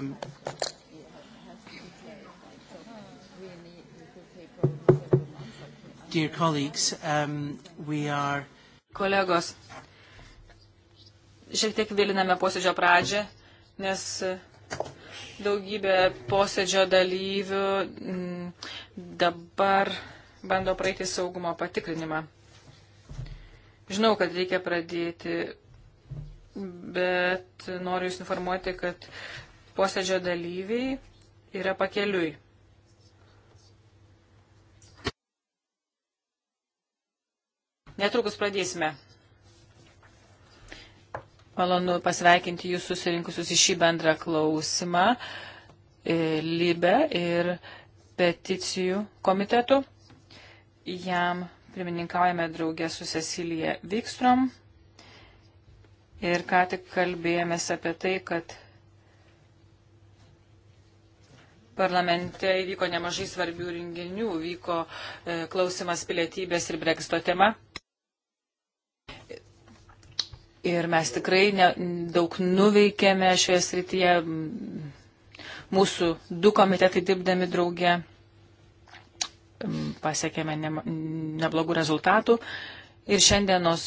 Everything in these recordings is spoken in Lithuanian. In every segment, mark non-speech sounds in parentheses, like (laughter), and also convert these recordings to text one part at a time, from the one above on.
Um, dear colleagues, um, we are. Kolegos, šiek tiek vėliname posėdžio pradžią, nes daugybė posėdžio dalyvių mm, dabar bando praeiti saugumo patikrinimą. Žinau, kad reikia pradėti, bet noriu Jūs informuoti, kad posėdžio dalyviai yra pakeliui. Netrukus pradėsime. Malonu pasveikinti jūs susirinkusius į šį bendrą klausimą e, Libe ir peticijų komitetu. Jam pirmininkaujame draugė su Cecilija Vikstrom. Ir ką tik kalbėjomės apie tai, kad parlamente įvyko nemažai svarbių renginių, vyko e, klausimas pilietybės ir breksto tema. Ir mes tikrai ne, daug nuveikėme šioje srityje, mūsų du komitetai dirbdami draugė pasiekėme ne, neblogų rezultatų. Ir šiandienos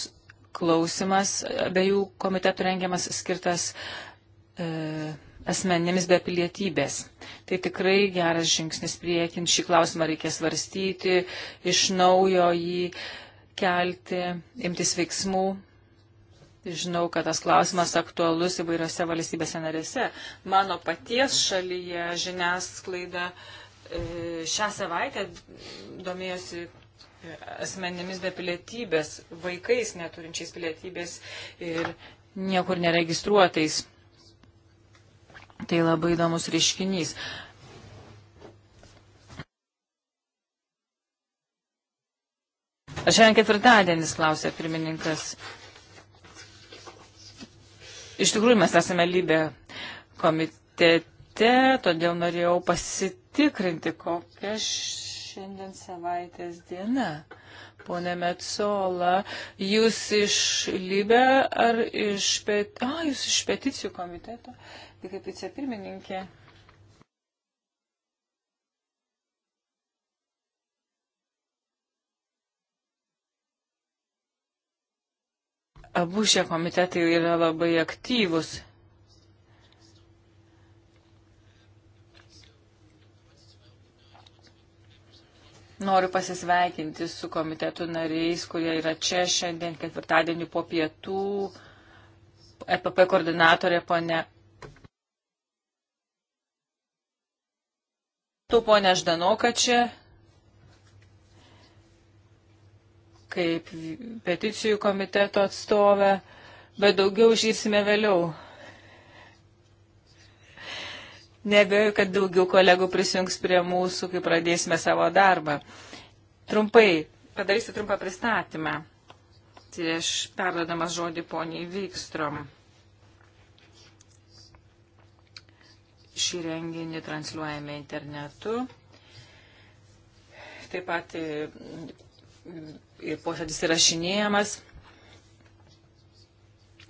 klausimas, abiejų komitetų rengiamas skirtas e, asmenėmis be pilietybės. Tai tikrai geras žingsnis priekin, šį klausimą reikės varstyti, iš naujo jį kelti, imtis veiksmų. Žinau, kad tas klausimas aktualus įvairiose valstybėse narėse. Mano paties šalyje žiniasklaida e, šią savaitę domėjosi e, asmenėmis be pilietybės, vaikais neturinčiais pilietybės ir niekur neregistruotais. Tai labai įdomus reiškinys. Šiandien ketvirtadienis klausė pirmininkas. Iš tikrųjų, mes esame lybė komitete, todėl norėjau pasitikrinti, kokia šiandien savaitės diena. Pone Metsola, jūs iš Libe ar iš, pet... A, jūs iš peticijų komiteto, tai kaip vicepirmininkė. Abu šie komitetai yra labai aktyvus Noriu pasisveikinti su komitetų nariais, kurie yra čia šiandien ketvirtadienį po pietų. EPP koordinatorė ponė. Tu ponė Ždanoka čia, kaip peticijų komiteto atstovė, bet daugiau išgirsime vėliau. Nebejoju, kad daugiau kolegų prisijungs prie mūsų, kai pradėsime savo darbą. Trumpai, padarysiu trumpą pristatymą. Tai aš perdodamas žodį poniai Vykstrom. Šį renginį transliuojame internetu. Taip pat e, ir posėdis įrašinėjamas.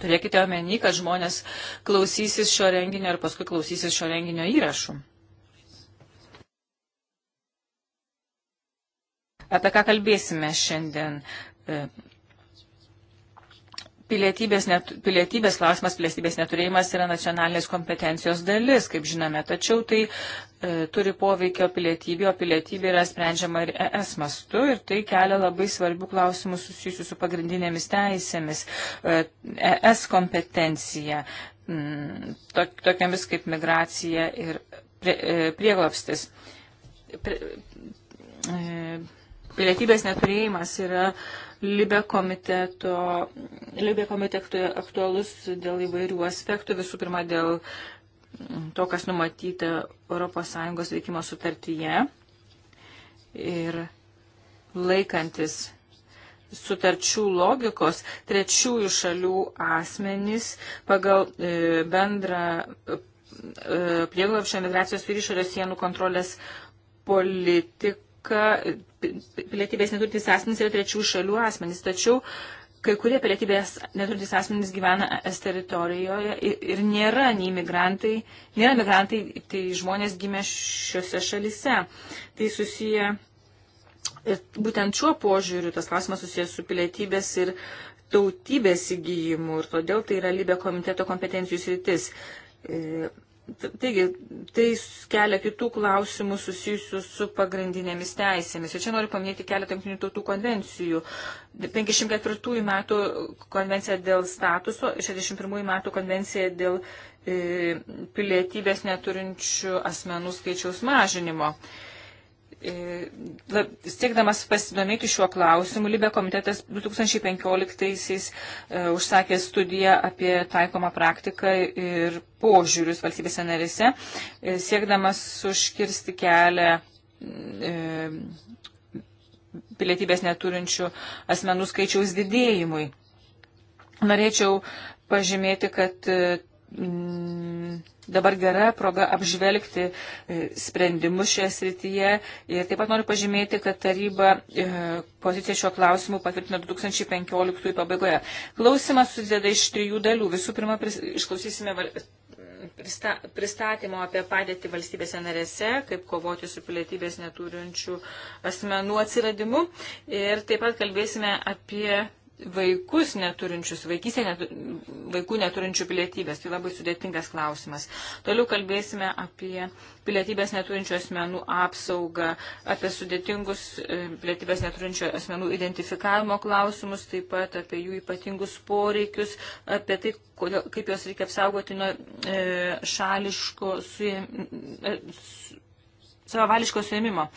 Turėkite omeny, kad žmonės klausysis šio renginio ir paskui klausysis šio renginio įrašų. Apie ką kalbėsime šiandien? E, Pilietybės, net, pilietybės klausimas, pilietybės neturėjimas yra nacionalinės kompetencijos dalis, kaip žinome, tačiau tai e, turi poveikio pilietybė, o pilietybė yra sprendžiama ir ES mastu ir tai kelia labai svarbių klausimų susijusių su pagrindinėmis teisėmis, e, ES kompetencija, m, mm, tok, tokiamis kaip migracija ir prie, e, prieglapstis. Prie, e, pilietybės neturėjimas yra. E, Libė, komiteto, Libė komitetui aktualus dėl įvairių aspektų. Visų pirma, dėl to, kas numatyta ES veikimo sutartyje ir laikantis sutarčių logikos, trečiųjų šalių asmenys pagal e, bendrą e, prieglapšio migracijos ir išorės sienų kontrolės politiką pilietybės neturintys asmenys yra trečių šalių asmenys, tačiau kai kurie pilietybės neturintys asmenys gyvena es teritorijoje ir, ir nėra nei migrantai, nėra migrantai, tai žmonės gimė šiuose šalise. Tai susiję ir būtent šiuo požiūriu tas klausimas susijęs su pilietybės ir tautybės įgyjimu ir todėl tai yra Libė komiteto kompetencijų sritis. E, Taigi, tai kelia kitų klausimų susijusių su pagrindinėmis teisėmis. Ir čia noriu paminėti keletą jungtinių tautų konvencijų. 54 metų konvencija dėl statuso, 61 metų konvencija dėl e, pilietybės neturinčių asmenų skaičiaus mažinimo. E, E, siekdamas pasidomėti šiuo klausimu, Libė komitetas 2015-aisiais e, užsakė studiją apie taikomą praktiką ir požiūrius valstybėse narise, e, siekdamas užkirsti kelią pilietybės neturinčių asmenų skaičiaus didėjimui. Norėčiau pažymėti, kad dabar gera proga apžvelgti e, sprendimus šioje srityje. Ir taip pat noriu pažymėti, kad taryba e, poziciją šiuo klausimu patvirtino 2015 pabaigoje. Klausimas susideda iš trijų dalių. Visų pirma, išklausysime pristatymo apie padėtį valstybėse narėse, kaip kovoti su pilietybės neturinčių asmenų atsiradimu. Ir taip pat kalbėsime apie vaikus neturinčius, vaikysė netu, vaikų neturinčių pilietybės. Tai labai sudėtingas klausimas. Toliau kalbėsime apie pilietybės neturinčių asmenų apsaugą, apie sudėtingus e, pilietybės neturinčių asmenų identifikavimo klausimus, taip pat apie jų ypatingus poreikius, apie tai, kodėl, kaip juos reikia apsaugoti nuo e, šališko su, e, savavališko suėmimo.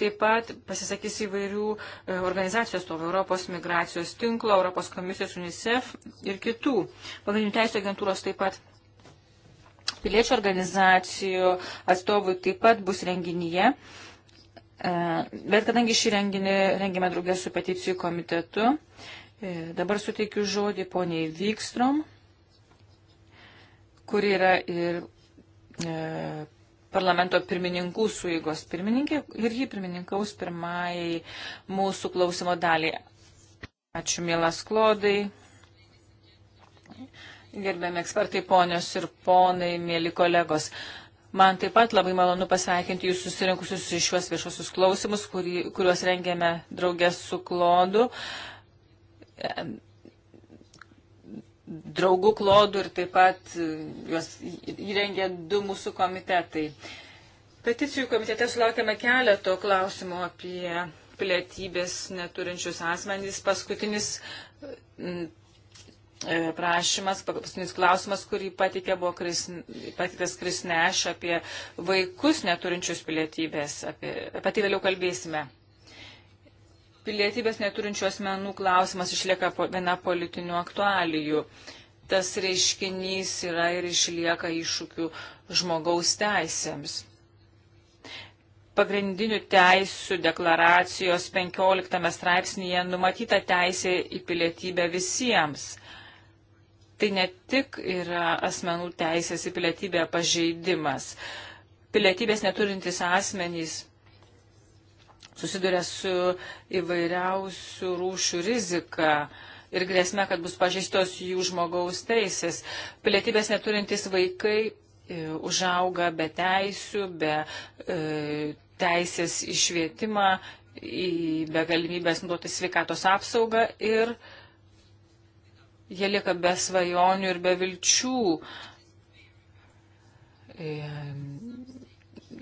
Taip pat pasisakys įvairių e, organizacijų atstovų Europos migracijos tinklo, Europos komisijos UNICEF ir kitų. Pagrindinių teisų agentūros taip pat piliečių organizacijų atstovų taip pat bus renginyje. E, bet kadangi šį renginį rengime draugės su peticijų komitetu, e, dabar suteikiu žodį poniai Vykstrom, kuri yra ir parlamento pirmininkų suigos pirmininkė ir ji pirmininkaus pirmai mūsų klausimo daliai. Ačiū, mielas Klodai. Gerbiami ekspertai, ponios ir ponai, mėly kolegos. Man taip pat labai malonu pasveikinti jūs susirinkusius į šiuos viešosius klausimus, kurį, kuriuos rengėme draugės su Klodu draugų klodų ir taip pat e, juos įrengė du mūsų komitetai. Peticijų komitete sulaukėme keleto klausimų apie pilietybės neturinčius asmenys. Paskutinis e, e, prašymas, paskutinis klausimas, kurį patikė buvo Kris, patiktas Krisneš apie vaikus neturinčius pilietybės. Apie, apie tai vėliau kalbėsime pilietybės neturinčių asmenų klausimas išlieka viena politinių aktualijų. Tas reiškinys yra ir išlieka iššūkių žmogaus teisėms. Pagrindinių teisų deklaracijos 15 straipsnėje numatyta teisė į pilietybę visiems. Tai ne tik yra asmenų teisės į pilietybę pažeidimas. Pilietybės neturintys asmenys susiduria su įvairiausių rūšių rizika ir grėsme, kad bus pažeistos jų žmogaus teisės. Pilietybės neturintys vaikai e, užauga be teisių, be e, teisės išvietimą, į, be galimybės nuoti sveikatos apsaugą ir jie lieka be svajonių ir be vilčių. E,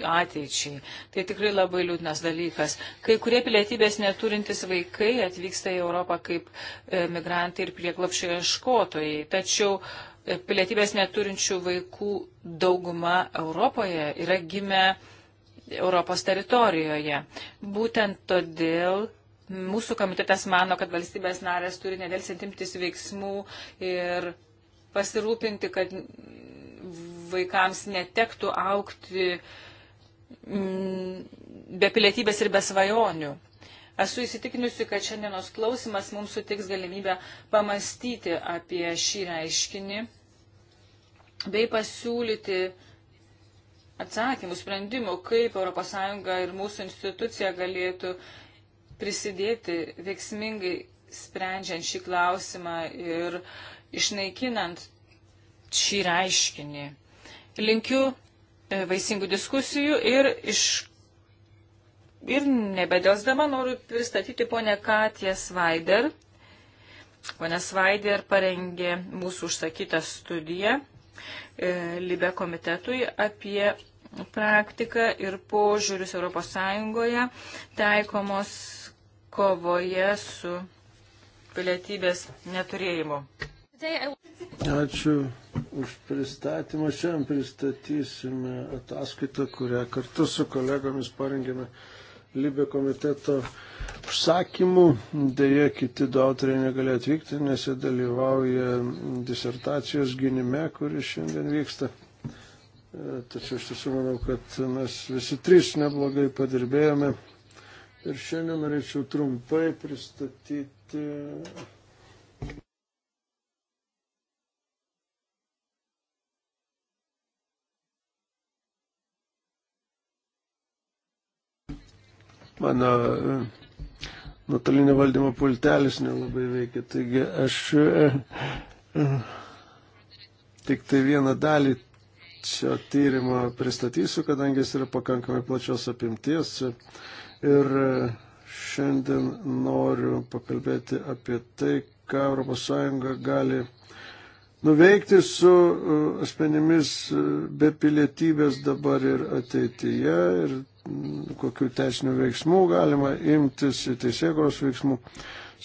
ateičiai. Tai tikrai labai liūdnas dalykas. Kai kurie pilietybės neturintys vaikai atvyksta į Europą kaip e, migrantai ir prieklapšio ieškotojai. Tačiau e, pilietybės neturinčių vaikų dauguma Europoje yra gimę Europos teritorijoje. Būtent todėl mūsų komitetas mano, kad valstybės narės turi nedėlsiant imtis veiksmų ir pasirūpinti, kad vaikams netektų aukti uh, Mm, be pilietybės ir be svajonių. Esu įsitikinusi, kad šiandienos klausimas mums sutiks galimybę pamastyti apie šį reiškinį bei pasiūlyti atsakymų, sprendimų, kaip ES ir mūsų institucija galėtų prisidėti veiksmingai sprendžiant šį klausimą ir išnaikinant šį reiškinį. Linkiu E, vaisingų diskusijų ir iš. Ir nebedėlsdama noriu pristatyti ponę Katiją Svaider. Ponė Svaider parengė mūsų užsakytą studiją e, Libe komitetui apie praktiką ir požiūrius ES taikomos kovoje su pilietybės neturėjimu. Ačiū už pristatymą. Šiandien pristatysime ataskaitą, kurią kartu su kolegomis parengėme Libė komiteto užsakymų. Deja, kiti du autoriai negalėjo atvykti, nes jie dalyvauja disertacijos gynime, kuris šiandien vyksta. E, tačiau aš tiesiog manau, kad mes visi trys neblogai padirbėjome. Ir šiandien norėčiau trumpai pristatyti Mano e, nuotolinio valdymo pultelis nelabai veikia, taigi aš e, e, tik tai vieną dalį šio tyrimo pristatysiu, kadangi jis yra pakankamai plačios apimties. Ir šiandien noriu pakalbėti apie tai, ką ES gali nuveikti su uh, asmenimis uh, be pilietybės dabar ir ateityje ir mm, kokiu teisiniu veiksmu galima imtis teisėkos veiksmų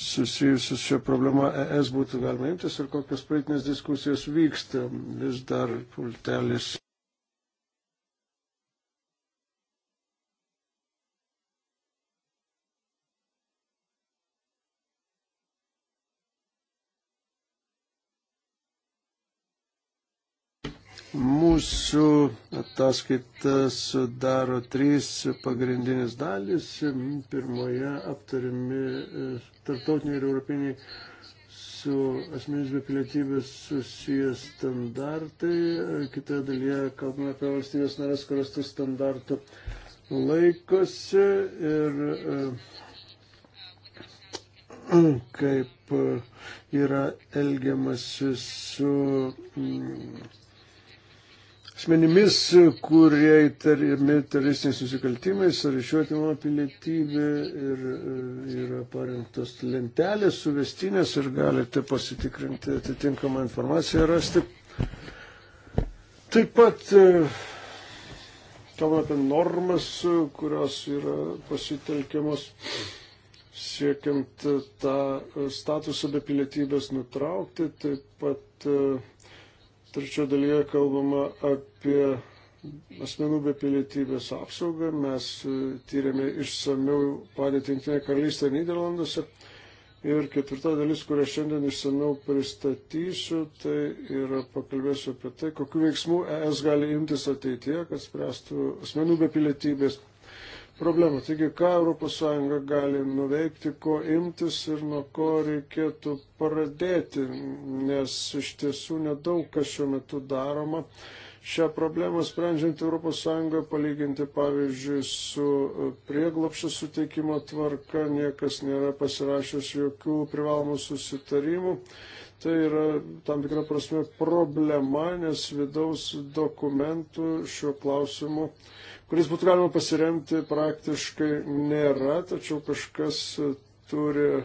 susijusius šią problemą ES būtų galima imtis ir kokios politinės diskusijos vyksta vis dar pultelis. Mūsų ataskaitas sudaro trys pagrindinės dalys. Pirmoje aptarimi e, tarptautiniai ir europiniai su asmenys be pilietybės susijęs standartai. Kitoje dalyje kalbame apie valstybės narės, kurios tų standartų laikosi ir e, kaip yra elgiamasi su. Mm, asmenimis, kurie įtariami teroristiniais nusikaltimais ar išjuotimo pilietybė ir e, yra parengtos lentelės, suvestinės ir galite pasitikrinti atitinkamą informaciją rasti. Taip pat e, kalbame apie normas, kurios yra pasitelkiamos siekiant tą statusą be pilietybės nutraukti, taip pat e, Trečio dalyje kalbama apie asmenų be pilietybės apsaugą. Mes e, tyrėme išsamiau padėtį Junktinėje karalystėje ir Niderlanduose. Ir ketvirta dalis, kurią šiandien išsamiau pristatysiu, tai yra pakalbėsiu apie tai, kokiu veiksmu ES gali imtis ateityje, kad spręstų asmenų be pilietybės problemų. Taigi, ką ES gali nuveikti, ko imtis ir nuo ko reikėtų pradėti, nes iš tiesų nedaug kas šiuo metu daroma. Šią problemą sprendžiant ES palyginti, pavyzdžiui, su prieglopšio suteikimo tvarka, niekas nėra pasirašęs jokių privalomų susitarimų. Tai yra tam tikra prasme problema, nes vidaus dokumentų šiuo klausimu uh, kuris būtų galima pasiremti, praktiškai nėra, tačiau kažkas turi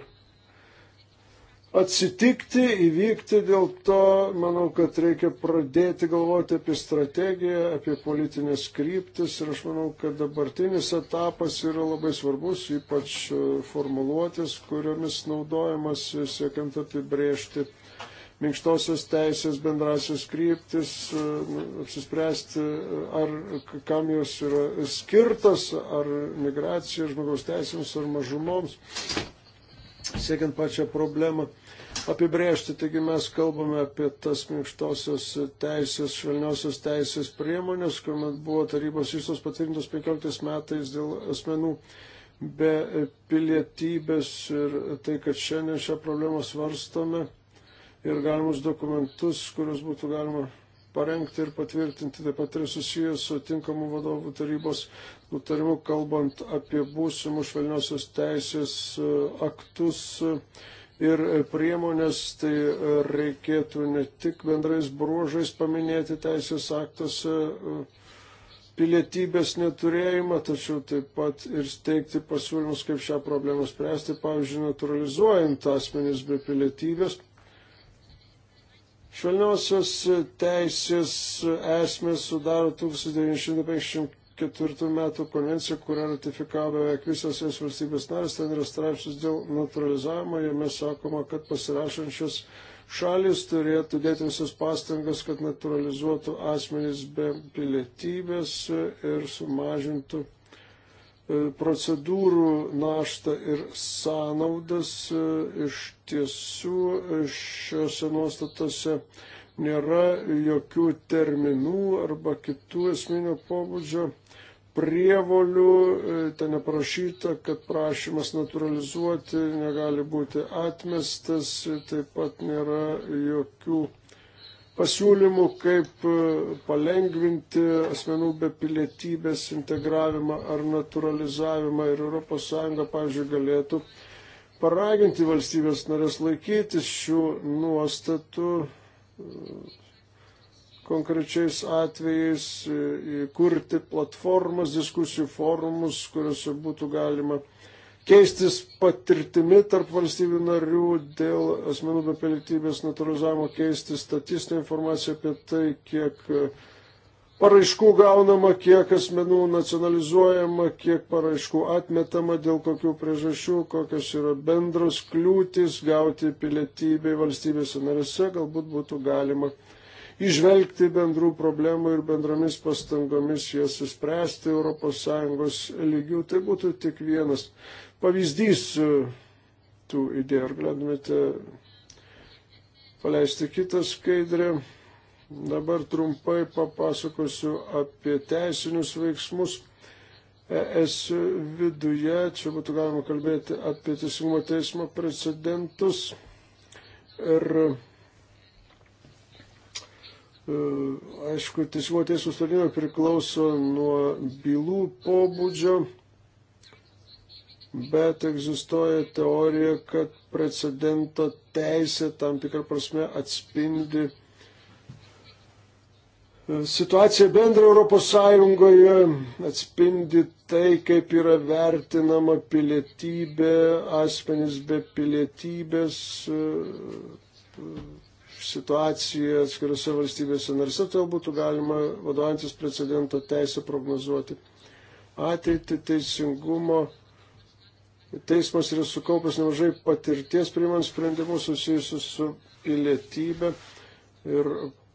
atsitikti, įvykti, dėl to manau, kad reikia pradėti galvoti apie strategiją, apie politinės kryptis ir aš manau, kad dabartinis etapas yra labai svarbus, ypač formuluotis, kuriomis naudojamas siekiant apibriežti minkštosios teisės bendrasios kryptis, e, apsispręsti, e, ar kam jos yra skirtas, ar migracija žmogaus teisėms, ar mažumoms, siekiant pačią problemą apibrėžti. Taigi mes kalbame apie tas minkštosios teisės, švelniosios teisės priemonės, kuomet buvo tarybos visos patvirtintos 15 metais dėl asmenų be pilietybės ir tai, kad šiandien šią problemą svarstome ir galimus dokumentus, kuriuos būtų galima parengti ir patvirtinti. Taip pat yra susijęs su tinkamu vadovų tarybos nutarimu, kalbant apie būsimus švelniosios teisės e, aktus e, ir e, priemonės, tai reikėtų ne tik bendrais bruožais paminėti teisės aktuose pilietybės neturėjimą, tačiau taip pat ir steigti pasiūlymus, kaip šią problemą spręsti, pavyzdžiui, naturalizuojant asmenys be pilietybės Švelniosios teisės esmė sudaro 1954 metų konvenciją, kurią ratifikavo beveik visos jos valstybės narės. Ten yra straipsnis dėl naturalizavimo, jame sakoma, kad pasirašančios šalis turėtų dėti visas pastangas, kad naturalizuotų asmenys be pilietybės ir sumažintų E, procedūrų naštą ir sąnaudas. E, iš tiesų e, šiuose nuostatose nėra jokių terminų arba kitų esminio pobūdžio prievolių. Ten neprašyta, kad prašymas naturalizuoti negali būti atmestas, taip pat nėra jokių pasiūlymų, kaip e, palengvinti asmenų be pilietybės integravimą ar naturalizavimą ir ES, pavyzdžiui, galėtų paraginti valstybės narės laikytis šių nuostatų e, konkrečiais atvejais, e, kurti platformas, diskusijų forumus, kuriuose būtų galima uh, keistis patirtimi tarp valstybių narių dėl asmenų be pilietybės naturalizavimo, keistis statistinę informaciją apie tai, kiek e, paraiškų gaunama, kiek asmenų nacionalizuojama, kiek paraiškų atmetama, dėl kokių priežasčių, kokios yra bendros kliūtis gauti pilietybę valstybėse narėse, galbūt būtų galima išvelgti bendrų problemų ir bendromis pastangomis jas įspręsti ES lygių. Tai būtų tik vienas pavyzdys e, tų idėjų. Ar galėtumėte paleisti kitą skaidrę? Dabar trumpai papasakosiu apie teisinius veiksmus. ES viduje, čia būtų galima kalbėti apie teisingumo teismo precedentus ir e, aišku, teisingumo teismo sprendimai priklauso nuo bylų pobūdžio bet egzistuoja teorija, kad precedento teisė tam tikrą prasme atspindi e, situaciją bendrą Europos Sąjungoje, atspindi tai, kaip yra vertinama pilietybė, asmenys be pilietybės e, situacija atskirose valstybėse narse, tai būtų galima vadovantis precedento teisę prognozuoti ateitį teisingumo Teismas yra sukaupęs nemažai patirties priimant sprendimus susijusius su pilietybė ir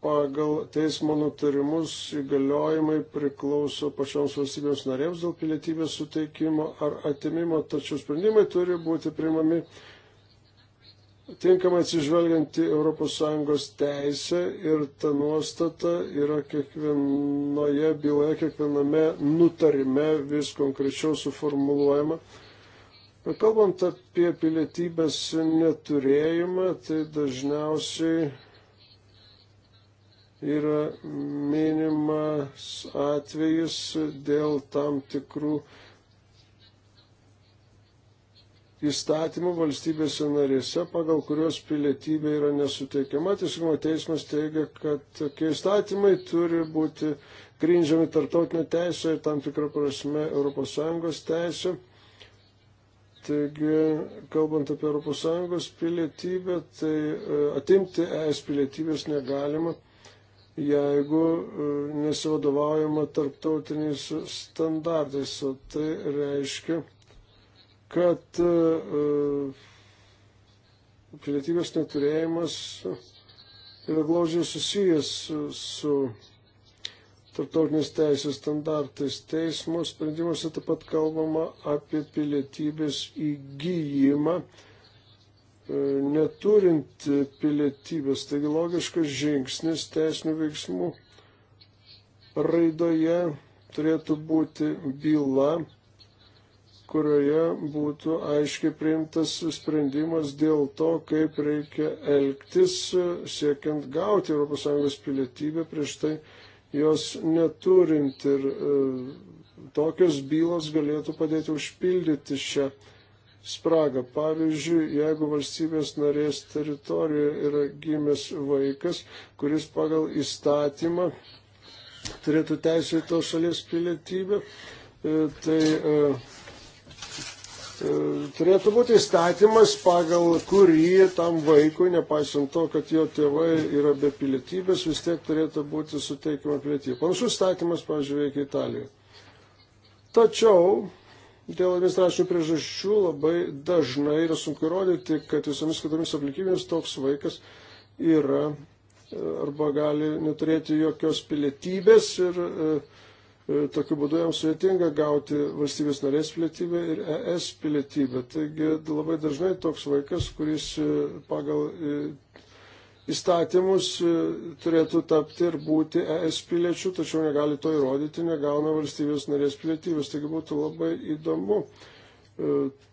pagal teismo nutarimus įgaliojimai priklauso pačioms valstybėms narėms dėl pilietybės suteikimo ar atimimo, tačiau sprendimai turi būti priimami tinkamai atsižvelgianti ES teisę ir ta nuostata yra kiekvienoje byloje, kiekviename nutarime vis konkrečiau suformuluojama Kalbant apie pilietybės neturėjimą, tai dažniausiai yra minimas atvejis dėl tam tikrų įstatymų valstybėse narėse, pagal kurios pilietybė yra nesuteikiama. Teisingumo teismas teigia, kad tokie įstatymai turi būti grindžiami tarptautinė teisė ir tam tikrą prasme ES teisė. Taigi, kalbant apie ES pilietybę, tai e, atimti ES pilietybės negalima, jeigu e, nesivadovaujama tarptautiniais standartais. O tai reiškia, kad e, pilietybės neturėjimas yra glaužiai susijęs su. su tarptautinės teisės standartais. Teismo sprendimuose taip pat kalbama apie pilietybės įgyjimą e, neturint pilietybės. Taigi logiškas žingsnis teisinių veiksmų raidoje turėtų būti byla, kurioje būtų aiškiai priimtas sprendimas dėl to, kaip reikia elgtis siekiant gauti ES pilietybę prieš tai jos neturint. Ir e, tokios bylos galėtų padėti užpildyti šią spragą. Pavyzdžiui, jeigu valstybės narės teritorijoje yra gimęs vaikas, kuris pagal įstatymą turėtų teisę į to šalies pilietybę, e, tai e, E, turėtų būti įstatymas, pagal kurį tam vaikui, nepaisant to, kad jo tėvai yra be pilietybės, vis tiek turėtų būti suteikiama pilietybė. Panašus įstatymas, pavyzdžiui, veikia Italijoje. Tačiau dėl administracinių priežasčių labai dažnai yra sunku įrodyti, kad visomis kitomis aplinkybėmis toks vaikas yra e, arba gali neturėti jokios pilietybės ir uh, E, tokiu būdu jam sudėtinga gauti valstybės narės pilietybę ir ES pilietybę. Taigi labai dažnai toks vaikas, kuris e, pagal e, įstatymus turėtų tapti ir būti ES piliečių, tačiau negali to įrodyti, negauna valstybės narės pilietybės. Taigi būtų labai įdomu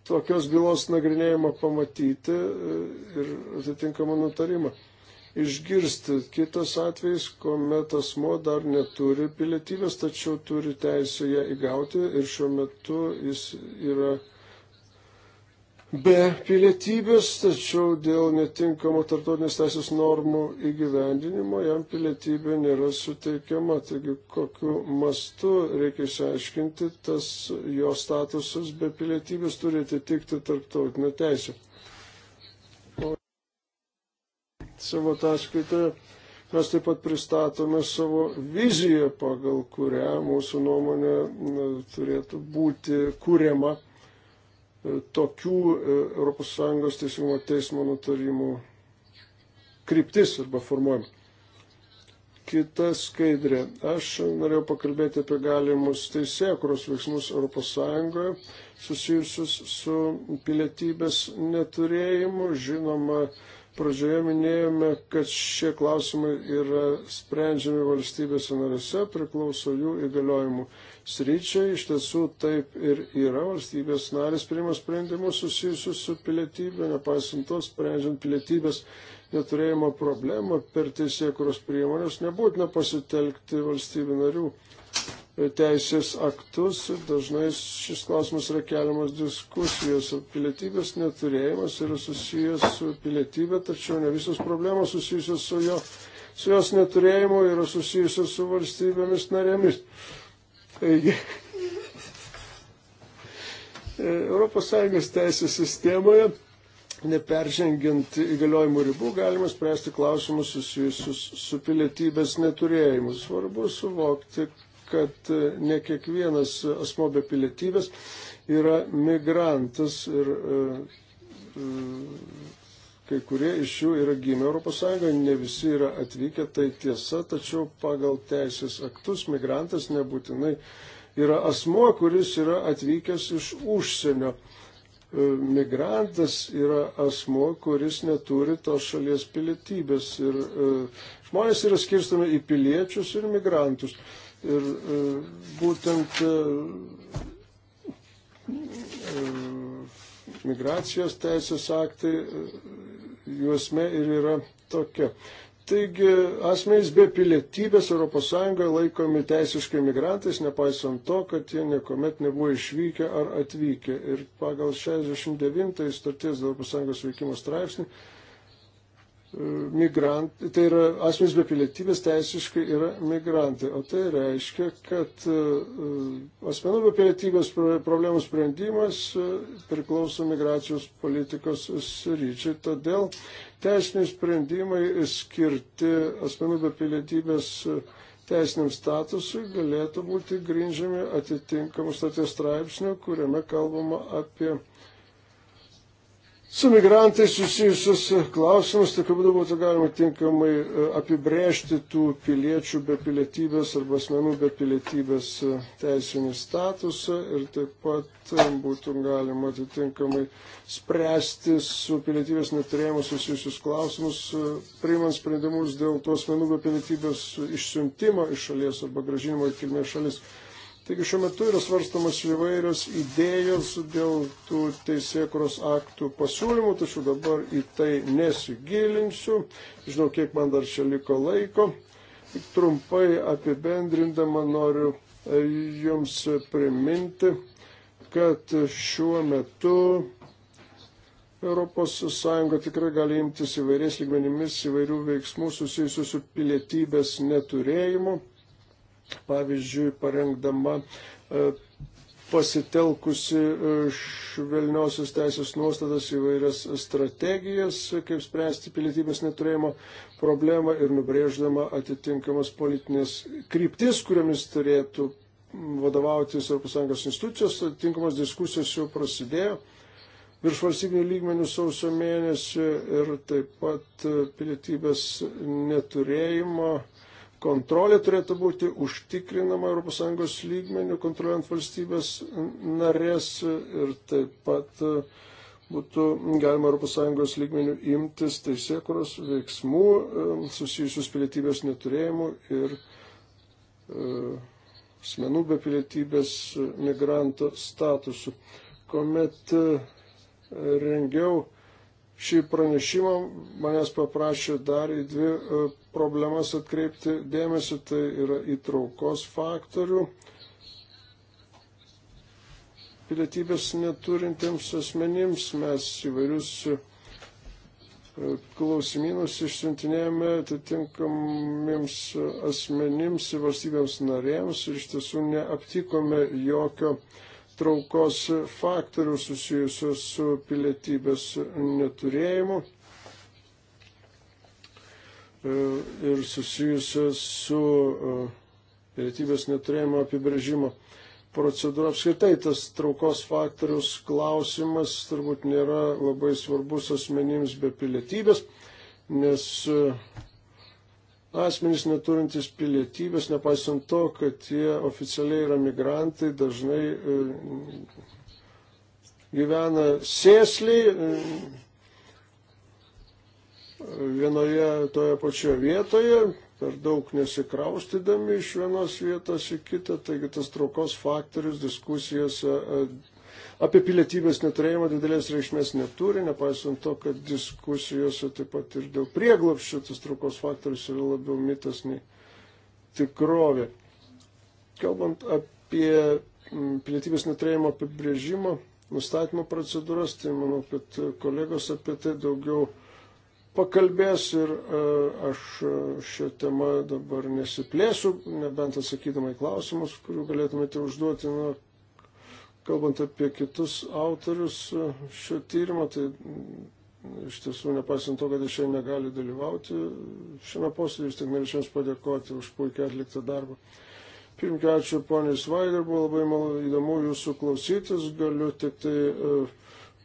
tokios bylos nagrinėjimą pamatyti ir atitinkamą nutarimą išgirsti. Kitas atvejs, kuomet asmo dar neturi pilietybės, tačiau turi teisę ją įgauti ir šiuo metu jis yra be pilietybės, tačiau dėl netinkamo tartotinės teisės normų įgyvendinimo jam pilietybė nėra suteikiama. Taigi, kokiu mastu reikia išsiaiškinti, tas jo statusas be pilietybės turi atitikti tarptautinę teisę savo ataskaitoje mes taip pat pristatome savo viziją, pagal kurią mūsų nuomonė turėtų būti kūriama e, tokių e, ES teisingumo teismo nutarimų kryptis arba formuojama. Kita skaidrė. Aš norėjau pakalbėti apie galimus teisėkuros veiksmus ES susijusius su pilietybės neturėjimu. Žinoma, Pradžioje minėjome, kad šie klausimai yra sprendžiami valstybėse narėse, priklauso jų įgaliojimų sryčiai. Iš tiesų taip ir yra. Valstybės narės priima sprendimus susijusius su pilietybė, nepaisant to, sprendžiant pilietybės neturėjimo problemą per teisėkuros priemonės, nebūtina pasitelkti valstybių narių teisės aktus ir dažnai šis klausimas yra keliamas diskusijos. Pilietybės neturėjimas yra susijęs su pilietybė, tačiau ne visos problemos susijusios su, jo, su jos neturėjimu yra susijusios su valstybėmis narėmis. Taigi, ES teisės sistemoje neperžengiant įgaliojimų ribų, galima spręsti klausimus susijusius su pilietybės neturėjimu. Svarbu suvokti, kad e, ne kiekvienas asmo be pilietybės yra migrantas ir e, e, kai kurie iš jų yra gimę ES, ne visi yra atvykę, tai tiesa, tačiau pagal teisės aktus migrantas nebūtinai yra asmo, kuris yra atvykęs iš užsienio. Migrantas yra asmo, kuris neturi tos šalies pilietybės ir žmonės yra skirstami į piliečius ir migrantus. Ir e, būtent e, e, migracijos teisės aktai juosme ir yra tokia. Taigi asmenys be pilietybės ES laikomi teisiškai migrantais, nepaisant to, kad jie niekuomet nebuvo išvykę ar atvykę. Ir pagal 69 starties dėl ES veikimo straipsnį E, migrantai, tai yra asmenys be pilietybės teisiškai yra migrantai, o tai reiškia, kad e, e, asmenų be pilietybės problemų sprendimas priklauso migracijos politikos sryčiai, todėl teisiniai sprendimai skirti asmenų be pilietybės teisiniam statusui galėtų būti grindžiami atitinkamų statės straipsnių, kuriame kalbama apie su migrantai susijusius klausimus, tokiu tai būdu būtų galima tinkamai e, apibrėžti tų piliečių be pilietybės arba asmenų be pilietybės e, teisinį statusą ir taip pat e, būtų galima atitinkamai spręsti su pilietybės neturėjimu susijusius klausimus, priimant sprendimus dėl tų asmenų be pilietybės išsiuntimo iš šalies arba gražinimo į kilmės šalis. Taigi šiuo metu yra svarstamas įvairios idėjos dėl tų teisėkros aktų pasiūlymų, tačiau dabar į tai nesigilinsiu. Žinau, kiek man dar čia liko laiko. Tik trumpai apibendrindama noriu e, Jums priminti, kad šiuo metu ES tikrai gali imtis įvairiais lygmenimis įvairių veiksmų susijusių su pilietybės neturėjimu pavyzdžiui, parengdama e, pasitelkusi e, švelniosios teisės nuostatas įvairias strategijas, kaip spręsti pilietybės neturėjimo problemą ir nubrėždama atitinkamas politinės kryptis, kuriamis turėtų vadovautis ES institucijos, atitinkamos diskusijos jau prasidėjo virš valstybinių lygmenių sausio mėnesį ir taip pat pilietybės neturėjimo kontrolė turėtų būti užtikrinama ES lygmenių, kontroliuojant valstybės narės ir taip pat e, būtų galima ES lygmenių imtis teisėkuros veiksmų e, susijusius pilietybės neturėjimu ir e, asmenų be pilietybės migranto statusu. Komet rengiau šį pranešimą, manęs paprašė dar į dvi problemas atkreipti dėmesį, tai yra įtraukos faktorių. Pilietybės neturintiems asmenims mes įvairius e, klausimynus išsiuntinėjame atitinkamiems asmenims ir valstybėms narėms ir iš tiesų neaptikome jokio traukos faktorių susijusios su pilietybės neturėjimu. E, ir susijusios su e, pilietybės neturėjimo apibrėžimo procedūra. Apskritai tas traukos faktorius klausimas turbūt nėra labai svarbus asmenims be pilietybės, nes e, asmenys neturintys pilietybės, nepaisant to, kad jie oficialiai yra migrantai, dažnai gyvena sėsliai, vienoje toje pačioje vietoje, per daug nesikraustydami iš vienos vietos į kitą, taigi tas traukos faktorius diskusijose e, apie pilietybės neturėjimą didelės reikšmės neturi, nepaisant to, kad diskusijose taip pat ir dėl prieglapščio tas traukos faktorius yra labiau mitas nei tikrovė. Kalbant apie pilietybės neturėjimo apibrėžimą, nustatymo procedūras, tai manau, kad kolegos apie tai daugiau pakalbės ir e, aš e, šią temą dabar nesiplėsiu, nebent atsakydama į klausimus, kurių galėtumėte užduoti. Nu, kalbant apie kitus autorius e, šio tyrimo, tai iš tiesų nepaisant to, kad jis šiandien negali dalyvauti šiame posėdėje, vis tik norėčiau Jums padėkoti už puikiai atliktą darbą. Pirmkia, ačiū poniai Svaiger, buvo labai mal, įdomu Jūsų klausytis, galiu tik tai uh,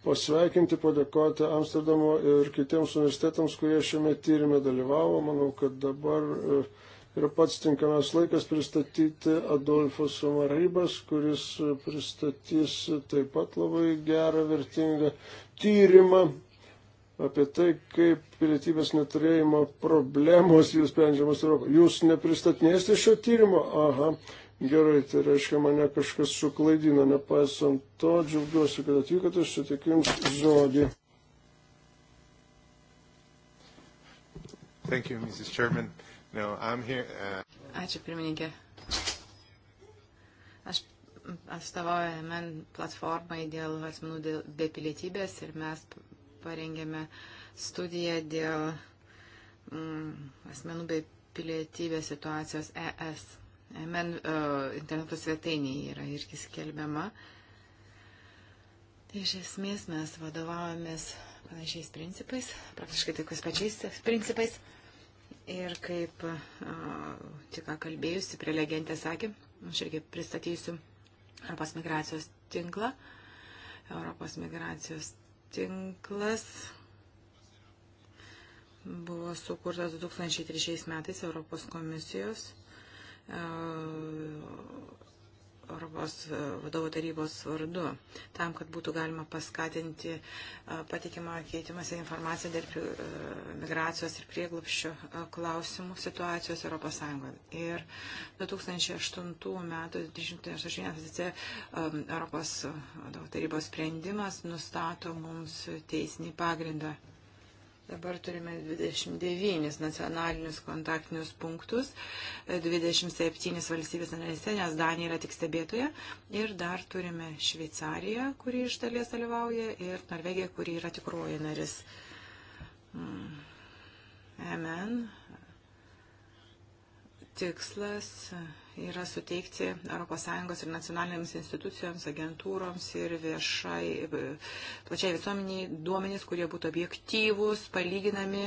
pasveikinti, padėkoti Amsterdamo ir kitiems universitetams, kurie šiame tyrimė dalyvavo. Manau, kad dabar e, yra pats tinkamas laikas pristatyti Adolfas Samarybas, kuris e, pristatys taip pat labai gerą, vertingą tyrimą apie tai, kaip pilietybės neturėjimo problemos jūs sprendžiamas Europoje. Jūs nepristatinėsite šio tyrimo? Aha gerai, tai reiškia mane kažkas suklaidino, nepaisant to, džiaugiuosi, kad atvykote, sutikiu Jums žodį. Thank you, Mrs. Chairman. No, I'm here. Uh... Ačiū, pirmininkė. Aš atstovauju MN platformai dėl asmenų dėl, be pilietybės ir mes parengėme studiją dėl mm, asmenų be pilietybės situacijos ES. MN uh, e, interneto svetainėje yra irgi skelbiama. Tai iš esmės mes vadovavomės panašiais principais, praktiškai tokiais pačiais principais. Ir kaip uh, tik ką kalbėjusi, prelegentė sakė, aš irgi pristatysiu Europos migracijos tinklą. Europos migracijos tinklas buvo sukurtas 2003 metais Europos komisijos E, Europos vadovo tarybos vardu, tam, kad būtų galima paskatinti e, patikimą keitimąsi informaciją dėl e, migracijos ir prieglupščio klausimų situacijos Europos Sąjungoje. Ir 2008 metų 381 Europos vadovo tarybos sprendimas nustato mums teisinį pagrindą Dabar turime 29 nacionalinius kontaktinius punktus, 27 valstybės narėse, nes Danija yra tik stebėtoja. Ir dar turime Šveicariją, kuri iš dalies dalyvauja, ir Norvegiją, kuri yra tikroji narys. MN. Mm. Tikslas yra suteikti ES ir nacionalinėms institucijoms, agentūroms ir viešai, plačiai visuomeniai duomenys, kurie būtų objektyvūs, palyginami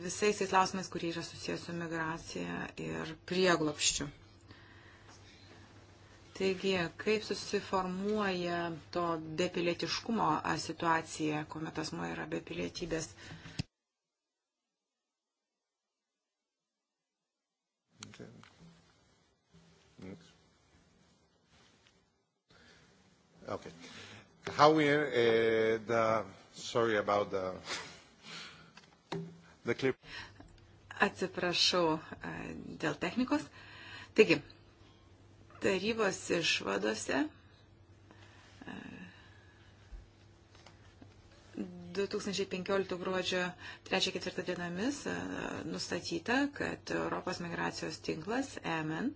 visais tais klausimais, kurie yra susijęs su migracija ir prieglopščiu. Taigi, kaip susiformuoja to bepilietiškumo situacija, kuomet asmo yra bepilietybės pilietybės? Okay. How we, uh, the, sorry about the, the clip. Atsiprašau uh, dėl technikos. Taigi, tarybos išvadose 2015 uh, gruodžio 3-4 dienomis uh, nustatyta, kad Europos migracijos tinklas EMN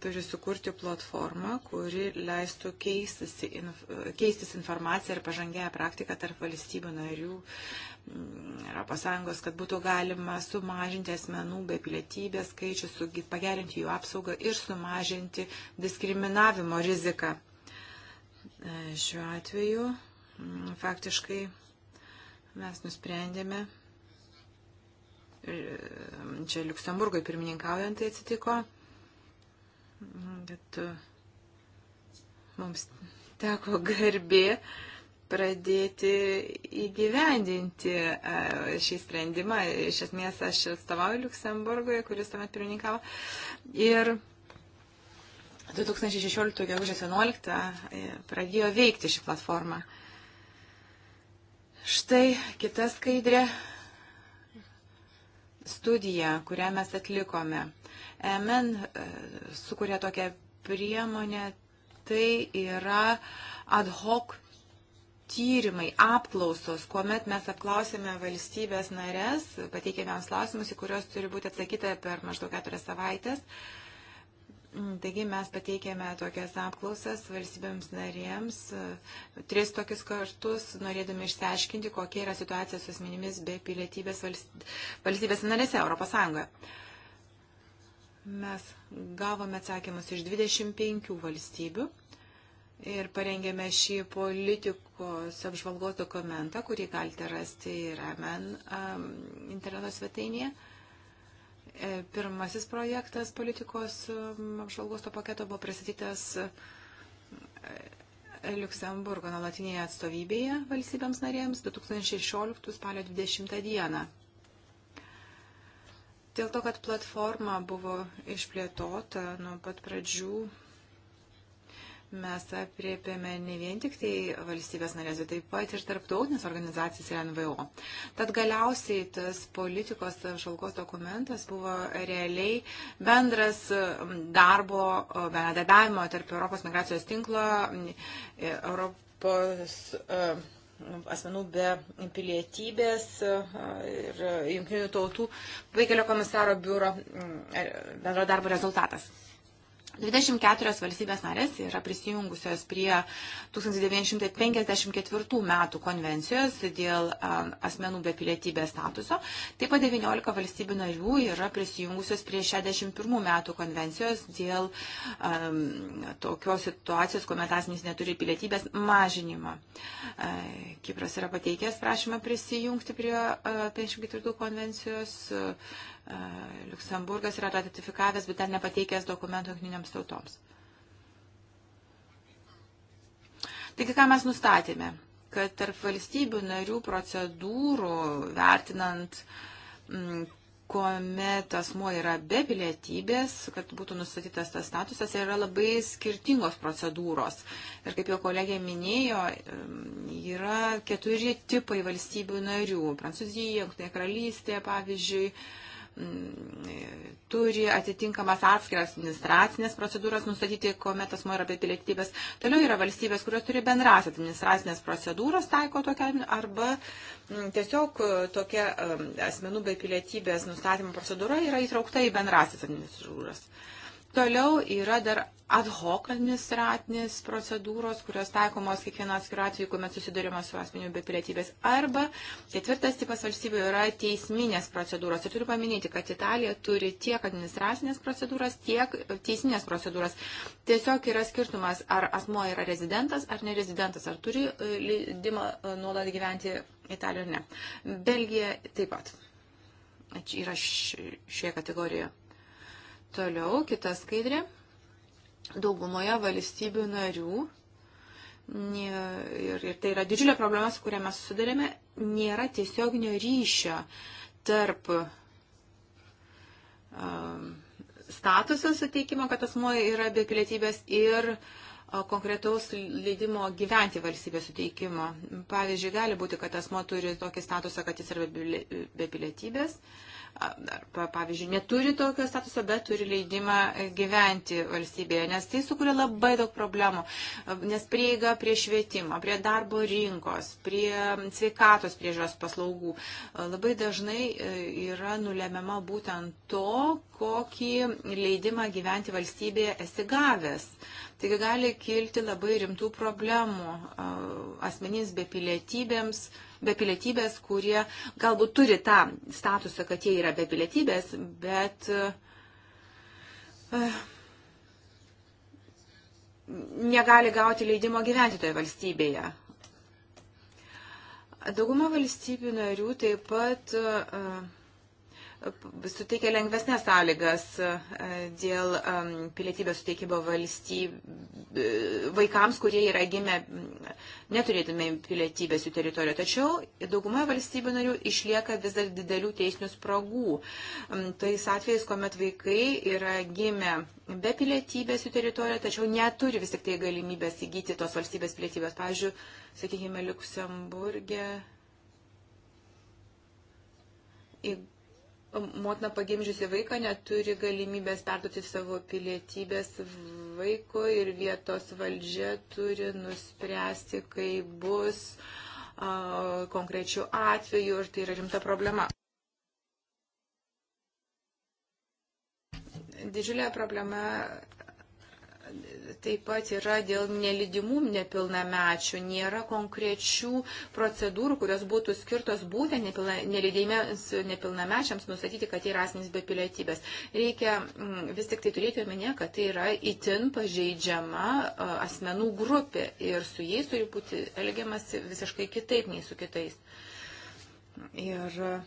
turi sukurti platformą, kuri leistų keistis, inf, keistis informaciją ir pažangėją praktiką tarp valstybių narių mm, ES, kad būtų galima sumažinti asmenų be pilietybės skaičių, pagerinti jų apsaugą ir sumažinti diskriminavimo riziką. E, šiuo atveju mm, faktiškai mes nusprendėme, e, čia Luksemburgui pirmininkaujant tai atsitiko, bet e, mums teko (laughs) garbė pradėti įgyvendinti e, šį sprendimą. Iš esmės aš atstovauju Luksemburgoje, kuris tuomet pirmininkavo. Ir 2016 gegužės 11 e, pradėjo veikti šį platformą. Štai kita skaidrė studija, kurią mes atlikome. E MN e, sukuria tokią priemonę, tai yra ad hoc tyrimai, apklausos, kuomet mes apklausėme valstybės narės, pateikėme jiems klausimus, į kuriuos turi būti atsakyta per maždaug keturias savaitės. Taigi mes pateikėme tokias apklausas valstybėms narėms, e, tris tokius kartus, norėdami išsiaiškinti, kokia yra situacija su asmenimis be pilietybės valstybės narėse Europos Sąjungoje. Mes gavome atsakymus iš 25 valstybių ir parengėme šį politikos apžvalgos dokumentą, kurį galite rasti ir MN um, interneto svetainėje. E, pirmasis projektas politikos apžvalgos to paketo buvo pristatytas e, Liuksemburgo nuolatinėje atstovybėje valstybėms narėms 2016 spalio 20 dieną. Dėl to, kad platforma buvo išplėtota nuo pat pradžių, mes apriepėme ne vien tik tai valstybės narės, bet taip pat ir tarptautinės organizacijas ir NVO. Tad galiausiai tas politikos apžalgos dokumentas buvo realiai bendras darbo bendradarbiavimo tarp Europos migracijos tinklo, Europos. Uh, asmenų be pilietybės ir jungtinių tautų vaikelio komisaro biuro mm, e, bendro darbo rezultatas. 24 valstybės narės yra prisijungusios prie 1954 metų konvencijos dėl asmenų be pilietybės statuso. Taip pat 19 valstybių narių yra prisijungusios prie 61 metų konvencijos dėl um, tokios situacijos, kuomet asmenys neturi pilietybės mažinimo. Uh, Kipras yra pateikęs prašymą prisijungti prie uh, 54 konvencijos. Uh, Luksemburgas yra ratifikavęs, bet dar nepateikęs dokumentų jungtinėms tautoms. Taigi, ką mes nustatėme? Kad tarp valstybių narių procedūrų vertinant m, mm, kuomet asmuo yra be pilietybės, kad būtų nustatytas tas statusas, yra labai skirtingos procedūros. Ir kaip jau kolegė minėjo, mm, yra keturi tipai valstybių narių. Prancūzija, Junktinė karalystė, pavyzdžiui, turi atitinkamas atskiras administracinės procedūras nustatyti, kuomet asmo yra be pilietybės. Toliau yra valstybės, kurios turi bendras administracinės procedūras, taiko mm, e, tokia arba tiesiog tokia asmenų be pilietybės nustatymo procedūra yra įtraukta į bendrasis administratūras. Toliau yra dar ad hoc administratinės procedūros, kurios taikomos kiekvieno atskiru atveju, kuomet susidurima su asmeniu be pilietybės. Arba ketvirtas tipas valstybių yra teisminės procedūros. Ir turiu paminėti, kad Italija turi tiek administracinės procedūras, tiek teisminės procedūras. Tiesiog yra skirtumas, ar asmo yra rezidentas ar nerezidentas, ar turi e, leidimą e, nuolat gyventi Italijoje ar ne. Belgija taip pat. Čia yra šioje kategorijoje. Toliau, kita skaidrė. Daugumoje valstybių narių, ir, ir tai yra didžiulė problema, su kuria mes sudarėme, nėra tiesioginio ryšio tarp um, statuso suteikimo, kad asmuo yra be pilietybės ir uh, konkretaus leidimo gyventi valstybės suteikimo. Pavyzdžiui, gali būti, kad asmo turi tokį statusą, kad jis yra be pilietybės. Bili, arba, pavyzdžiui, neturi tokio statuso, bet turi leidimą gyventi valstybėje, nes tai sukuria labai daug problemų, nes prieiga prie švietimo, prie darbo rinkos, prie sveikatos priežiūros paslaugų labai dažnai e, yra nulemiama būtent to, kokį leidimą gyventi valstybėje esi gavęs. Taigi gali kilti labai rimtų problemų asmenys be, be pilietybės, kurie galbūt turi tą statusą, kad jie yra be pilietybės, bet negali gauti leidimo gyventi toje valstybėje. Dauguma valstybių narių taip pat uh, suteikia lengvesnės sąlygas e, dėl pilietybės suteikimo valstybė e, vaikams, kurie yra gimę neturėtume pilietybės jų teritorijoje. Tačiau daugumoje valstybių narių išlieka vis dar didelių teisinių spragų. Tais atvejais, kuomet vaikai yra gimę be pilietybės jų teritorijoje, tačiau neturi vis tik tai galimybės įgyti tos valstybės pilietybės. Pavyzdžiui, sakykime, Luksemburgė motina pagimdžiusi vaiką neturi galimybės perduoti savo pilietybės vaiko ir vietos valdžia turi nuspręsti, kaip bus a, konkrečių atvejų ir tai yra rimta problema. Didžiulė problema taip pat yra dėl nelidimų nepilnamečių. Nėra konkrečių procedūrų, kurios būtų skirtos būtent nelidimiems nepilnamečiams nustatyti, kad jie tai yra asmenys be pilietybės. Reikia mm, vis tik tai turėti omenyje, kad tai yra itin pažeidžiama asmenų grupė ir su jais turi būti elgiamasi visiškai kitaip nei su kitais. Ir uh,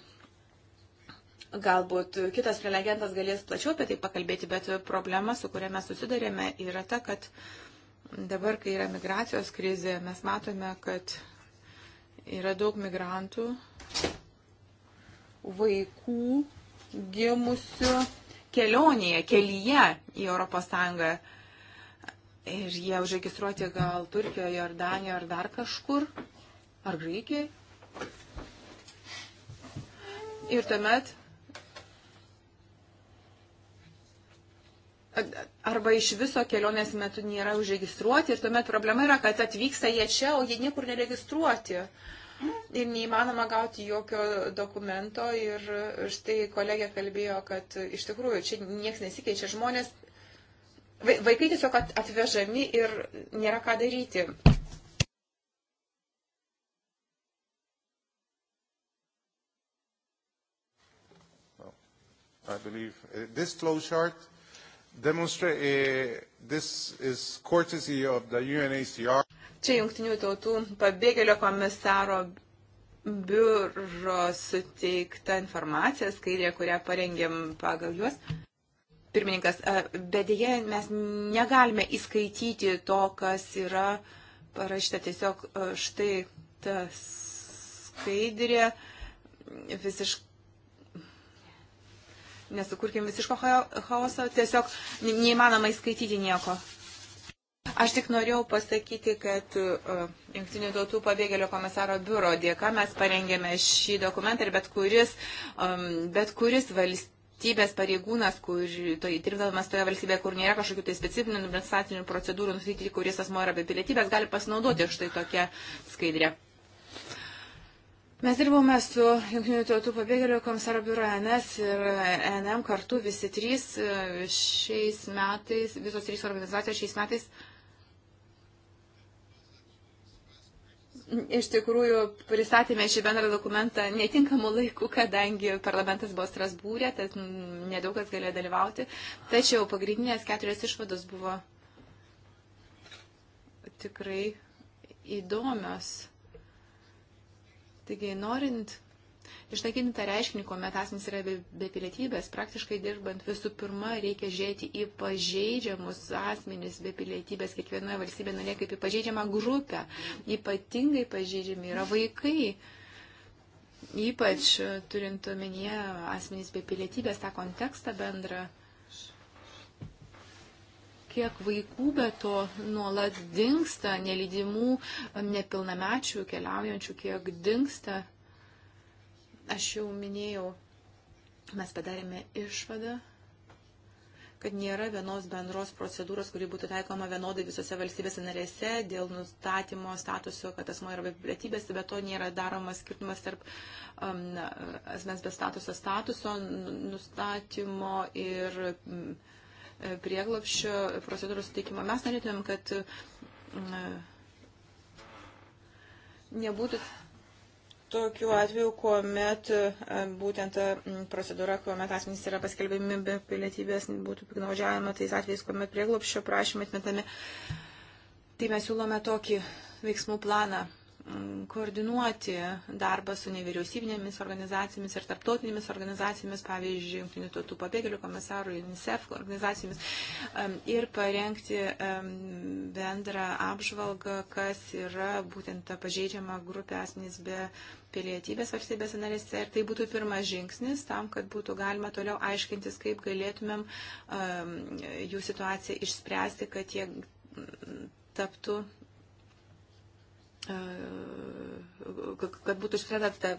Galbūt kitas prelegentas galės plačiau apie tai pakalbėti, bet problema, su kuria mes susidarėme, yra ta, kad dabar, kai yra migracijos krizė, mes matome, kad yra daug migrantų, vaikų gimusių kelionėje, kelyje į ES. Ir jie užregistruoti gal Turkijoje, Jordanijoje ar dar kažkur, ar Graikijoje. Ir tuomet arba iš viso kelionės metu nėra užregistruoti ir tuomet problema yra, kad atvyksta jie čia, o jie niekur neregistruoti. Ir neįmanoma gauti jokio dokumento ir štai kolegė kalbėjo, kad iš tikrųjų čia niekas nesikeičia, žmonės, vaikai tiesiog atvežami ir nėra ką daryti. I believe uh, this flow chart demonstrate, uh, this is courtesy of the UNHCR. Čia jungtinių tautų pabėgėlio komisaro biuro suteikta informacija, skairė, kurią parengėm pagal juos. Pirmininkas, bet dėje mes negalime įskaityti to, kas yra parašyta tiesiog štai ta skaidrė visiškai nesukurkim visiško chaoso, tiesiog neįmanoma įskaityti nieko. Aš tik norėjau pasakyti, kad e, Junktinių tautų pabėgėlio komisaro biuro dėka mes parengėme šį dokumentą ir bet kuris, bet kuris valstybės pareigūnas, kur to, tai dirbdamas toje valstybėje, kur nėra kažkokių tai specifinių administracinių procedūrų, nusityti, kuris asmo yra be pilietybės, gali pasinaudoti štai tokią skaidrę. Mes dirbome su Junktinių tautų pabėgėlių komisaro biuro e NS ir e NM kartu visi trys e, šiais metais, visos trys organizacijos šiais metais. Iš tikrųjų, pristatėme šį bendrą dokumentą netinkamų laikų, kadangi parlamentas buvo Strasbūrė, tad nedaug kas galėjo dalyvauti. Tačiau pagrindinės keturios išvados buvo tikrai įdomios Taigi, norint Išnaikyti tą reiškinį, kuomet asmenys yra be, be pilietybės, praktiškai dirbant visų pirma reikia žiūrėti į pažeidžiamus asmenys be pilietybės kiekvienoje valstybėje narė kaip į pažeidžiamą grupę. Ypatingai pažeidžiami yra vaikai. Ypač turint omenyje asmenys be pilietybės tą kontekstą bendrą kiek vaikų be to nuolat dinksta, nelydimų, nepilnamečių keliaujančių, kiek dinksta. Aš jau minėjau, mes padarėme išvadą kad nėra vienos bendros procedūros, kuri būtų taikoma vienodai visose valstybėse narėse dėl nustatymo statuso, kad asmo yra pilietybės, bet to nėra daromas skirtumas tarp um, asmens be statuso statuso nustatymo ir. Um, prieglopščio procedūros suteikimo. Mes norėtumėm, kad mm, nebūtų tokių atvejų, kuomet e, būtent ta e, procedūra, kuomet asmenys yra paskelbimi be pilietybės, būtų piknaudžiavama tais atvejais, kuomet prieglopščio prašymai atmetami. Tai mes siūlome tokį veiksmų planą koordinuoti darbą su nevyriausybinėmis organizacijomis ir tarptautinėmis organizacijomis, pavyzdžiui, Junktinių tautų pabėgėlių komisarų, UNICEF organizacijomis ir parengti bendrą apžvalgą, kas yra būtent ta pažeidžiama grupė asmenys be pilietybės valstybės narėse. Ir tai būtų pirmas žingsnis tam, kad būtų galima toliau aiškintis, kaip galėtumėm jų situaciją išspręsti, kad jie taptų kad būtų išspręsta ta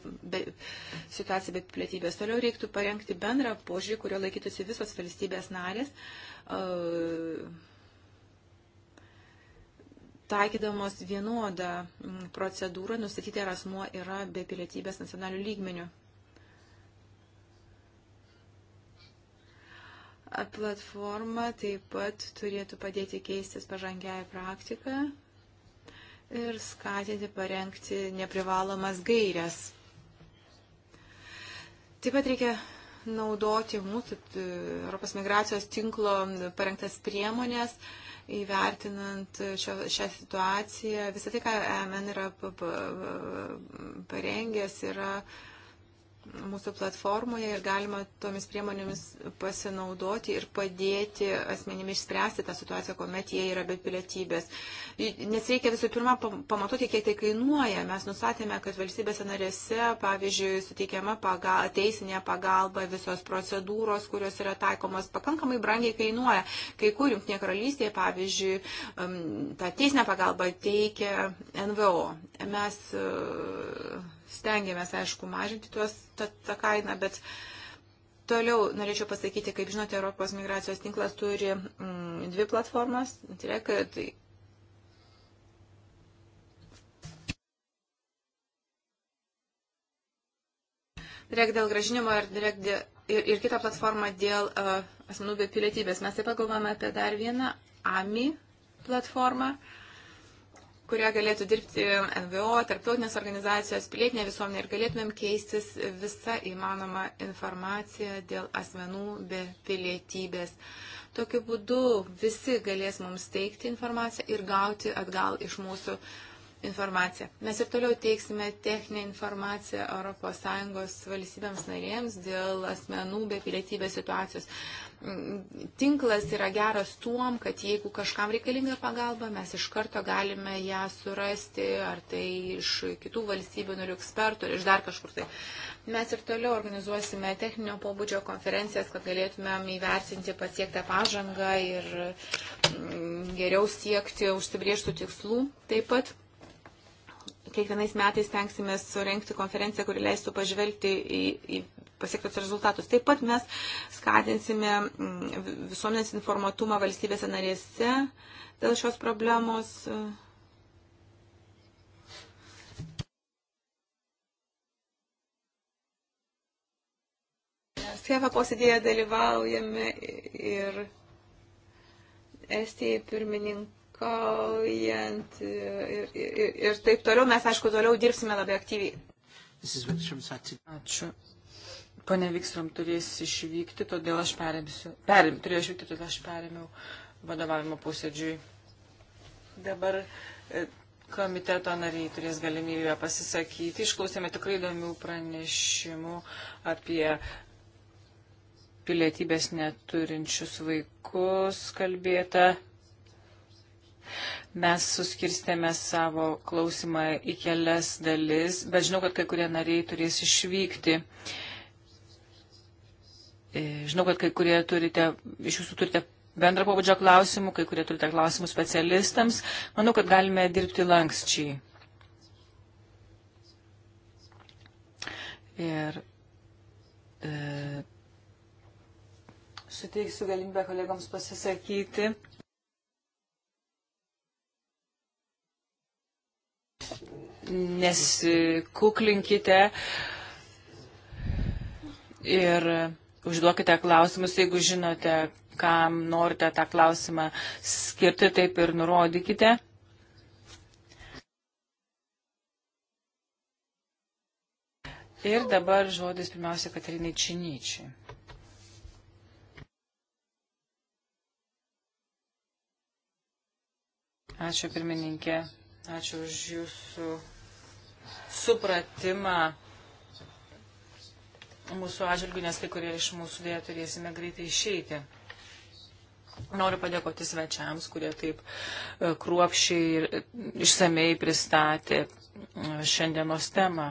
situacija be pilietybės. Toliau reiktų parengti bendrą požiūrį, kurio laikytųsi visos valstybės narės, taikydamos vienodą procedūrą, nustatyti, ar asmuo yra be pilietybės nacionalių lygmenių. Platforma taip pat turėtų padėti keistis pažangiai praktiką ir skatinti parengti neprivalomas gairias. Taip pat reikia naudoti mūsų Europos migracijos tinklo parengtas priemonės, įvertinant šio, šią situaciją. Visą tai, ką e MN yra parengęs, yra uh, mūsų platformoje ir galima tomis priemonėmis pasinaudoti ir padėti asmenim išspręsti tą situaciją, kuomet jie yra be pilietybės. Nes reikia visų pirma pamatuoti, kiek tai kainuoja. Mes nustatėme, kad valstybėse narėse, pavyzdžiui, suteikiama pagal, teisinė pagalba, visos procedūros, kurios yra taikomos, pakankamai brangiai kainuoja. Kai kur Junktinė karalystėje, pavyzdžiui, um, tą teisinę pagalbą teikia NVO. Mes uh, stengiamės, aišku, mažinti tuos, tą, tą kainą, bet toliau norėčiau pasakyti, kaip žinote, Europos migracijos tinklas turi mm, dvi platformas. Tai yra, kad direkt dėl gražinimo ir, dėl, ir, ir kitą platformą dėl uh, asmenų be pilietybės. Mes taip pat galvojame apie dar vieną AMI platformą. Uh, kurie galėtų dirbti NVO, tarptautinės organizacijos, pilietinė visuomenė ir galėtumėm keistis visą įmanomą informaciją dėl asmenų be pilietybės. Tokiu būdu visi galės mums teikti informaciją ir gauti atgal iš mūsų uh, informaciją. Mes ir toliau teiksime techninę informaciją ES valstybėms narėms dėl asmenų be pilietybės situacijos. Mm, tinklas yra geras tuom, kad jeigu kažkam reikalinga pagalba, mes iš karto galime ją surasti, ar tai iš kitų valstybių narių ekspertų, ar iš dar kažkur tai. Mes ir toliau organizuosime techninio pobūdžio konferencijas, kad galėtumėm įvertinti pasiektą pažangą ir mm, geriau siekti užsibrieštų tikslų taip pat kiekvienais metais tenksimės surenkti konferenciją, kuri leistų pažvelgti į, į pasiektus rezultatus. Taip pat mes skatinsime mm, visuomenės informatumą valstybėse narėse dėl šios problemos. Sėva posėdėje dalyvaujame ir Estijai pirmininkai pirmininkaujant ir, ir, ir taip toliau. Mes, aišku, toliau dirbsime labai aktyviai. Ačiū. Pane Vikstrom turės išvykti, todėl aš perimsiu. Perim, turėjau išvykti, todėl aš perėmiau vadovavimo posėdžiui. Dabar e, komiteto nariai turės galimybę pasisakyti. Išklausėme tikrai įdomių pranešimų apie pilietybės neturinčius vaikus kalbėta Mes suskirstėme savo klausimą į kelias dalis, bet žinau, kad kai kurie nariai turės išvykti. E, žinau, kad kai kurie turite, iš jūsų turite bendrą pabudžio klausimų, kai kurie turite klausimų specialistams. Manau, kad galime dirbti lankščiai. Ir e, suteiksiu galimybę kolegoms pasisakyti. nesikuklinkite ir užduokite klausimus, jeigu žinote, kam norite tą klausimą skirti, taip ir nurodykite. Ir dabar žodis pirmiausia Katarinai Činyčiai. Ačiū pirmininkė. Ačiū už jūsų supratimą mūsų atžvilgių, nes kai kurie iš mūsų dėja turėsime greitai išeiti. Noriu padėkoti svečiams, kurie taip e, kruopšiai ir e, išsamei pristatė e, šiandienos temą.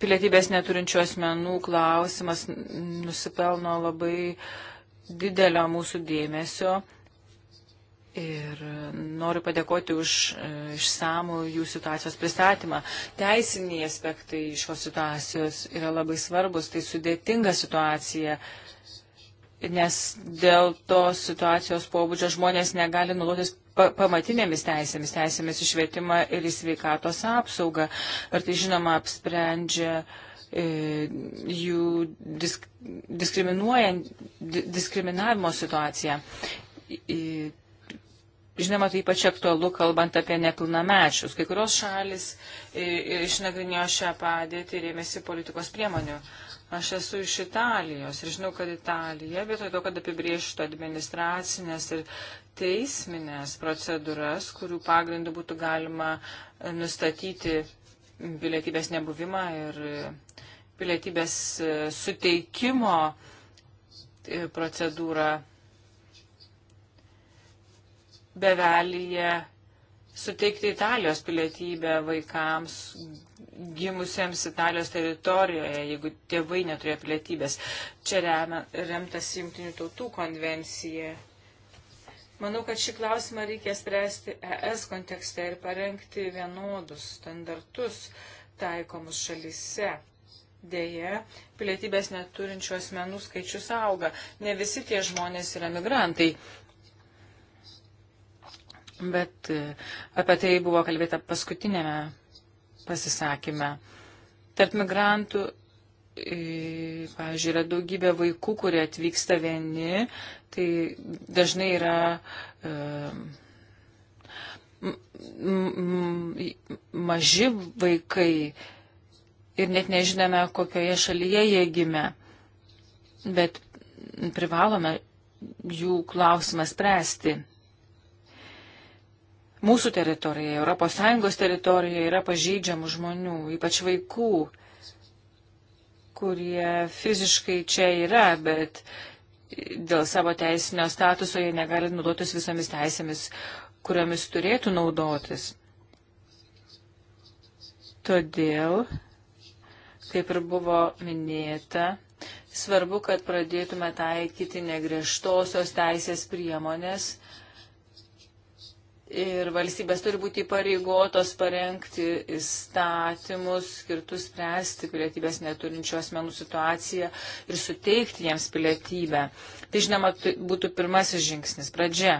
Pilietybės neturinčių asmenų klausimas nusipelno labai didelio mūsų dėmesio Ir noriu padėkoti už e, išsamų jų situacijos pristatymą. Teisiniai aspektai šios situacijos yra labai svarbus, tai sudėtinga situacija, nes dėl tos situacijos pobūdžio žmonės negali nulotis pamatinėmis teisėmis, teisėmis išvietimą ir į sveikatos apsaugą. Ir tai žinoma apsprendžia e, jų disk, diskriminuojant, diskriminavimo situaciją Žinoma, tai ypač aktualu, kalbant apie nepilnamečius. Kai kurios šalis išnagrinėjo šią padėtį ir ėmėsi politikos priemonių. Aš esu iš Italijos ir žinau, kad Italija, vietoj to, kad apibrieštų administracinės ir teisminės procedūras, kurių pagrindų būtų galima e, nustatyti pilietybės nebuvimą ir e, pilietybės e, suteikimo procedūrą bevelyje suteikti Italijos pilietybę vaikams gimusiems Italijos teritorijoje, jeigu tėvai neturėjo pilietybės. Čia remtas Junktinių tautų konvencija. Manau, kad šį klausimą reikia spręsti ES kontekste ir parengti vienodus standartus taikomus šalise. Deja, pilietybės neturinčių asmenų skaičius auga. Ne visi tie žmonės yra migrantai. Bet e, apie tai buvo kalbėta paskutinėme pasisakyme. Tarp migrantų, e, pavyzdžiui, yra daugybė vaikų, kurie atvyksta vieni, tai dažnai yra. E, maži vaikai ir net nežinome, kokioje šalyje jie gimė. Bet privalome jų klausimą spręsti mūsų teritorijoje, ES teritorijoje yra pažeidžiamų žmonių, ypač vaikų, kurie fiziškai čia yra, bet dėl savo teisinio statuso jie negali naudotis visomis teisėmis, kuriomis turėtų naudotis. Todėl, kaip ir buvo minėta, svarbu, kad pradėtume taikyti negriežtosios teisės priemonės ir valstybės turi būti pareigotos parengti įstatymus skirtus spręsti pilietybės neturinčių asmenų situaciją ir suteikti jiems pilietybę. Tai žinoma, būtų pirmasis žingsnis, pradžia.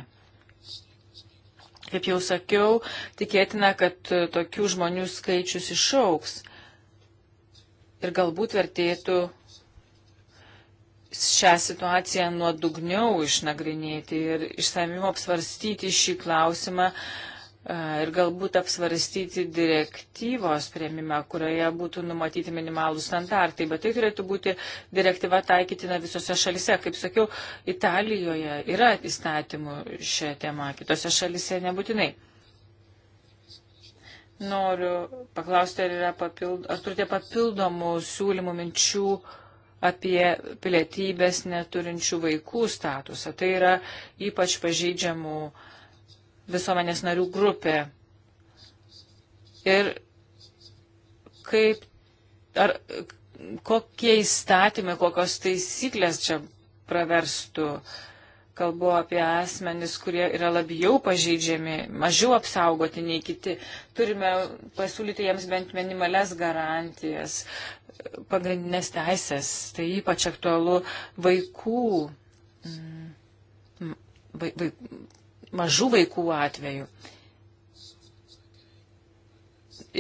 Kaip jau sakiau, tikėtina, kad e, tokių žmonių skaičius išauks. Ir galbūt vertėtų šią situaciją nuodugniau išnagrinėti ir išsamiau apsvarstyti šį klausimą e, ir galbūt apsvarstyti direktyvos prieimimą, kurioje būtų numatyti minimalų standartai, bet tai turėtų būti direktyva taikytina visose šalise. Kaip sakiau, Italijoje yra įstatymų šią temą, kitose šalise nebūtinai. Noriu paklausti, ar, papild... ar turite papildomų siūlymų minčių apie pilietybės neturinčių vaikų statusą. Tai yra ypač pažeidžiamų visuomenės narių grupė. Ir kaip, ar kokie įstatymai, kokios taisyklės čia praverstų uh, Kalbu apie asmenis, kurie yra labiau pažeidžiami, mažiau apsaugoti nei kiti. Turime pasiūlyti jiems bent minimales garantijas, pagrindinės teisės. Tai ypač aktualu vaikų, va, mm, va, mažų vaikų atveju.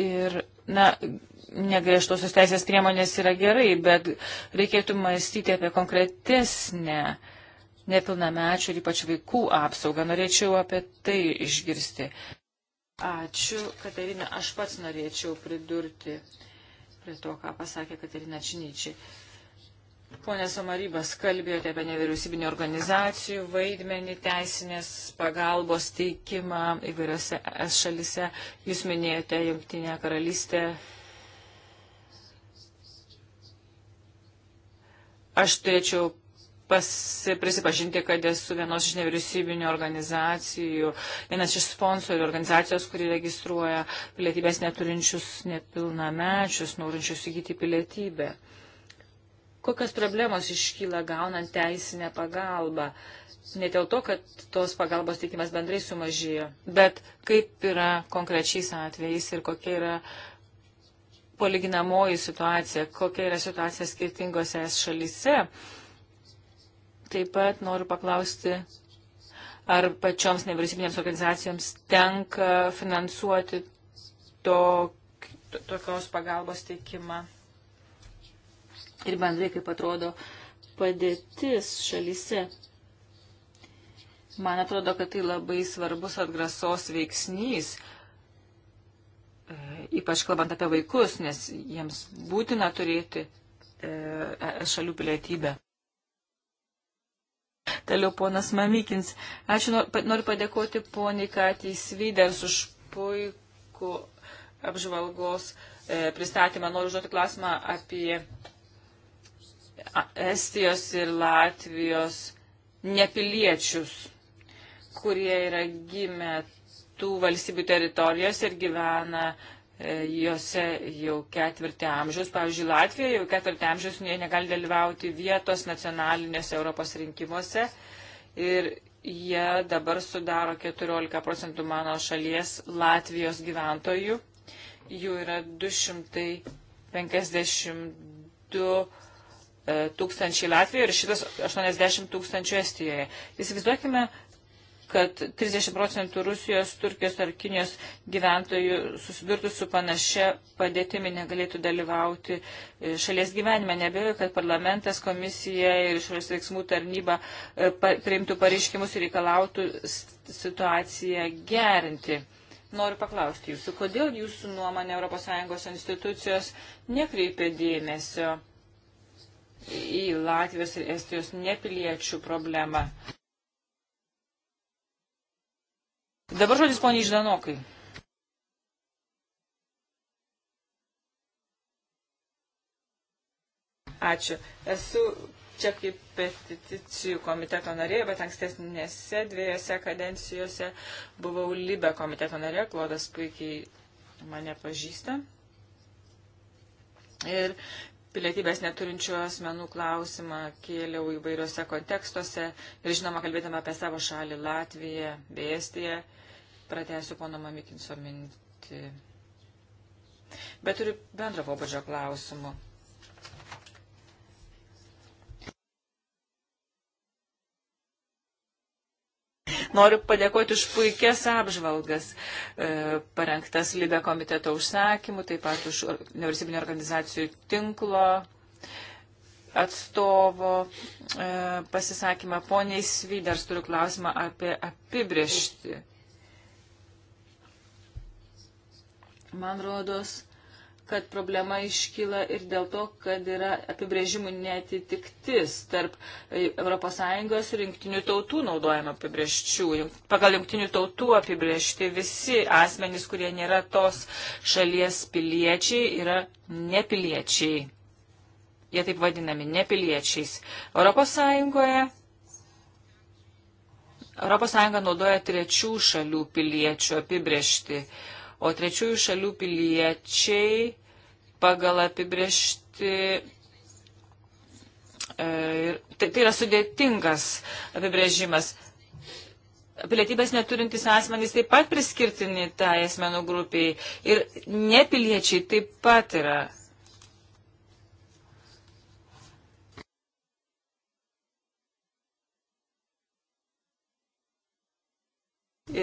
Ir, na, negriežtosios teisės priemonės yra gerai, bet reikėtų mąstyti apie konkretesnę nepilnamečių ir ypač vaikų apsaugą. Norėčiau apie tai išgirsti. Ačiū, Katerina. Aš pats norėčiau pridurti prie to, ką pasakė Katerina Činyčiai. Pone Somarybas, kalbėjote apie nevyriausybinio organizacijų vaidmenį, teisinės pagalbos teikimą įvairiose es šalise. Jūs minėjote Junktinę karalystę. Aš turėčiau prisipažinti, kad esu vienos iš nevyriausybinių organizacijų, vienas iš sponsorių organizacijos, kuri registruoja pilietybės neturinčius nepilnamečius, norinčius įgyti pilietybę. Kokios problemos iškyla gaunant teisinę pagalbą? Ne dėl to, kad tos pagalbos teikimas bendrai sumažėjo, bet kaip yra konkrečiais atvejais ir kokia yra palyginamoji situacija, kokia yra situacija skirtingose šalyse Taip pat noriu paklausti, ar pačioms nevyriausybinėms organizacijoms tenka finansuoti to, to, tokios pagalbos teikimą. Ir bendrai, kaip atrodo padėtis šalyse. Man atrodo, kad tai labai svarbus atgrasos veiksnys, e, ypač kalbant apie vaikus, nes jiems būtina turėti e, e, šalių pilietybę. Toliau ponas Mamykins. Ačiū, noriu padėkoti poniai Katijai Svyders už puikų apžvalgos e, pristatymą. Noriu užduoti klausimą apie Estijos ir Latvijos nepiliečius, kurie yra gimę tų valstybių teritorijos ir gyvena E, Jose jau ketvirtį amžiaus, pavyzdžiui, Latvija jau ketvirtį amžiaus jie negali dalyvauti vietos nacionalinėse Europos rinkimuose ir jie dabar sudaro 14 procentų mano šalies Latvijos gyventojų. Jų yra 252 e, tūkstančiai Latvijoje ir šitas 80 tūkstančių Estijoje. Įsivaizduokime, tai kad 30 procentų Rusijos, Turkijos ar Kinijos gyventojų susidurtų su panašia padėtimi negalėtų dalyvauti e, šalies gyvenime. Nebejoju, kad parlamentas, komisija ir išorės veiksmų tarnyba e, priimtų pareiškimus ir reikalautų situaciją gerinti. Noriu paklausti jūsų, kodėl jūsų nuomonė ES institucijos nekreipia dėmesio į Latvijos ir Estijos nepiliečių problemą? Dabar žodis poniai Ždanokai. Ačiū. Esu čia kaip peticijų komiteto narė, bet ankstesnėse dviejose kadencijose buvau Libe komiteto narė, Klodas puikiai mane pažįsta. Ir pilietybės neturinčių asmenų klausimą kėliau įvairiuose kontekstuose ir žinoma, kalbėdama apie savo šalį Latviją, Estiją, pratęsiu pono Mamikinso mintį. Bet turiu bendro pobūdžio klausimų. Noriu padėkoti už puikias apžvalgas e, parengtas Libė komiteto užsakymų, taip pat už nevalstybinio organizacijų tinklo atstovo e, pasisakymą. Poniai Svyders turiu klausimą apie apibriešti. Man rodos, kad problema iškyla ir dėl to, kad yra apibrėžimų netitiktis tarp ES ir jungtinių tautų naudojama apibrėžčių. Pagal jungtinių tautų apibrėžti visi asmenys, kurie nėra tos šalies piliečiai, yra nepiliečiai. Jie taip vadinami nepiliečiais. ES ES naudoja trečių šalių piliečių apibrėžti o trečiųjų šalių piliečiai pagal apibriešti. E, tai, tai yra sudėtingas apibrėžimas. Pilietybės neturintys asmenys taip pat priskirtini tai asmenų grupiai ir nepiliečiai taip pat yra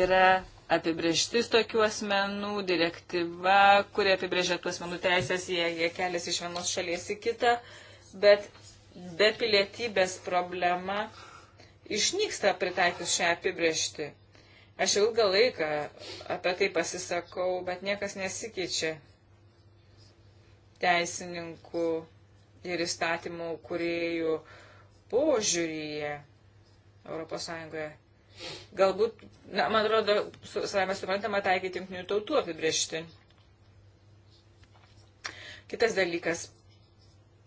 yra apibrieštis tokių asmenų, direktyva, kurie apibrėžia tų asmenų teisės, jie, jie keliasi iš vienos šalies į kitą, bet be pilietybės problema išnyksta pritaikius šią apibrėžtį. Aš ilgą laiką apie tai pasisakau, bet niekas nesikeičia teisininkų ir įstatymų kuriejų požiūryje ES. Galbūt, na, man atrodo, su, savame suprantama taikyti jungtinių tautų apibriežti. Kitas dalykas,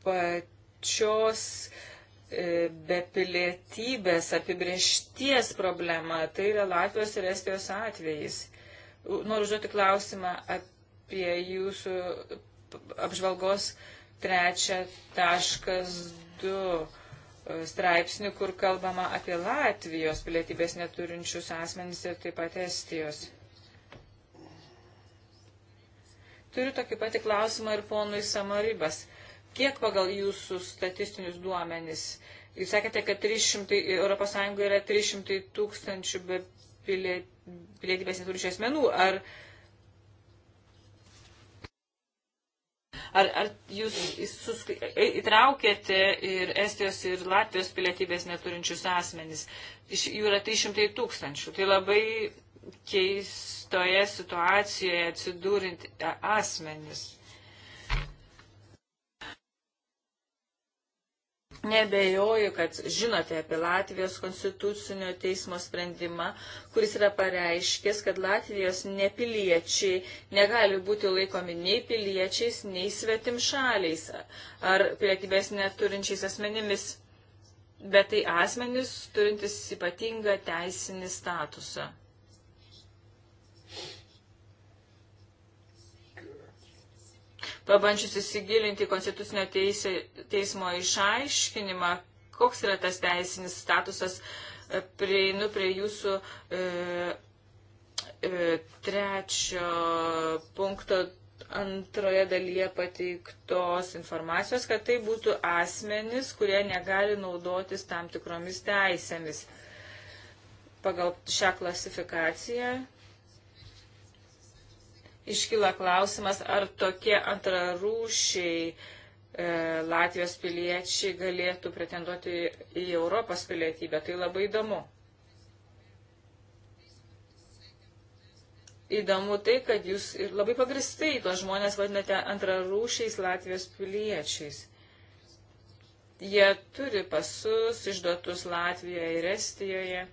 pačios e, bepilietybės apibriešties problema, tai yra Latvijos ir Estijos atvejais. Noriu žodžiu klausimą apie jūsų apžvalgos trečią taškas du straipsnį, kur kalbama apie Latvijos pilietybės neturinčius asmenys ir taip pat Estijos. Turiu tokį patį klausimą ir ponui Samaribas. Kiek pagal jūsų statistinius duomenis, jūs sakėte, kad 300, ES yra 300 tūkstančių be pilietybės neturinčių asmenų, ar uh, Ar, ar jūs suskai, įtraukėte ir Estijos ir Latvijos pilietybės neturinčius asmenys? Iš jų yra 300 tūkstančių. Tai labai keistoje situacijoje atsidūrinti asmenys. Nebejoju, kad žinote apie Latvijos konstitucinio teismo sprendimą, kuris yra pareiškęs, kad Latvijos nepiliečiai negali būti laikomi nei piliečiais, nei svetim šaliais ar pilietybės neturinčiais asmenimis, bet tai asmenys turintis ypatingą teisinį statusą. pabandžius įsigilinti konstitucinio teisė, teismo išaiškinimą, koks yra tas teisinis statusas, e, prieinu prie jūsų e, e, trečio punkto antroje dalyje pateiktos informacijos, kad tai būtų asmenys, kurie negali naudotis tam tikromis teisėmis. Pagal šią klasifikaciją iškyla klausimas, ar tokie antrarūšiai e, Latvijos piliečiai galėtų pretenduoti į Europos pilietybę. Tai labai įdomu. Įdomu tai, kad jūs ir labai pagristai tuos žmonės vadinate antrarūšiais Latvijos piliečiais. Jie turi pasus išduotus Latvijoje ir Estijoje.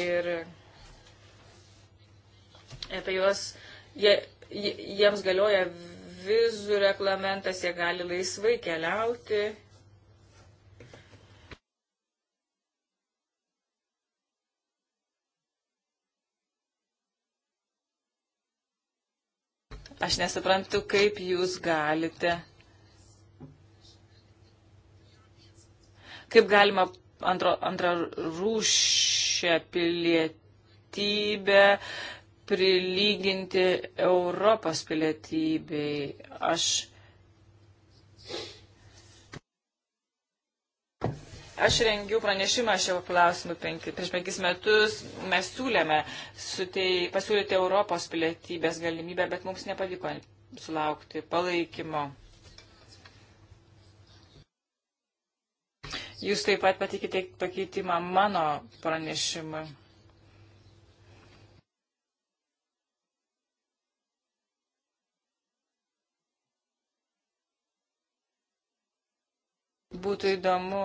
Ir apie juos, jie, jiems galioja vizų reglamentas, jie gali laisvai keliauti. Aš nesuprantu, kaip jūs galite. Kaip galima antrą rūšę pilietybę prilyginti Europos pilietybei. Aš, aš rengiau pranešimą šio klausimu penki, prieš penkis metus. Mes siūlėme sutei, pasiūlyti Europos pilietybės galimybę, bet mums nepavyko sulaukti palaikymo. Jūs taip pat patikite pakeitimą mano pranešimui. Būtų įdomu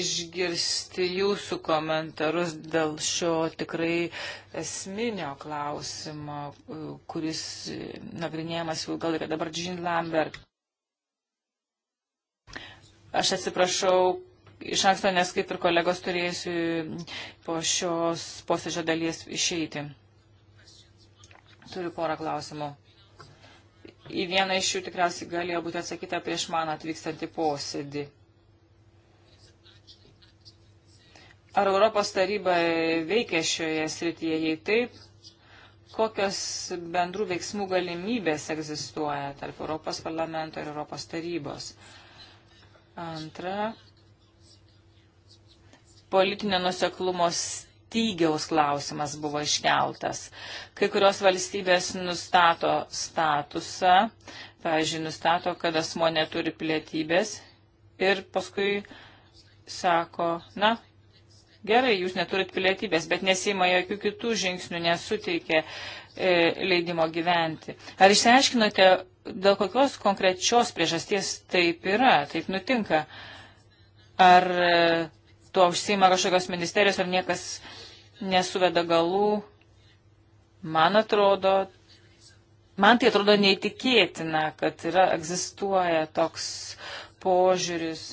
išgirsti jūsų komentarus dėl šio tikrai esminio klausimo, kuris nagrinėjamas jau gal yra dabar Džin Lambert. Aš atsiprašau, iš anksto, nes kaip ir kolegos turėsiu po šios posėdžio dalies išeiti. Turiu porą klausimų. Į vieną iš jų tikriausiai galėjo būti atsakyta prieš man atvykstantį posėdį. Ar Europos taryba veikia šioje srityje, jei taip, kokios bendrų veiksmų galimybės egzistuoja tarp Europos parlamento ir Europos tarybos? Antra, politinio nuseklumo stygiaus klausimas buvo iškeltas. Kai kurios valstybės nustato statusą, pavyzdžiui, nustato, kad asmo neturi pilietybės ir paskui sako, na, Gerai, jūs neturit pilietybės, bet nesima jokių kitų žingsnių, nesuteikia e, leidimo gyventi. Ar išsiaiškinote, dėl kokios konkrečios priežasties taip yra, taip nutinka? Ar e, tuo užsima kažkokios ministerijos, ar niekas nesuveda galų? Man atrodo, man tai atrodo neįtikėtina, kad yra, egzistuoja toks požiūris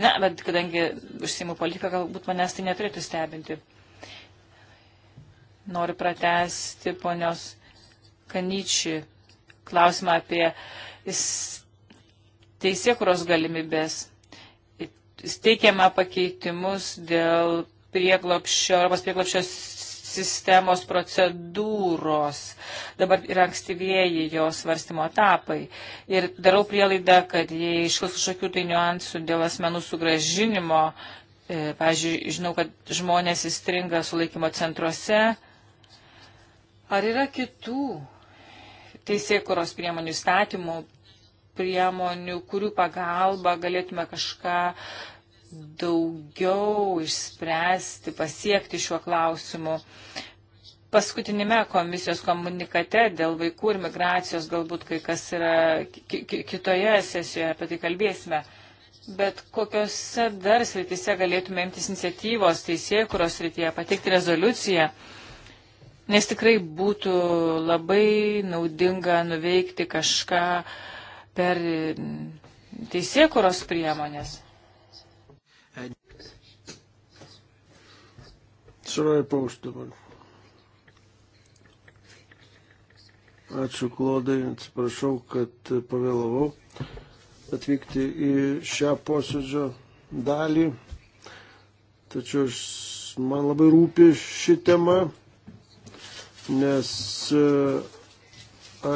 Na, bet kadangi užsiimu politiką, galbūt manęs tai neturėtų stebinti. Noriu pratesti ponios Kanyčių klausimą apie teisėkuros galimybės. Steikiama pakeitimus dėl prieglopščio, Europos prieglopščios sistemos procedūros. Dabar yra ankstyvieji jos svarstymo etapai. Ir darau prielaidą, kad jei iškils kažkokių tai niuansų dėl asmenų sugražinimo, e, pavyzdžiui, žinau, kad žmonės įstringa sulaikymo centruose, ar yra kitų teisėkuros priemonių statymų priemonių, kurių pagalba galėtume kažką daugiau išspręsti, pasiekti šiuo klausimu. Paskutinėme komisijos komunikate dėl vaikų ir migracijos galbūt kai kas yra kitoje sesijoje, apie tai kalbėsime. Bet kokiuose dar srityse galėtume imtis iniciatyvos teisėjų, kurios srityje pateikti rezoliuciją, nes tikrai būtų labai naudinga nuveikti kažką per teisėkuros priemonės. Sarai Pauš dabar. Ačiū, Klodai, atsiprašau, kad pavėlavau atvykti į šią posėdžio dalį. Tačiau aš, man labai rūpi ši tema, nes e,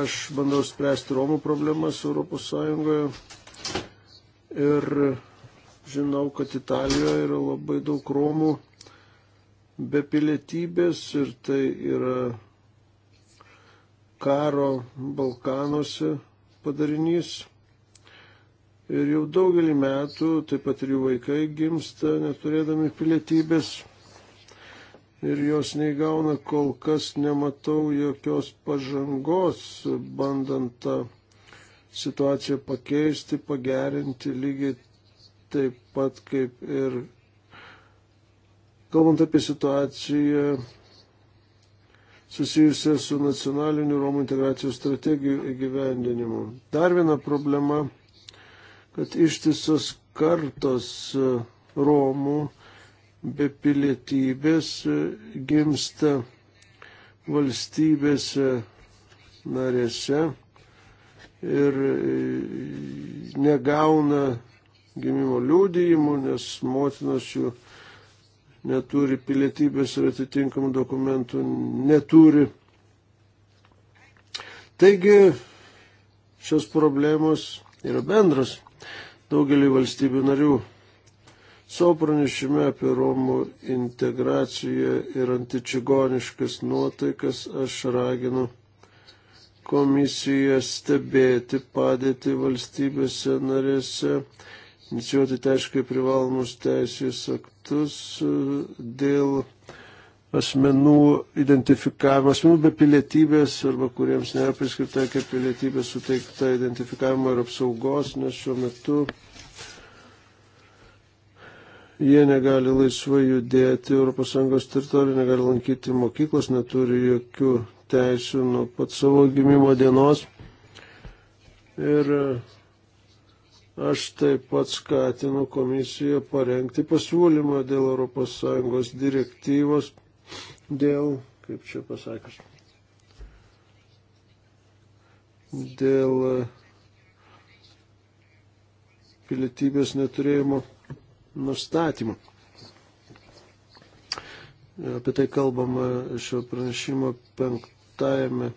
aš bandau spręsti Romų problemas Europos Sąjungoje ir žinau, kad Italijoje yra labai daug Romų be pilietybės ir tai yra karo Balkanuose padarinys. Ir jau daugelį metų, taip pat ir jų vaikai gimsta neturėdami pilietybės ir jos neįgauna, kol kas nematau jokios pažangos, bandant tą situaciją pakeisti, pagerinti lygiai taip pat kaip ir Kalbant apie situaciją susijusią su nacionaliniu Romų integracijos strategijų įgyvendinimu. Dar viena problema, kad ištisos kartos Romų be pilietybės gimsta valstybėse narėse ir negauna gimimo liūdėjimų, nes motinos jų neturi pilietybės ir atitinkamų dokumentų neturi. Taigi šios problemos yra bendras daugelį valstybių narių. Savo pranešime apie Romų integraciją ir antičigoniškas nuotaikas aš raginu komisiją stebėti padėti valstybėse narėse inicijuoti teiškai privalomus teisės aktus e, dėl asmenų identifikavimo, asmenų be pilietybės arba kuriems nėra priskirta kaip pilietybė suteikta identifikavimo ir apsaugos, nes šiuo metu jie negali laisvai judėti ES teritorijoje, negali lankyti mokyklos, neturi jokių teisių nuo pat savo gimimo dienos. Ir Aš taip pat skatinu komisiją parengti pasiūlymą dėl ES direktyvos, dėl, kaip čia pasakius, dėl e, pilietybės neturėjimo nustatymą. Apie tai kalbama šio pranešimo penktajame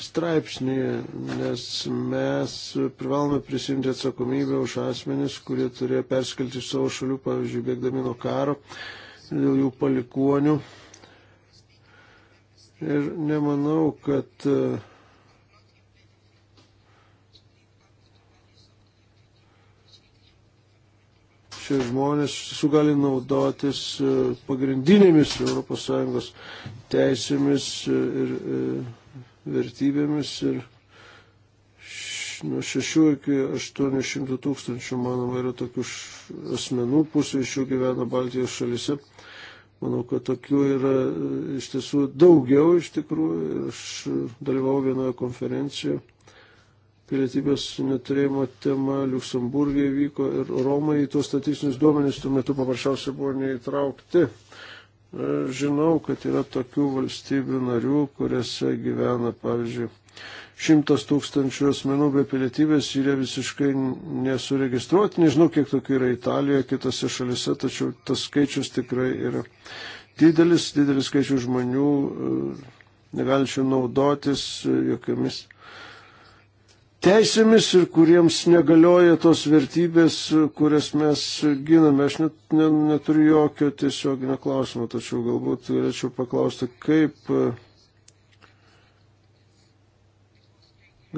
straipsnėje, nes mes privalome prisimti atsakomybę už asmenis, kurie turėjo perskelti iš savo šalių, pavyzdžiui, bėgdami nuo karo, dėl jų palikonių. Ir nemanau, kad e, šie žmonės sugali naudotis e, pagrindinėmis ES teisėmis e, ir, ir vertybėmis ir nuo 6 iki 800 tūkstančių, manoma, yra tokių asmenų, pusė iš jų gyvena Baltijos šalise. Manau, kad tokių yra e, iš tiesų daugiau iš tikrųjų. Ir aš dalyvau vienoje konferencijoje. Pilietybės neturėjimo tema Luksemburgė vyko ir Romai į tuos statistinius duomenys tuo metu paprasčiausiai buvo neįtraukti. Žinau, kad yra tokių valstybių narių, kuriuose gyvena, pavyzdžiui, šimtas tūkstančių asmenų be pilietybės ir jie visiškai nesuregistruoti. Nežinau, kiek tokių yra Italijoje, kitose šalise, tačiau tas skaičius tikrai yra didelis, didelis skaičius žmonių e, negalčiau naudotis e, jokiamis teisėmis ir kuriems negalioja tos vertybės, kurias mes giname. Aš net, ne, neturiu jokio tiesioginio klausimo, tačiau galbūt galėčiau paklausti, kaip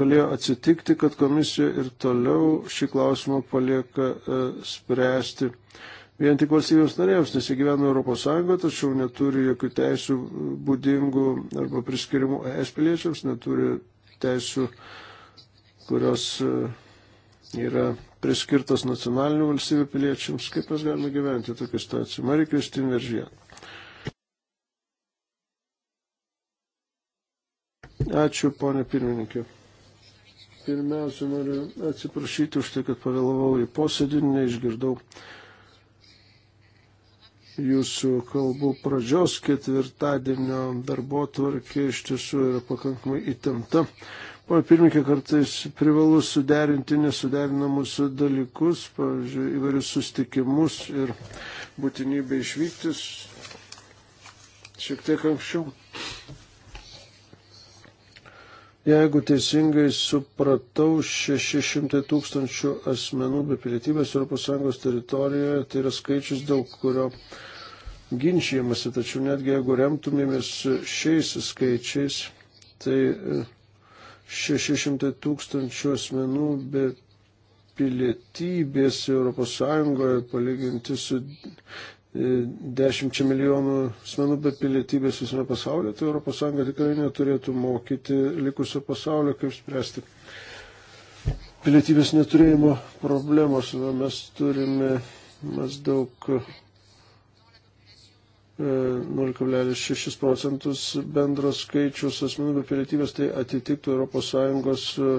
galėjo atsitikti, kad komisija ir toliau šį klausimą palieka e, spręsti. Vien tik valstybėms narėms nesigyvena Europos Sąjunga, tačiau neturi jokių teisų būdingų arba priskirimų ES piliečiams, neturi teisų kurios e, yra priskirtos nacionalinių valstybių piliečiams, kaip mes galime gyventi tokią situaciją. Marija Kristin Veržė. Ačiū, ponė pirmininkė. Pirmiausia, noriu atsiprašyti už tai, kad pavėlavau į posėdį, neišgirdau jūsų kalbų pradžios ketvirtadienio darbo tvarkė iš tiesų yra pakankamai įtempta. Pane pirmininkė, kartais privalu suderinti nesuderinamus dalykus, pavyzdžiui, įvairius sustikimus ir būtinybę išvyktis šiek tiek anksčiau. Jeigu teisingai supratau, 600 tūkstančių asmenų be pilietybės ES teritorijoje, tai yra skaičius, dėl kurio ginčiamasi, tačiau netgi jeigu remtumėmės šiais skaičiais, tai e, 600 tūkstančių asmenų be pilietybės ES palyginti su 10 e, milijonų asmenų be pilietybės visame pasaulyje, tai ES tikrai neturėtų mokyti likusio pasaulio, kaip spręsti pilietybės neturėjimo problemos. Mes turime maždaug 0,6 e, procentus bendros skaičius asmenų be pilietybės, tai atitiktų ES e,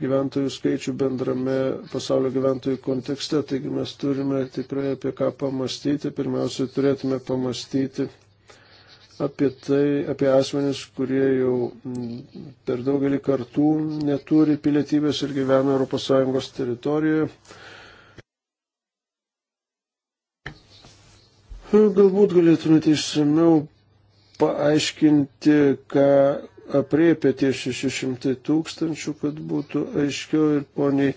gyventojų skaičių bendrame pasaulio gyventojų kontekste. Taigi mes turime tikrai apie ką pamastyti. Pirmiausiai turėtume pamastyti apie tai, apie asmenis, kurie jau per daugelį kartų neturi pilietybės ir gyvena ES teritorijoje Nu, galbūt galėtumėte išsameu paaiškinti, ką apriepia tie 600 tūkstančių, kad būtų aiškiau ir poniai.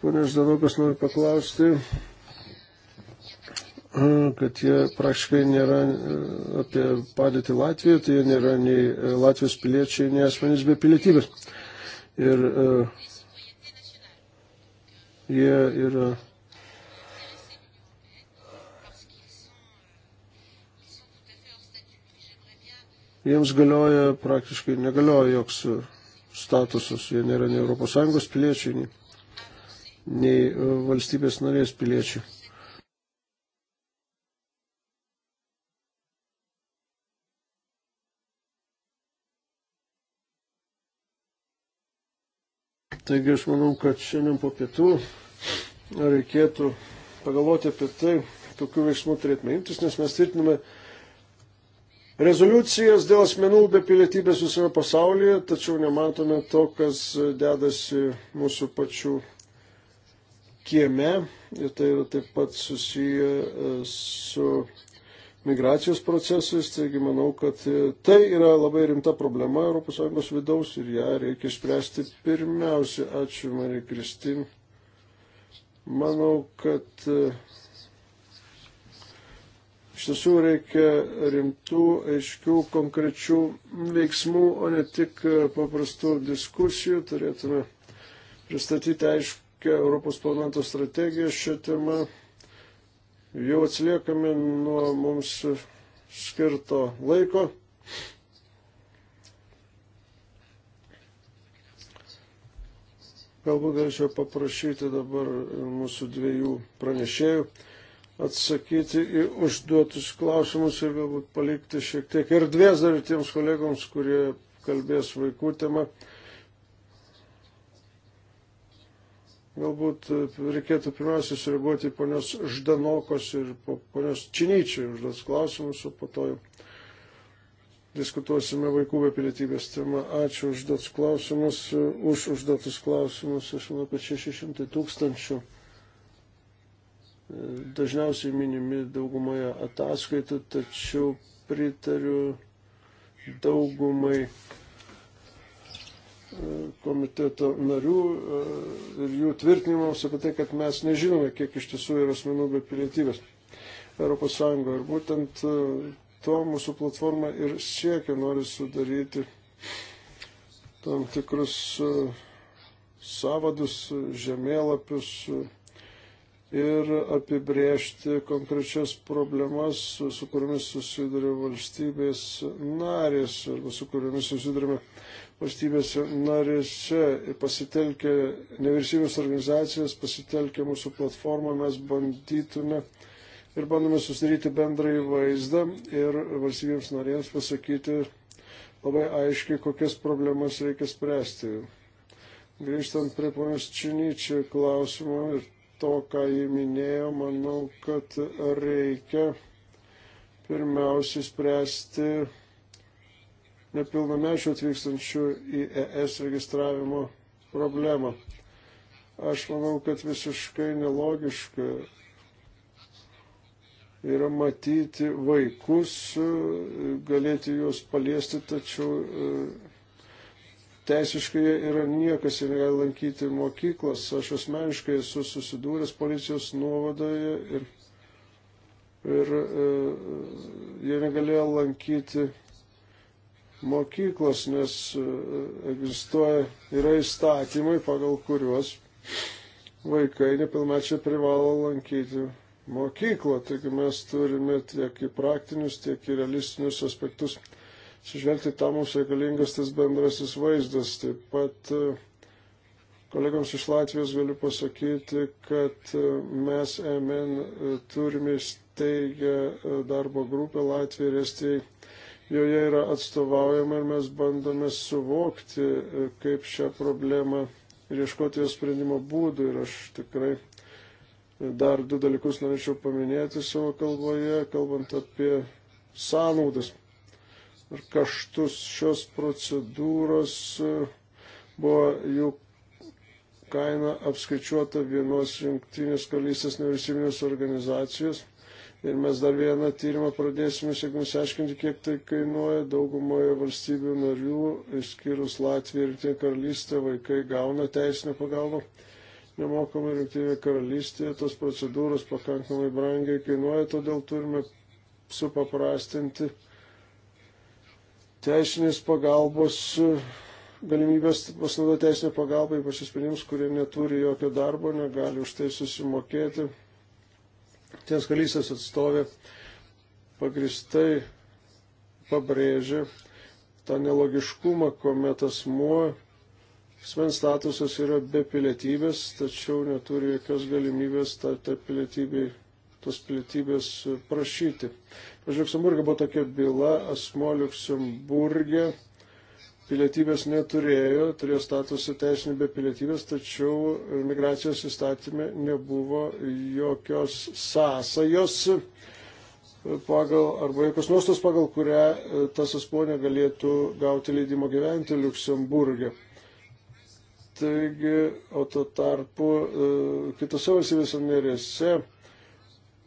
Pone Ždanokas noriu paklausti, kad jie praktiškai nėra apie padėtį Latvijoje, tai jie nėra nei e, Latvijos piliečiai, nei asmenys be pilietybės. Ir e, jie yra jiems galioja praktiškai negalioja joks statusas, jie nėra nei ES piliečiai, nei, nei e, valstybės narės piliečiai. Taigi aš manau, kad šiandien po pietų reikėtų pagalvoti apie tai, kokiu veiksmu turėtume imtis, nes mes tvirtiname rezoliucijas dėl asmenų be pilietybės visame pasaulyje, tačiau nematome to, kas dedasi mūsų pačių kieme. Ir tai yra taip pat susiję e, su migracijos procesais, taigi manau, kad e, tai yra labai rimta problema ES vidaus ir ją reikia spręsti pirmiausia. Ačiū, Marija Kristin. Manau, kad e, Iš tiesų reikia rimtų, aiškių, konkrečių veiksmų, o ne tik e, paprastų diskusijų. Turėtume pristatyti aiškę Europos parlamento strategiją šią temą. Jau atsiliekame nuo mums skirto laiko. Galbūt galėčiau paprašyti dabar mūsų dviejų pranešėjų atsakyti į užduotus klausimus ir galbūt palikti šiek tiek erdvės dar tiems kolegoms, kurie kalbės vaikų tema. Galbūt e, reikėtų pirmiausia sureaguoti į ponios Ždanokos ir ponios Činyčiai užduotus klausimus, o po to jau diskutuosime vaikų be pilietybės tema. Ačiū užduotus klausimus, e, už užduotus klausimus. Aš manau, kad 600 tūkstančių. 000 dažniausiai minimi daugumoje ataskaitų, tačiau pritariu daugumai e, komiteto narių e, ir jų tvirtinimams apie tai, kad mes nežinome, kiek iš tiesų yra asmenų be pilietybės ES. Ir būtent e, to mūsų platforma ir siekia, nori sudaryti tam tikrus savadus, žemėlapius, ir apibriežti konkrečias problemas, su, su kuriamis susiduria valstybės narės arba su kuriamis susidurime valstybėse narėse ir pasitelkę nevyriausybės organizacijas, pasitelkę mūsų platformą, mes bandytume ir bandome susidaryti bendrąjį vaizdą ir valstybėms narėms pasakyti labai aiškiai, kokias problemas reikia spręsti. Grįžtant prie ponios Činyčio klausimo ir to, ką jį minėjo, manau, kad reikia pirmiausiai spręsti nepilnamečių atvykstančių į ES registravimo problemą. Aš manau, kad visiškai nelogiška yra matyti vaikus, galėti juos paliesti, tačiau teisiškai yra niekas ir negali lankyti mokyklos. Aš asmeniškai esu susidūręs policijos nuovadoje ir, ir e, jie negalėjo lankyti mokyklos, nes e, egzistuoja, yra įstatymai, pagal kuriuos vaikai nepilmečia privalo lankyti mokyklą. Taigi mes turime tiek į praktinius, tiek į realistinius aspektus Sižvelgti tą mums reikalingas tas bendrasis vaizdas. Taip pat e, kolegams iš Latvijos galiu pasakyti, kad e, mes e MN turime įsteigę darbo grupę Latvijai ir Estijai. Joje yra atstovaujama ir mes bandome suvokti, kaip šią problemą ir ieškoti jos sprendimo būdų. Ir aš tikrai dar du dalykus norėčiau paminėti savo kalboje, kalbant apie sąnaudas ir kaštus šios procedūros e, buvo jų kaina apskaičiuota vienos jungtinės karalystės nevyriausybinės organizacijos. Ir mes dar vieną tyrimą pradėsime, siekime seškinti, kiek tai kainuoja. Daugumoje valstybių narių, išskyrus Latviją ir Jungtinę karalystę, vaikai gauna teisinę pagalbą. Nemokamai Jungtinėje karalystėje tos procedūros pakankamai brangiai kainuoja, todėl turime supaprastinti teisinės pagalbos e, galimybės pasinaudoti teisinę pagalbą, ypač asmenims, kurie neturi jokio darbo, negali už tai susimokėti. Ties kalysės atstovė pagristai pabrėžė tą nelogiškumą, kuomet asmuo, asmens statusas yra be pilietybės, tačiau neturi jokios galimybės tą, tą pilietybę tos pilietybės prašyti. Pavyzdžiui, Luksemburgė buvo tokia byla, asmo Luksemburgė pilietybės neturėjo, turėjo statusą teisinį be pilietybės, tačiau migracijos įstatymė nebuvo jokios sąsajos pagal, arba jokios nuostos, pagal kurią e, tas asmo negalėtų gauti leidimo gyventi Luksemburgė. Taigi, o to tarpu e, kitose valstybėse narėse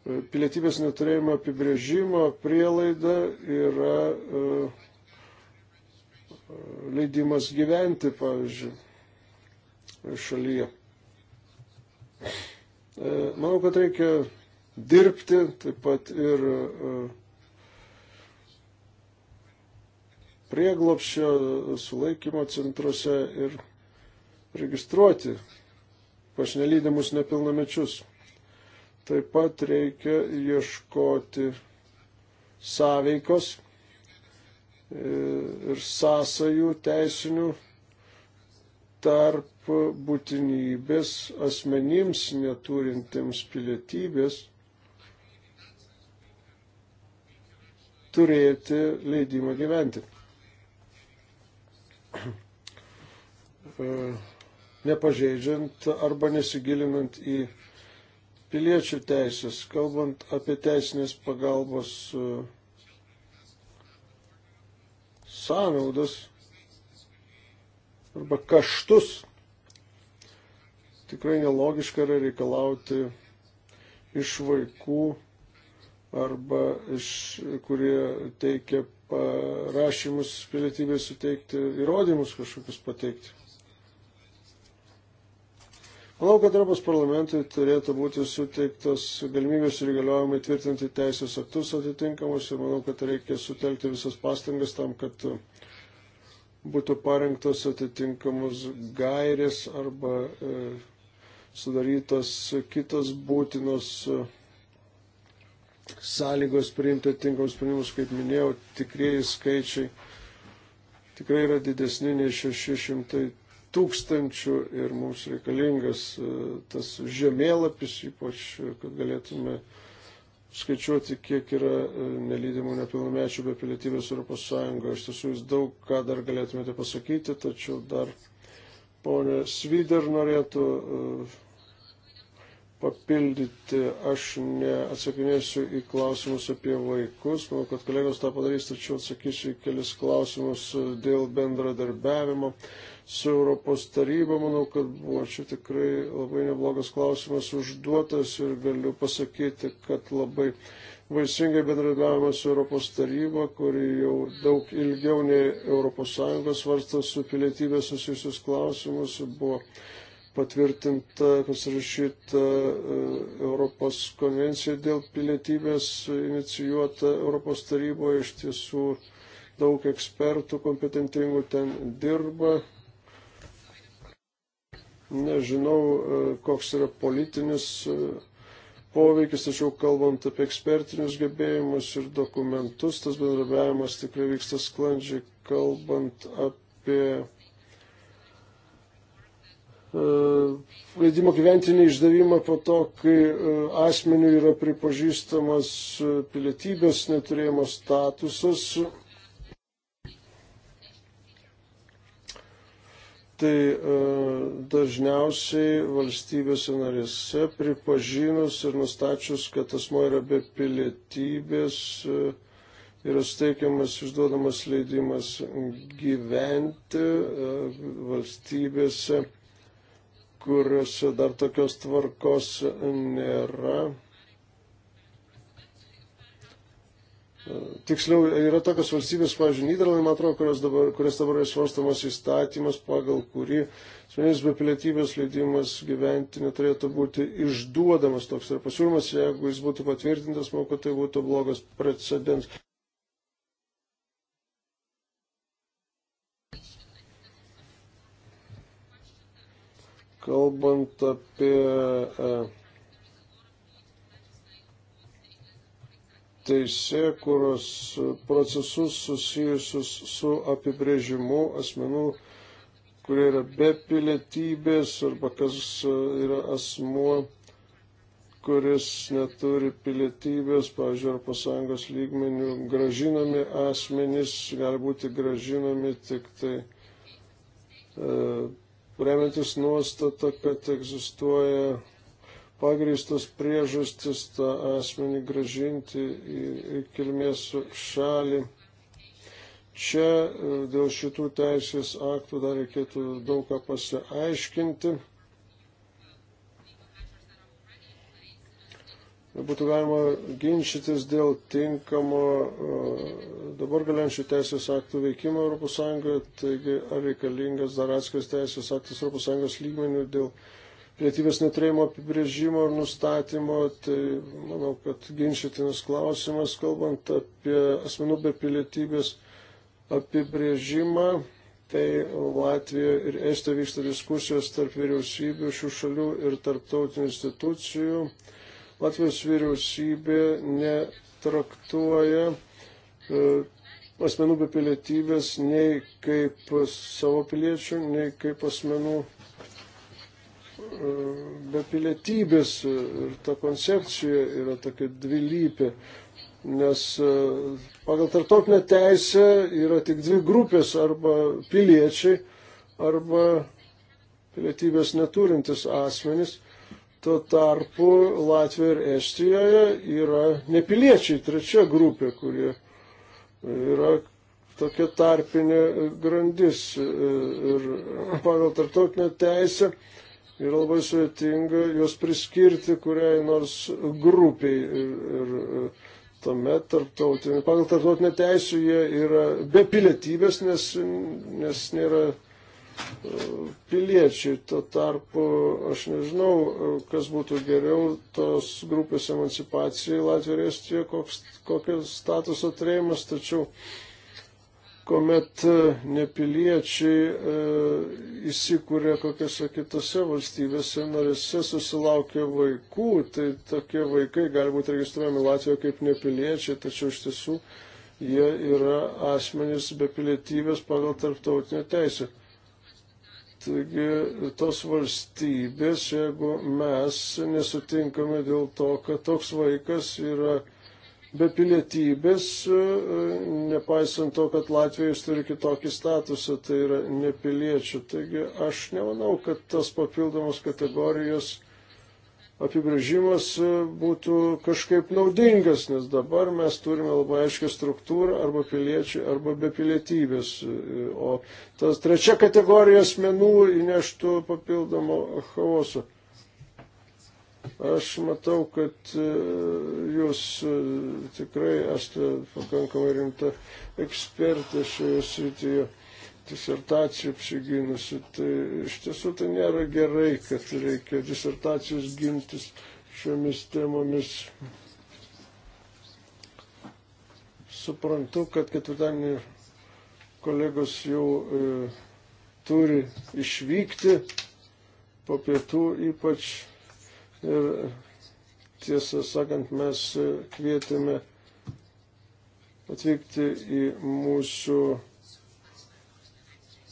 E, pilietybės neturėjimo apibrėžimo prielaida yra e, e, leidimas gyventi, pavyzdžiui, šalyje. Manau, kad reikia dirbti taip pat ir prieglopščio sulaikymo centruose ir registruoti pašnelydimus nepilnamečius. Taip pat reikia ieškoti sąveikos e, ir sąsajų teisinių tarp būtinybės asmenims neturintiems pilietybės turėti leidimą gyventi. E, nepažeidžiant arba nesigilinant į Piliečių teisės, kalbant apie teisinės pagalbos e, sąnaudas arba kaštus, tikrai nelogiška yra reikalauti iš vaikų arba iš, kurie teikia parašymus pilietybės suteikti, įrodymus kažkokius pateikti. Manau, kad Europos parlamentui turėtų būti suteiktos galimybės ir įgaliojimai tvirtinti teisės aktus atitinkamus ir manau, kad reikia sutelkti visas pastangas tam, kad būtų parengtos atitinkamos gairės arba e, sudarytos kitos būtinos e, sąlygos priimti atitinkamus sprendimus, kaip minėjau, tikrieji skaičiai tikrai yra didesni nei 600 tūkstančių ir mums reikalingas e, tas žemėlapis, ypač, e, kad galėtume skaičiuoti, kiek yra e, nelydimų nepilnamečių be pilietybės Europos Sąjungoje. Iš tiesų jūs daug ką dar galėtumėte pasakyti, tačiau dar ponė Svider norėtų papildyti. Aš neatsakinėsiu į klausimus apie vaikus, manau, kad kolegos tą padarys, tačiau atsakysiu į kelis klausimus dėl bendradarbiavimo su Europos taryba. Manau, kad buvo čia tikrai labai neblogas klausimas užduotas ir galiu pasakyti, kad labai vaisingai bendradarbiavame su Europos taryba, kuri jau daug ilgiau nei ES svarsta su pilietybės susijusius klausimus. Buvo patvirtinta, pasirašyta e, Europos konvencija dėl pilietybės, inicijuota Europos taryboje, iš tiesų daug ekspertų kompetentingų ten dirba Nežinau, e, koks yra politinis e, poveikis, tačiau kalbant apie ekspertinius gebėjimus ir dokumentus, tas bendrabiavimas tikrai vyksta sklandžiai, kalbant apie e, leidimo gyventi neišdavimą po to, kai asmeniu yra pripažįstamas pilietybės neturėjimo statusas tai e, dažniausiai valstybėse narėse pripažinus ir nustačius, kad asmo yra be pilietybės, e, yra steikiamas išduodamas leidimas gyventi e, valstybėse kuriuose dar tokios tvarkos nėra, Tiksliau, yra tokios valstybės, pavyzdžiui, Niderlandai, man atrodo, kurios dabar, kurias dabar yra svarstamas įstatymas, pagal kurį asmenys be pilietybės leidimas gyventi neturėtų būti išduodamas toks yra pasiūlymas, jeigu jis būtų patvirtintas, manau, kad tai būtų blogas precedens. Kalbant apie. E, teisėkuros procesus susijusius su apibrėžimu asmenų, kurie yra be pilietybės arba kas e, yra asmuo, kuris neturi pilietybės, pavyzdžiui, ES lygmenių, gražinami asmenys gali būti gražinami tik tai e, remiantis nuostata, kad egzistuoja pagristos priežastis tą asmenį gražinti į, į kilmės šalį. Čia e, dėl šitų teisės aktų dar reikėtų daug ką pasiaiškinti. Būtų galima ginčytis dėl tinkamo e, dabar galiančių teisės aktų veikimo ES, taigi ar reikalingas dar atskiras teisės aktas ES lygmenių dėl pilietybės neturėjimo apibrėžimo ir nustatymo, tai manau, kad ginčytinas klausimas, kalbant apie asmenų be pilietybės apibrėžimą, tai Latvijoje ir Estijoje vyksta diskusijos tarp vyriausybių šių šalių ir tarptautinių institucijų. Latvijos vyriausybė netraktuoja e, asmenų be pilietybės nei kaip savo piliečių, nei kaip asmenų be pilietybės ir ta koncepcija yra tokia dvilypė, nes e, pagal tartautinę teisę yra tik dvi grupės arba piliečiai arba pilietybės neturintis asmenys. Tuo tarpu Latvijoje ir Estijoje yra nepiliečiai, trečia grupė, kurie yra tokia tarpinė grandis. E, ir pagal tartautinę teisę yra labai sudėtinga juos priskirti kuriai nors grupiai. Ir, ir tuomet tarptautinė, pagal tarptautinę teisę jie yra be pilietybės, nes, nes nėra e, piliečiai. Tuo tarpu aš nežinau, e, kas būtų geriau tos grupės emancipacijai Latvijoje, koks, kokios statuso turėjimas, tačiau uh, kuomet e, nepiliečiai e, įsikūrė kokiose kitose valstybėse narėse, susilaukia vaikų, tai tokie vaikai gali būti registruojami Latvijoje kaip nepiliečiai, tačiau iš tiesų jie yra asmenys be pilietybės pagal tarptautinę teisę. Taigi tos valstybės, jeigu mes nesutinkame dėl to, kad toks vaikas yra be pilietybės, e, nepaisant to, kad Latvijos turi kitokį statusą, tai yra nepiliečių. Taigi aš nemanau, kad tas papildomos kategorijos apibrėžimas e, būtų kažkaip naudingas, nes dabar mes turime labai aiškę struktūrą arba piliečiai, arba be pilietybės. E, o tas trečia kategorija asmenų įneštų papildomo chaoso. Aš matau, kad e, jūs e, tikrai esate pakankamai rimta ekspertė šioje srityje disertacijų apsigynusi. Tai iš tiesų tai nėra gerai, kad reikia disertacijos gintis šiomis temomis. Suprantu, kad ketvirtadienį kolegos jau e, turi išvykti po pietų ypač Ir tiesą sakant, mes kvietėme atvykti į mūsų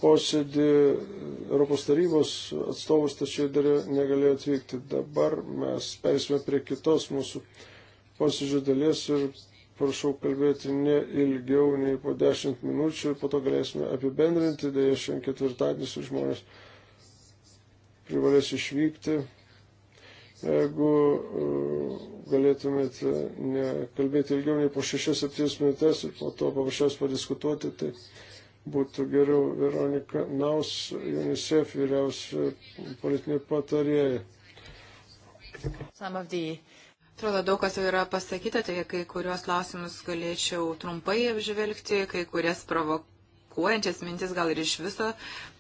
posėdį Europos tarybos atstovus, tačiau dar negalėjo atvykti. Dabar mes persime prie kitos mūsų posėdžio dalies ir prašau kalbėti ne ilgiau nei po 10 minučių ir po to galėsime apibendrinti, dėja šiandien ketvirtadienis žmonės privalės išvykti. Jeigu e, galėtumėte nekalbėti ilgiau nei po 6-7 minutės ir po to paprasčiausiai padiskutuoti, tai būtų geriau Veronika Naus, UNICEF vyriausia politinė patarėja. The... Atrodo, daug kas jau yra pasakyta, tai kai kuriuos klausimus galėčiau trumpai apžvelgti, kai kurias provokuoti provokuojančias mintis gal ir iš viso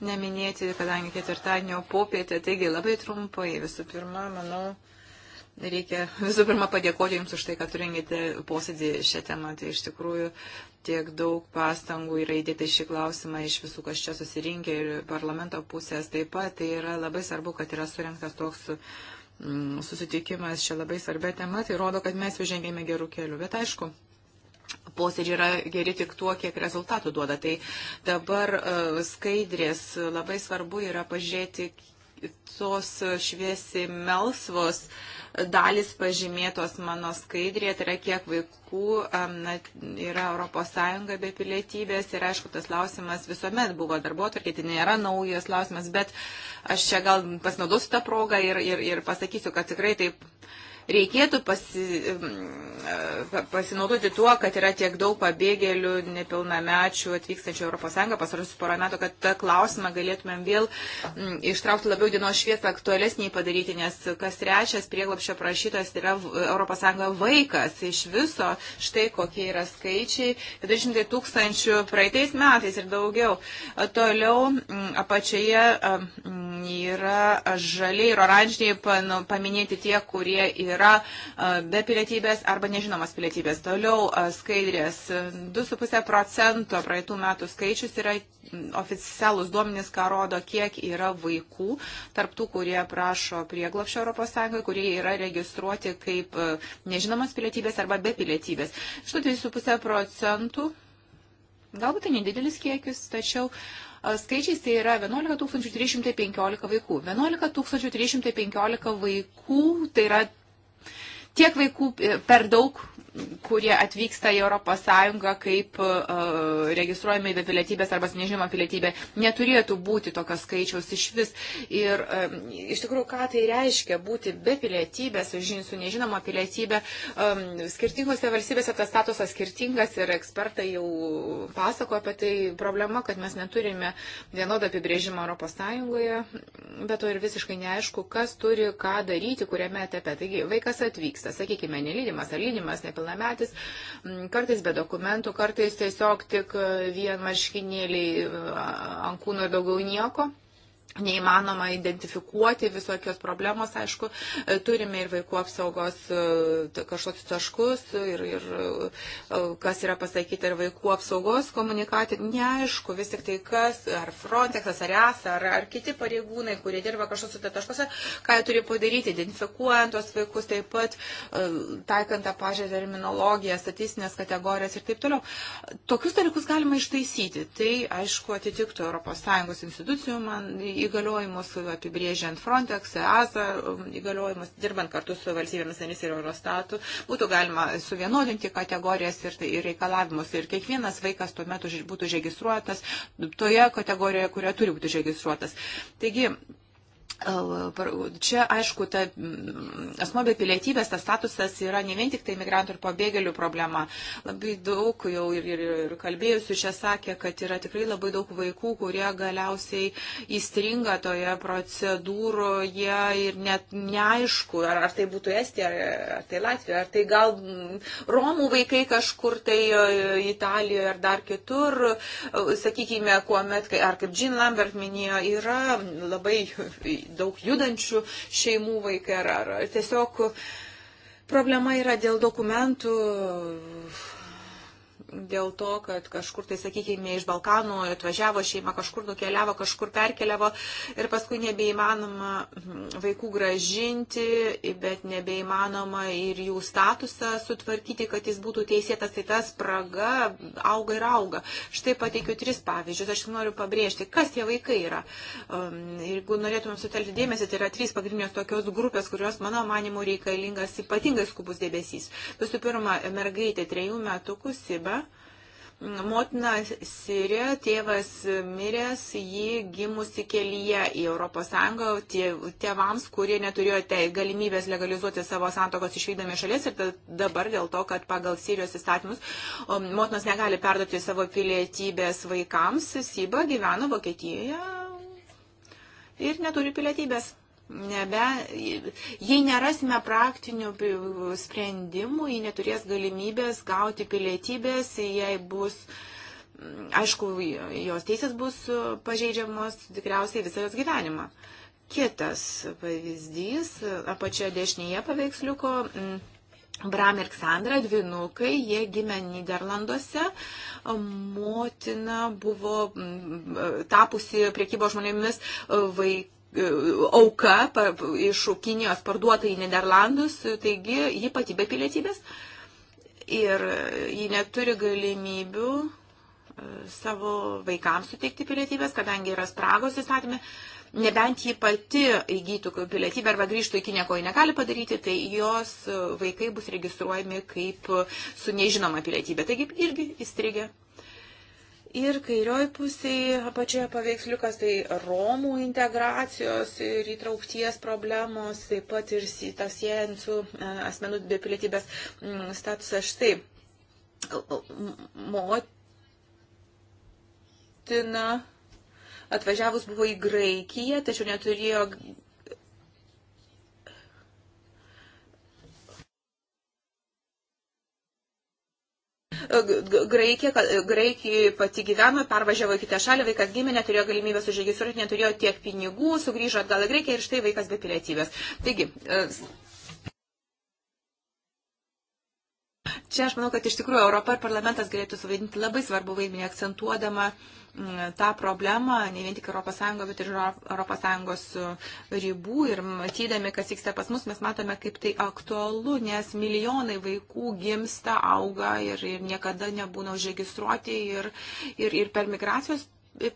neminėti, kadangi ketvirtadienio popietė. Taigi labai trumpai, visų pirma, manau, reikia visų pirma padėkoti Jums už tai, kad rengėte posėdį šią temą. Tai iš tikrųjų tiek daug pastangų yra įdėta į šį klausimą iš visų, kas čia susirinkė ir parlamento pusės taip pat. Tai yra labai svarbu, kad yra surinktas toks mm, susitikimas šią labai svarbę temą. Tai rodo, kad mes jau žengėme gerų kelių. Bet aišku, posėdžiai yra geri tik tuo, kiek rezultatų duoda. Tai dabar e, skaidrės labai svarbu yra pažiūrėti tos šviesiai melsvos dalis pažymėtos mano skaidrėje, tai yra kiek vaikų na, yra ES be pilietybės ir aišku, tas klausimas visuomet buvo darbuotojai, tai nėra naujas klausimas, bet aš čia gal pasinaudosiu tą progą ir, ir, ir pasakysiu, kad tikrai taip reikėtų pasi, pasinaudoti tuo, kad yra tiek daug pabėgėlių, nepilnamečių atvykstančių Europos Sąjungą pasarusius porą metų, kad tą klausimą galėtumėm vėl ištraukti labiau dienos šviesą, aktualesnį padaryti, nes kas trečias prieglapščio prašytas yra Europos Sąjunga vaikas. Iš viso štai kokie yra skaičiai. 400 tūkstančių praeitais metais ir daugiau. Toliau apačioje yra žaliai ir oranžiniai paminėti tie, kurie yra yra be pilietybės arba nežinomas pilietybės. Toliau skaidrės 2,5 procento praeitų metų skaičius yra oficialus duomenys, ką rodo, kiek yra vaikų, tarptų, kurie prašo prieglapšio ES, kurie yra registruoti kaip nežinomas pilietybės arba be pilietybės. Štai 3,5 procentų, galbūt tai nedidelis kiekis, tačiau skaičiais tai yra 11 315 vaikų. 11 315 vaikų tai yra tiek vaikų e, per daug, kurie atvyksta į ES kaip uh, registruojami be pilietybės arba nežinoma pilietybė, neturėtų būti tokios skaičiaus iš vis. Ir um, iš tikrųjų, ką tai reiškia būti be pilietybės, su nežinoma pilietybė. Um, skirtingose valstybėse tas statusas skirtingas ir ekspertai jau pasako apie tai problema, kad mes neturime vienodą apibrėžimą ES, bet to ir visiškai neaišku, kas turi ką daryti, kuriame etape. Taigi, vaikas atvyksta kontekste, sakykime, nelydimas ar lydimas, nepilnametis, mm, kartais be dokumentų, kartais tiesiog tik e, vien marškinėliai e, ant kūno ir daugiau nieko neįmanoma identifikuoti visokios problemos, aišku, e, turime ir vaikų apsaugos e, kažkokius taškus ir, ir e, kas yra pasakyta ir vaikų apsaugos komunikatė, neaišku vis tik tai kas, ar Frontexas, ar ESA, ar, ar kiti pareigūnai, kurie dirba kažkokiuose taškuose, ką jie turi padaryti, identifikuojant tos vaikus, taip pat taikant tą pačią terminologiją, statistinės kategorijas ir taip toliau. Tokius dalykus galima ištaisyti. Tai, aišku, atitiktų ES institucijų man įgaliojimus, apibrėžiant Frontex, EASA um, įgaliojimus, dirbant kartu su valstybėmis narys ir Eurostatu, būtų galima suvienodinti kategorijas ir, tai, ir reikalavimus. Ir kiekvienas vaikas tuo metu būtų registruotas toje kategorijoje, kurioje turi būti registruotas. Taigi, Čia, aišku, ta mm, asmo be pilietybės, tas statusas yra ne vien tik tai migrantų ir pabėgėlių problema. Labai daug jau ir, ir, ir kalbėjusių čia sakė, kad yra tikrai labai daug vaikų, kurie galiausiai įstringa toje procedūroje ir net neaišku, ar, ar tai būtų Estija, ar, ar tai Latvija, ar tai gal mm, Romų vaikai kažkur tai e, Italijoje ar dar kitur, sakykime, kuomet, ar kaip Jean Lambert minėjo, yra labai daug judančių šeimų vaikai, ar, ar tiesiog problema yra dėl dokumentų, dėl to, kad kažkur, tai sakykime, iš Balkanų atvažiavo šeima, kažkur nukeliavo, kažkur perkeliavo ir paskui nebeįmanoma mhm, vaikų gražinti, bet nebeįmanoma ir jų statusą sutvarkyti, kad jis būtų teisėtas, tai tas praga auga ir auga. Štai pateikiu tris pavyzdžius, aš noriu pabrėžti, kas tie vaikai yra. Um, jeigu norėtumėm sutelti dėmesį, tai yra trys pagrindinės tokios grupės, kurios, mano manimu, reikalingas ypatingai skubus dėmesys. Visų pirma, mergaitė trejų metų kusiba Motina sirė, tėvas miręs, jį gimusi kelyje į ES tėvams, kurie neturėjo te, galimybės legalizuoti savo santokos išvykdami šalies ir dabar dėl to, kad pagal Sirijos įstatymus um, motinos negali perduoti savo pilietybės vaikams, Syba gyvena Vokietijoje ir neturi pilietybės. Nebe, jei nerasime praktinių sprendimų, jei neturės galimybės gauti pilietybės, jei bus aišku, jos teisės bus pažeidžiamos tikriausiai visą jos gyvenimą. Kitas pavyzdys, apačioje dešinėje paveiksliuko. Mm, Bram ir Ksandra, dvinukai, jie gimė Niderlanduose, motina buvo mm, tapusi priekybo žmonėmis vaikų auka iš Kinijos parduota į Niderlandus, taigi ji pati be pilietybės ir ji neturi galimybių e, savo vaikams suteikti pilietybės, kadangi yra spragos įstatymė, nebent ji pati įgytų pilietybę arba grįžtų į Kiniją, ko ji negali padaryti, tai jos vaikai bus registruojami kaip su nežinoma pilietybė. Taigi irgi įstrigė Ir kairioj pusėje apačioje paveiksliukas tai Romų integracijos ir įtraukties problemos, taip pat ir tą siejant su asmenų be pilietybės mm, statusas štai. Motina atvažiavus buvo į Graikiją, tačiau neturėjo Graikija, Graikija pati gyveno, pervažiavo į kitą šalį, vaikas gimė, neturėjo galimybės užregistruoti, neturėjo tiek pinigų, sugrįžo atgal į Graikiją ir štai vaikas be pilietybės. Taigi, e, čia aš manau, kad iš tikrųjų Europa ir parlamentas galėtų suvaidinti labai svarbu vaidmenį, akcentuodama mm, tą problemą, ne vien tik ES, bet ir ES uh, ribų. Ir matydami, kas vyksta pas mus, mes matome, kaip tai aktualu, nes milijonai vaikų gimsta, auga ir, ir niekada nebūna užregistruoti. Ir, ir, ir per migracijos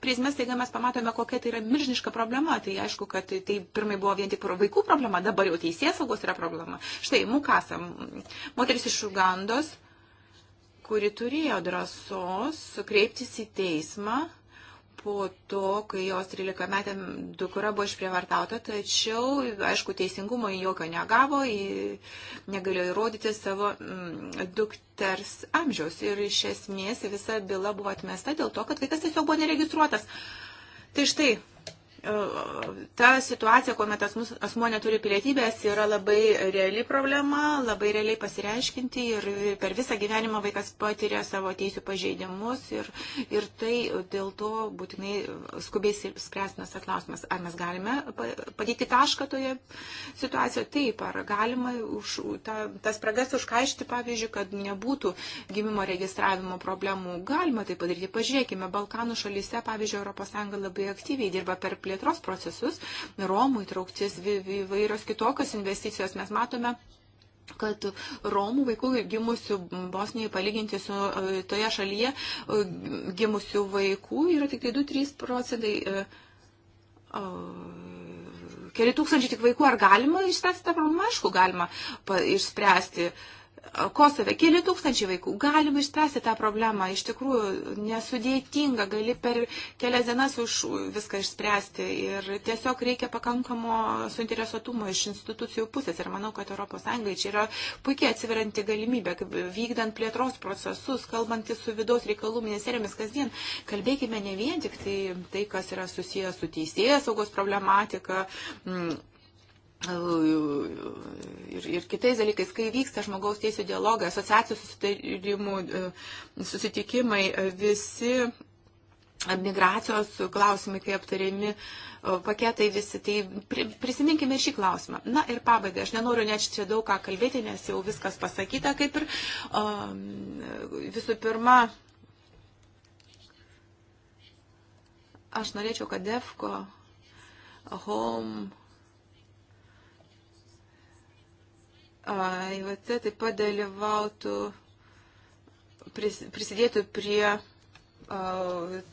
prizmės, taigi mes pamatome, kokia tai yra milžiniška problema. Tai aišku, kad tai pirmai buvo vien tik vaikų problema, dabar jau teisės saugos yra problema. Štai, Mukasa, moteris iš Ugandos, kuri turėjo drąsos kreiptis į teismą po to, kai jos 13 metė dukra buvo išprievartauta, tačiau, aišku, teisingumo jokio negavo, negalėjo įrodyti savo mm, dukters amžiaus. Ir iš esmės visa byla buvo atmesta dėl to, kad vaikas tiesiog buvo neregistruotas. Tai štai, ta situacija, kuomet asmuo neturi pilietybės, yra labai reali problema, labai realiai pasireiškinti ir per visą gyvenimą vaikas patiria savo teisų pažeidimus ir, ir tai dėl to būtinai skubiai spręstinas atklausimas, ar mes galime padėti tašką toje situacijoje, taip, ar galima už, ta, tas spragas užkaišti, pavyzdžiui, kad nebūtų gimimo registravimo problemų, galima tai padaryti. Pažiūrėkime, Balkanų šalyse, pavyzdžiui, ES labai aktyviai dirba per plėtą plėtros procesus, Romų įtrauktis, įvairios kitokios investicijos. Mes matome kad Romų vaikų gimusių Bosnijoje palyginti su e, toje šalyje e, gimusių vaikų yra tik tai 2-3 procentai. E, keli tūkstančiai tik vaikų, ar galima išspręsti tą problemą? Aišku, galima išspręsti. Uh, Kosove keli tūkstančiai vaikų. Galima išspręsti tą problemą. Iš tikrųjų, nesudėtinga. Gali per kelias dienas už viską išspręsti. Ir tiesiog reikia pakankamo suinteresuotumo iš institucijų pusės. Ir manau, kad ES čia yra puikiai atsiveranti galimybė, vykdant plėtros procesus, kalbantis su vidaus reikalų ministerijomis kasdien. Kalbėkime ne vien tik tai, tai kas yra susijęs su teisėjas saugos problematika. M, ir, ir kitais dalykais, kai vyksta žmogaus teisų dialogai, asociacijų susitarimų e, susitikimai, e, visi migracijos klausimai, kai aptariami paketai visi, tai prisiminkime ir šį klausimą. Na ir pabaigai, aš nenoriu net čia daug ką kalbėti, nes jau viskas pasakyta, kaip ir um, visų pirma, aš norėčiau, kad DEFCO, HOME, IVC taip pat dalyvautų, prisidėtų prie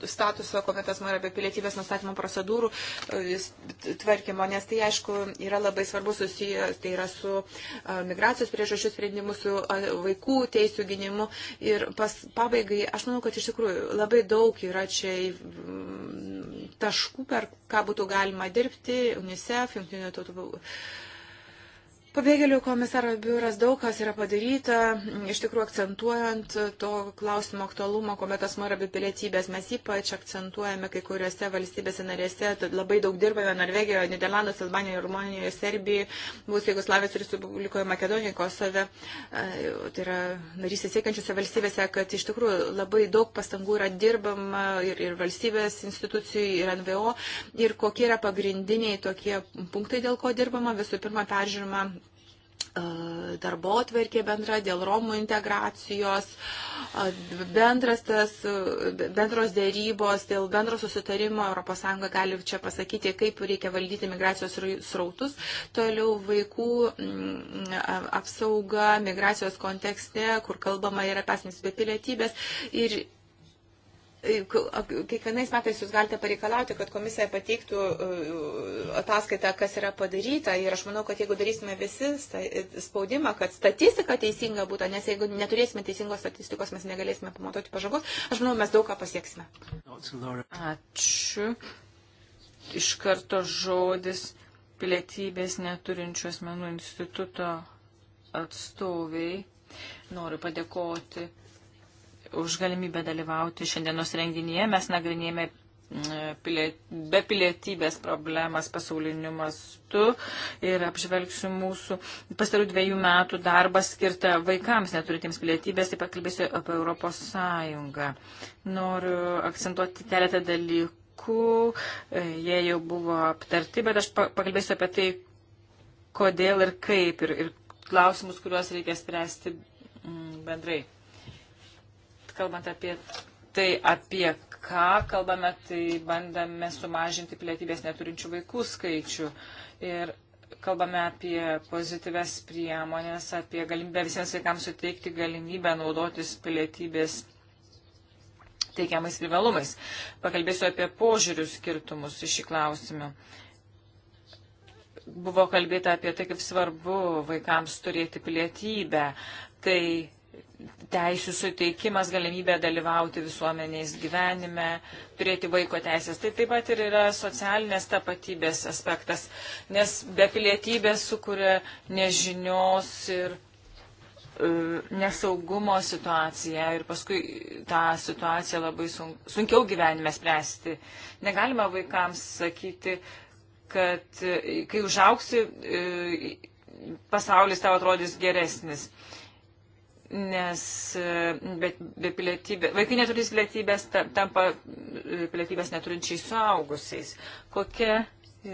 statuso, kuomet asmo yra be pilietybės nustatymo procedūrų tvarkymo, nes tai aišku yra labai svarbu susijęs, tai yra su migracijos priežasčių sprendimu, su vaikų teisų gynimu. Ir pas, pabaigai, aš manau, kad iš tikrųjų labai daug yra čia taškų, per ką būtų galima dirbti, UNICEF, Junktinių tautų Pabėgėlių komisaro biuras daug kas yra padaryta, iš tikrųjų akcentuojant to klausimo aktualumo, kuomet asmo yra be pilietybės, mes ypač akcentuojame kai kuriuose valstybėse narėse, labai daug dirbame Norvegijoje, Niderlanduose, Albanijoje, Rumunijoje, Serbijoje, bus Jugoslavijos Respublikoje, Makedonijoje, Kosove, e, tai yra narysės siekiančiose valstybėse, kad iš tikrųjų labai daug pastangų yra dirbama ir, ir valstybės institucijų, ir NVO, ir kokie yra pagrindiniai tokie punktai, dėl ko dirbama, visų pirma, peržiūrima E, darbo atverkė bendra dėl Romų integracijos, e, bendras tas, e, bendros dėrybos, dėl bendro susitarimo ES gali čia pasakyti, kaip reikia valdyti migracijos srautus, toliau vaikų mm, apsauga migracijos kontekste, kur kalbama yra pasmės be pilietybės ir Kiekvienais metais jūs galite pareikalauti, kad komisija pateiktų uh, ataskaitą, kas yra padaryta. Ir aš manau, kad jeigu darysime visi spaudimą, kad statistika teisinga būtų, nes jeigu neturėsime teisingos statistikos, mes negalėsime pamatuoti pažangos, aš manau, mes daug ką pasieksime. Ačiū. Iš karto žodis pilietybės neturinčių asmenų instituto atstoviai. Noriu padėkoti už galimybę dalyvauti šiandienos renginyje. Mes nagrinėjame mm, be pilietybės problemas pasauliniu mastu ir apžvelgsiu mūsų pastarų dviejų metų darbą skirtą vaikams neturintiems pilietybės, taip pat kalbėsiu apie Europos Sąjungą. Noriu akcentuoti keletą dalykų, e, jie jau buvo aptarti, bet aš pakalbėsiu apie tai, kodėl ir kaip ir, ir klausimus, kuriuos reikia spręsti mm, bendrai kalbant apie tai, apie ką kalbame, tai bandame sumažinti pilietybės neturinčių vaikų skaičių. Ir kalbame apie pozityves priemonės, apie galimybę visiems vaikams suteikti galimybę naudotis pilietybės teikiamais privalumais. Pakalbėsiu apie požiūrių skirtumus iš šį klausimą. Buvo kalbėta apie tai, kaip svarbu vaikams turėti pilietybę. Tai teisų suteikimas, galimybė dalyvauti visuomenės gyvenime, turėti vaiko teisės. Tai taip pat ir yra socialinės tapatybės aspektas, nes be pilietybės sukuria nežinios ir e, nesaugumo situacija ir paskui tą situaciją labai sun, sunkiau gyvenime spręsti. Negalima vaikams sakyti, kad e, kai užauksi, e, pasaulis tau atrodys geresnis nes e, bet, be pilietybė, vaikai neturys pilietybės tampa e, pilietybės neturinčiai suaugusiais. Kokia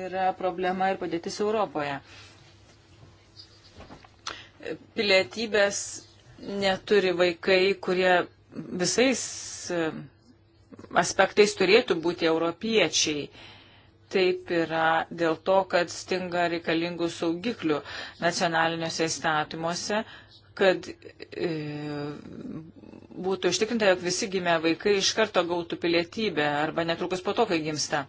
yra problema ir padėtis Europoje? Pilietybės neturi vaikai, kurie visais e, aspektais turėtų būti europiečiai. Taip yra dėl to, kad stinga reikalingų saugiklių nacionaliniuose įstatymuose, kad e, būtų ištikrinta, jog visi gimę vaikai iš karto gautų pilietybę arba netrukus po to, kai gimsta.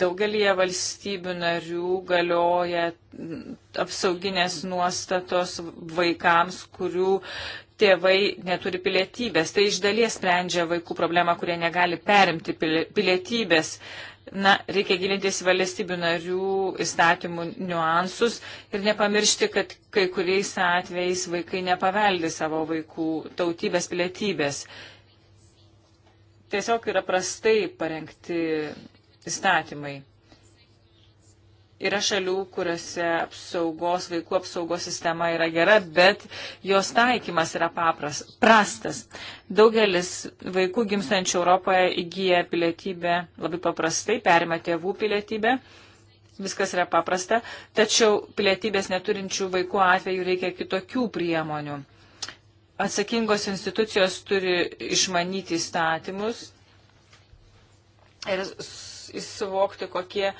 Daugelie valstybių narių galioja apsauginės nuostatos vaikams, kurių tėvai neturi pilietybės. Tai iš dalies sprendžia vaikų problemą, kurie negali perimti pilietybės. Na, reikia gilintis valstybių narių įstatymų niuansus ir nepamiršti, kad kai kuriais atvejais vaikai nepaveldi savo vaikų tautybės pilietybės. Tiesiog yra prastai parengti įstatymai. Yra šalių, kuriuose apsaugos, vaikų apsaugos sistema yra gera, bet jos taikymas yra papras, prastas. Daugelis vaikų gimstančių Europoje įgyja pilietybę labai paprastai, perima tėvų pilietybę, viskas yra paprasta, tačiau pilietybės neturinčių vaikų atveju reikia kitokių priemonių. Atsakingos institucijos turi išmanyti įstatymus ir įsivokti, kokie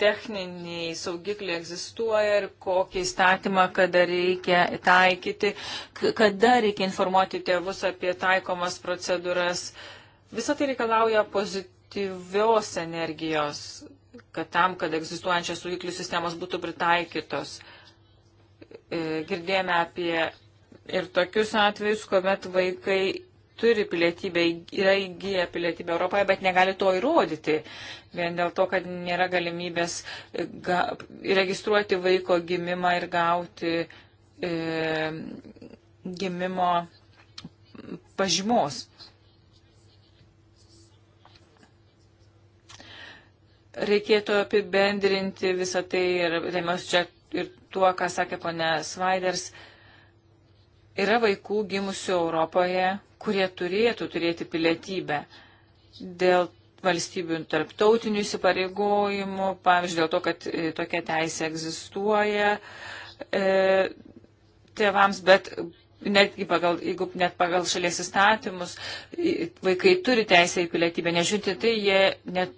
techniniai saugikliai egzistuoja ir kokį įstatymą, kada reikia taikyti, kada reikia informuoti tėvus apie taikomas procedūras. Visą tai reikalauja pozityvios energijos, kad tam, kad egzistuojančios saugiklių sistemos būtų pritaikytos. E, girdėjome apie ir tokius atvejus, kuomet vaikai turi pilietybę, yra įgyję pilietybę Europoje, bet negali to įrodyti. Vien dėl to, kad nėra galimybės e, ga, registruoti vaiko gimimą ir gauti e, gimimo pažymos. Reikėtų apibendrinti visą tai ir remiuosi čia ir tuo, ką sakė ponė Svaiders. Yra vaikų gimusių Europoje, kurie turėtų turėti pilietybę dėl valstybių tarptautinių įsipareigojimų, pavyzdžiui, dėl to, kad e, tokia teisė egzistuoja e, tėvams, bet netgi pagal, jeigu net pagal šalies įstatymus vaikai turi teisę į pilietybę, nežiūrinti tai, jie, net,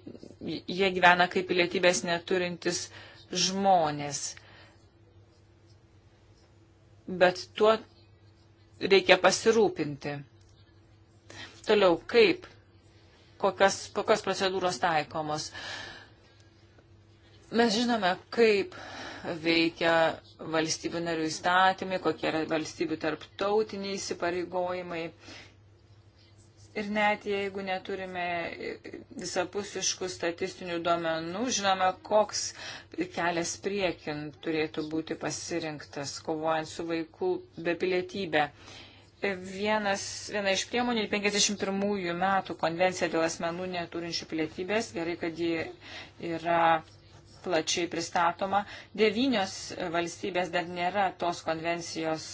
jie gyvena kaip pilietybės neturintis žmonės. Bet tuo reikia pasirūpinti. Toliau, kaip, kokios, kokios procedūros taikomos. Mes žinome, kaip veikia valstybių narių įstatymai, kokie yra valstybių tarptautiniai įsipareigojimai. Ir net jeigu neturime visapusiškų statistinių duomenų, žinome, koks kelias priekin turėtų būti pasirinktas, kovojant su vaikų bepilietybė. pilietybė vienas, viena iš priemonių 51 metų konvencija dėl asmenų neturinčių pilietybės, gerai, kad ji yra plačiai pristatoma. Devynios valstybės dar nėra tos konvencijos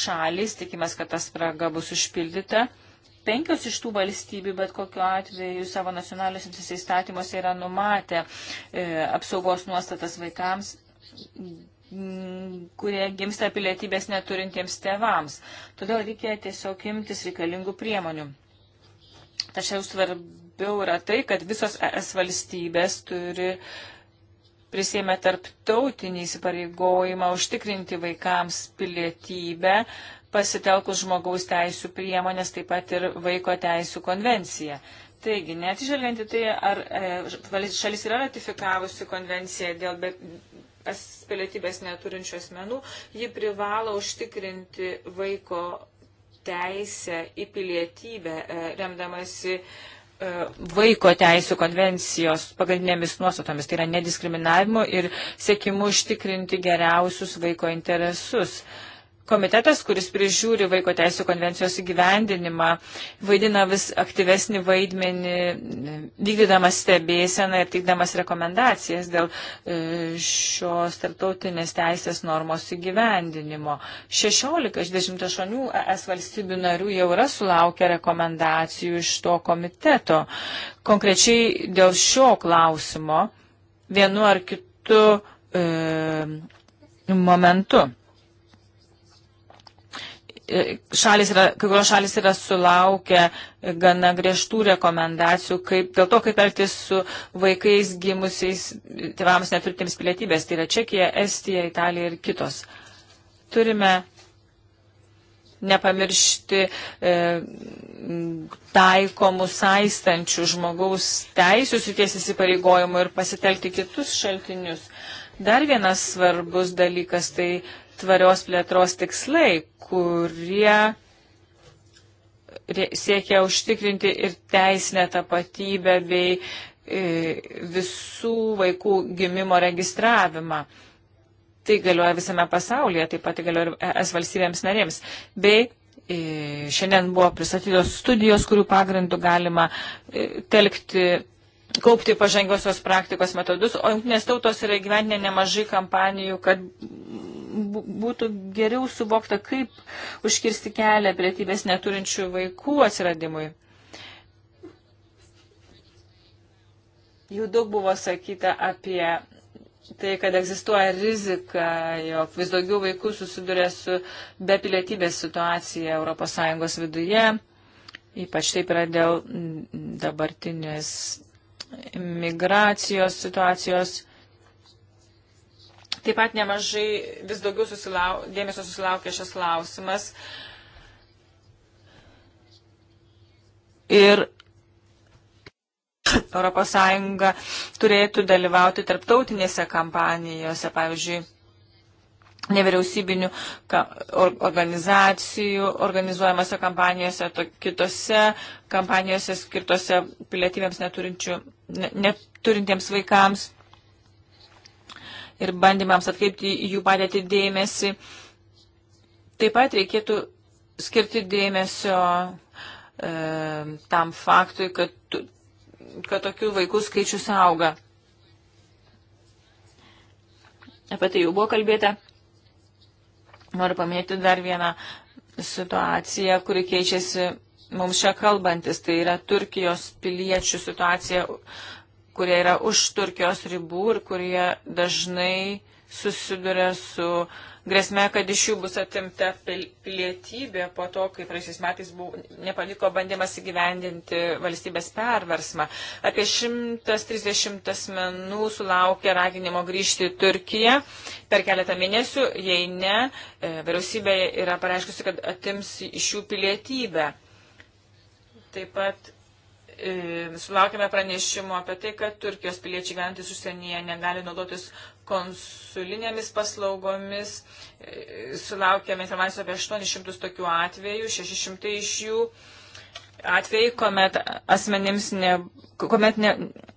šalis, tikimės, kad tas spraga bus užpildyta. Penkios iš tų valstybių, bet kokiu atveju savo nacionaliniuose įstatymuose yra numatę e, apsaugos nuostatas vaikams kurie gimsta pilietybės neturintiems tėvams. Todėl reikia tiesiog imtis reikalingų priemonių. Tačiau svarbiau yra tai, kad visos ES valstybės turi prisėmę tarptautinį įsipareigojimą užtikrinti vaikams pilietybę, pasitelkus žmogaus teisų priemonės, taip pat ir vaiko teisų konvenciją. Taigi, netižvelgiant į tai, ar e, šalis yra ratifikavusi konvenciją dėl be, pilietybės neturinčių asmenų, ji privalo užtikrinti vaiko teisę į pilietybę, e, remdamasi e, vaiko teisų konvencijos pagrindinėmis nuostatomis, tai yra nediskriminavimo ir sėkimu užtikrinti geriausius vaiko interesus. Uh, komitetas, kuris prižiūri vaiko teisų konvencijos įgyvendinimą, vaidina vis aktyvesnį vaidmenį, vykdydamas stebėseną ir teikdamas rekomendacijas dėl e, šios tarptautinės teisės normos įgyvendinimo. 16 iš 28 ES valstybių narių jau yra sulaukę rekomendacijų iš to komiteto. Konkrečiai dėl šio klausimo vienu ar kitu e, momentu. E, šalis yra, kai kurios šalis yra sulaukę gana griežtų rekomendacijų kaip, dėl to, kaip elgtis su vaikais gimusiais tėvams neturintiems pilietybės. Tai yra Čekija, Estija, Italija ir kitos. Turime nepamiršti e, taikomų saistančių žmogaus teisų suties įsipareigojimų ir pasitelkti kitus šaltinius. Dar vienas svarbus dalykas tai tvarios plėtros tikslai, kurie siekia užtikrinti ir teisinę tapatybę bei e, visų vaikų gimimo registravimą. Tai galioja visame pasaulyje, taip pat galioja ir es valstybėms narėms. Bei e, šiandien buvo pristatytos studijos, kurių pagrindų galima e, telkti, kaupti pažangiosios praktikos metodus, o jungtinės tautos yra gyventinė nemažai kampanijų, kad būtų geriau suvokta, kaip užkirsti kelią pilietybės neturinčių vaikų atsiradimui. Jau daug buvo sakyta apie tai, kad egzistuoja rizika, jog vis daugiau vaikų susiduria su bepilietybės situacija ES viduje. Ypač taip yra dėl dabartinės migracijos situacijos. Taip pat nemažai vis daugiau susilau, dėmesio susilaukia šis klausimas. Ir ES turėtų dalyvauti tarptautinėse kampanijose, pavyzdžiui, nevyriausybinių organizacijų organizuojamose kampanijose, to, kitose kampanijose skirtose pilietybėms neturinčių, neturintiems vaikams ir bandymams atkreipti jų padėti dėmesį. Taip pat reikėtų skirti dėmesio e, tam faktui, kad, kad tokių vaikų skaičius auga. Apie tai jau buvo kalbėta. Noriu paminėti dar vieną situaciją, kuri keičiasi mums čia kalbantis. Tai yra Turkijos piliečių situacija kurie yra už Turkijos ribų ir kurie dažnai susiduria su grėsme, kad iš jų bus atimta pilietybė po to, kai praeisiais metais buvo, nepaliko bandymas įgyvendinti valstybės perversmą. Apie 130 asmenų sulaukė raginimo grįžti į Turkiją per keletą mėnesių, jei ne, e, vyriausybė yra pareiškusi, kad atims iš jų pilietybę. Taip pat E, sulaukime pranešimo apie tai, kad Turkijos piliečiai gyventis užsienyje negali naudotis konsulinėmis paslaugomis. E, sulaukėme informacijos apie 800 tokių atvejų, 600 iš jų atvejai, kuomet asmenims, ne, kuomet ne,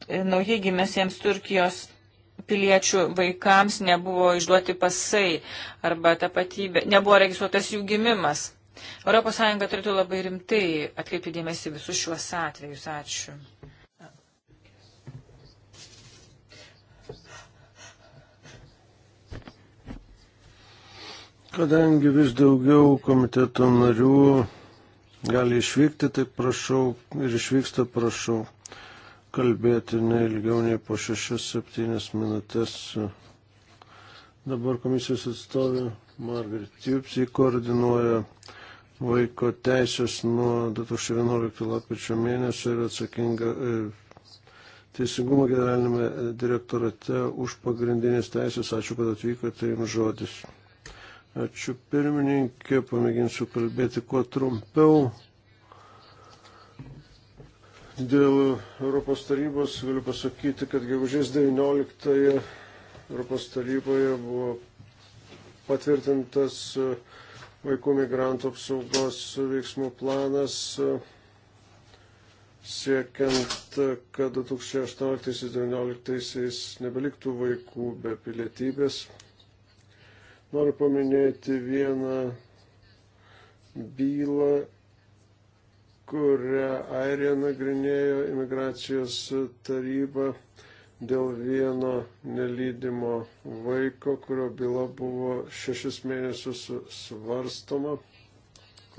e, naujai gimėsiems Turkijos piliečių vaikams nebuvo išduoti pasai arba tapatybė, nebuvo registruotas jų gimimas. ES turėtų labai rimtai atkreipti dėmesį visus šiuos atvejus. Ačiū. Kadangi vis daugiau komiteto narių gali išvykti, tai prašau ir išvyksta prašau kalbėti ne ilgiau nei po 6-7 minutės. Dabar komisijos atstovė Margaret Tupsi koordinuoja vaiko teisės nuo 2011 lapkričio mėnesio ir atsakinga e, Teisingumo generalinėme e, direktorate už pagrindinės teisės. Ačiū, kad atvykote jums žodis. Ačiū pirmininkė, pamėginsiu kalbėti kuo trumpiau. Dėl Europos tarybos galiu pasakyti, kad gegužės 19 Europos taryboje buvo patvirtintas uh, Vaikų migrantų apsaugos veiksmų planas e, siekiant, e, kad 2018-2019 nebeliktų vaikų be pilietybės. Noriu paminėti vieną bylą, kurią Airija nagrinėjo imigracijos taryba dėl vieno nelydimo vaiko, kurio byla buvo šešis mėnesius svarstoma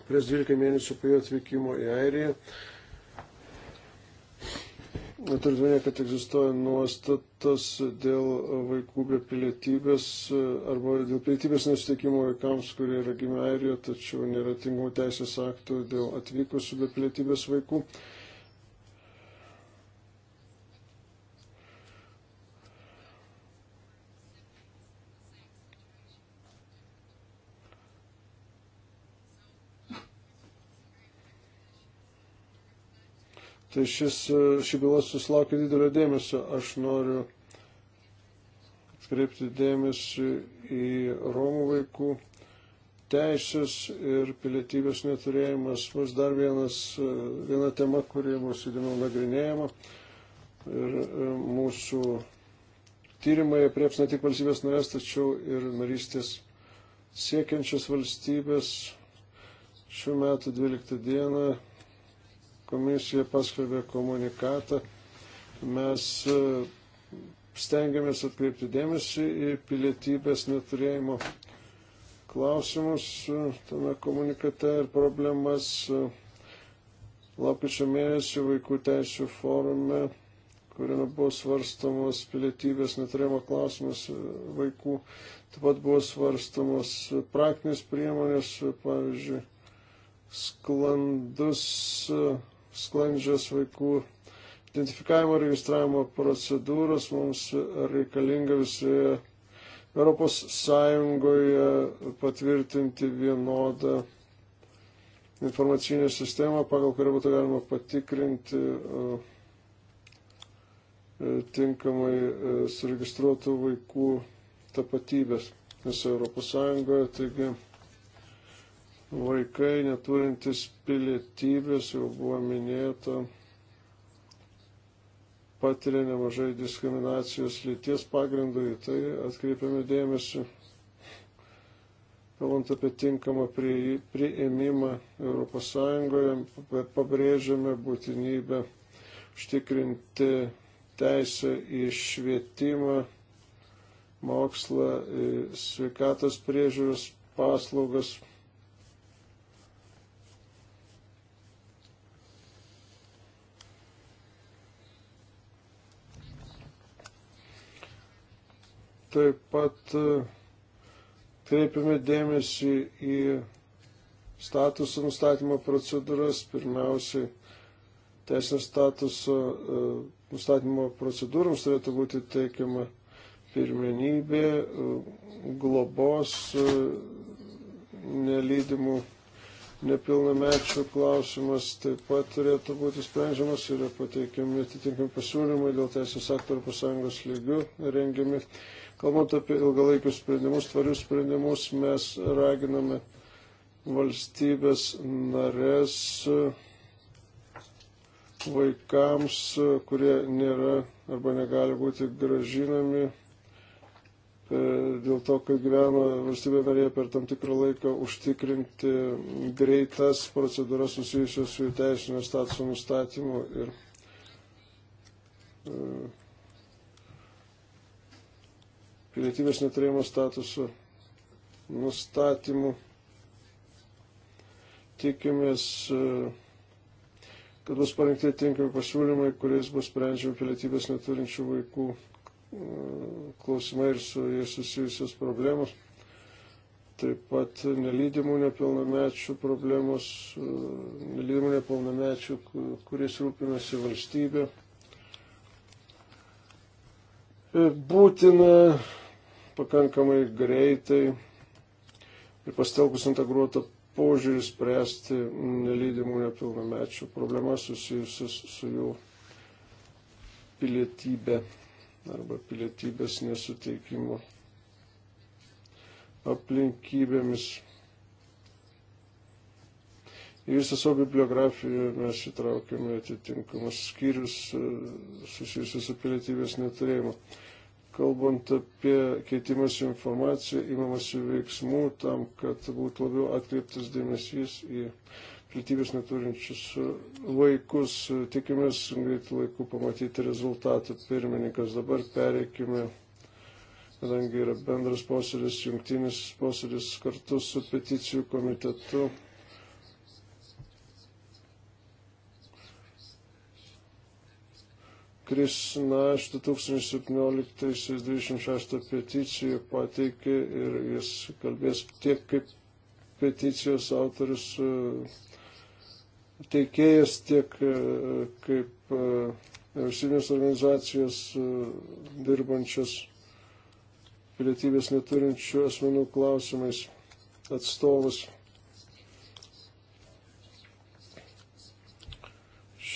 prieš 12 mėnesių po jo atvykimo į Airiją. Turime, kad egzistuoja nuostatas dėl vaikų be pilietybės arba dėl pilietybės nesutikimo vaikams, kurie yra gimę Airijoje, tačiau nėra tinkamų teisės aktų dėl atvykusių be pilietybės vaikų. Uh, Tai šis, e, ši byla susilaukė didelio dėmesio. Aš noriu kreipti dėmesį į Romų vaikų teisės ir pilietybės neturėjimas. Mus dar vienas, e, viena tema, kuri mūsų įdomiau nagrinėjama. Ir e, mūsų tyrimai prieps ne tik valstybės narės, tačiau ir narystės siekiančias valstybės. Šiuo metu 12 dieną komisija paskelbė komunikatą. Mes e, stengiamės atkreipti dėmesį į pilietybės neturėjimo klausimus e, tame komunikate ir problemas. E, lapkričio mėnesį vaikų teisų forume, kuriame buvo svarstamos pilietybės neturėjimo klausimas vaikų, taip pat buvo svarstamos praktinės priemonės, pavyzdžiui, sklandus sklandžios vaikų identifikavimo registravimo procedūros mums reikalinga visoje Europos Sąjungoje patvirtinti vienodą informacinę sistemą, pagal kurią būtų galima patikrinti e, e, tinkamai e, suregistruotų vaikų tapatybės visoje Europos Sąjungoje. Taigi, vaikai neturintis pilietybės, jau buvo minėta, patiria nemažai diskriminacijos lyties pagrindų, į tai atkreipiame dėmesį. Kalbant apie tinkamą prieimimą ES, pabrėžiame būtinybę užtikrinti teisę į švietimą, mokslą, sveikatos priežiūros paslaugas Taip pat e, kreipiame dėmesį į statuso nustatymo procedūras, pirmiausiai teisinio statuso e, nustatymo procedūrams turėtų būti teikiama pirmenybė e, globos nelydimų nepilnamečių klausimas taip pat turėtų būti sprendžiamas ir pateikiami atitinkami pasiūlymai dėl teisės aktų Europos Sąjungos lygių rengiami. Kalbant apie ilgalaikius sprendimus, tvarius sprendimus, mes raginame valstybės narės vaikams, kurie nėra arba negali būti gražinami e, dėl to, kad gyveno valstybė narė per tam tikrą laiką užtikrinti greitas procedūras susijusios su jų teisinio statuso nustatymu ir e, pilietybės neturėjimo statuso nustatymų. Tikimės, e, kad bus parinkti tinkami pasiūlymai, kuriais bus sprendžiami pilietybės neturinčių vaikų e, klausimai ir su jais susijusios problemos. Taip pat nelydimų nepilnamečių problemos, e, nelydimų nepilnamečių, kuriais rūpinasi valstybė. E, būtina pakankamai greitai ir pastelkus integruotą požiūrį spręsti nelydimų nepilnamečių problemas susijusias su jų pilietybė arba pilietybės nesuteikimo aplinkybėmis. Į visą savo bibliografiją mes įtraukėme atitinkamas skyrius e, susijusius su pilietybės neturėjimu. Kalbant apie keitimas informaciją, imamasi veiksmų tam, kad būtų labiau atkreiptas dėmesys į pilietybės neturinčius vaikus. Tikimės greitų laikų pamatyti rezultatą. Pirmininkas dabar pereikime kadangi yra bendras posėdis, jungtinis posėdis kartu su peticijų komitetu, Krishna iš 2017-2026 peticijų pateikė ir jis kalbės tiek kaip peticijos autoris e, teikėjas, tiek e, kaip e, vyriausybės organizacijos dirbančios pilietybės neturinčių asmenų klausimais atstovas.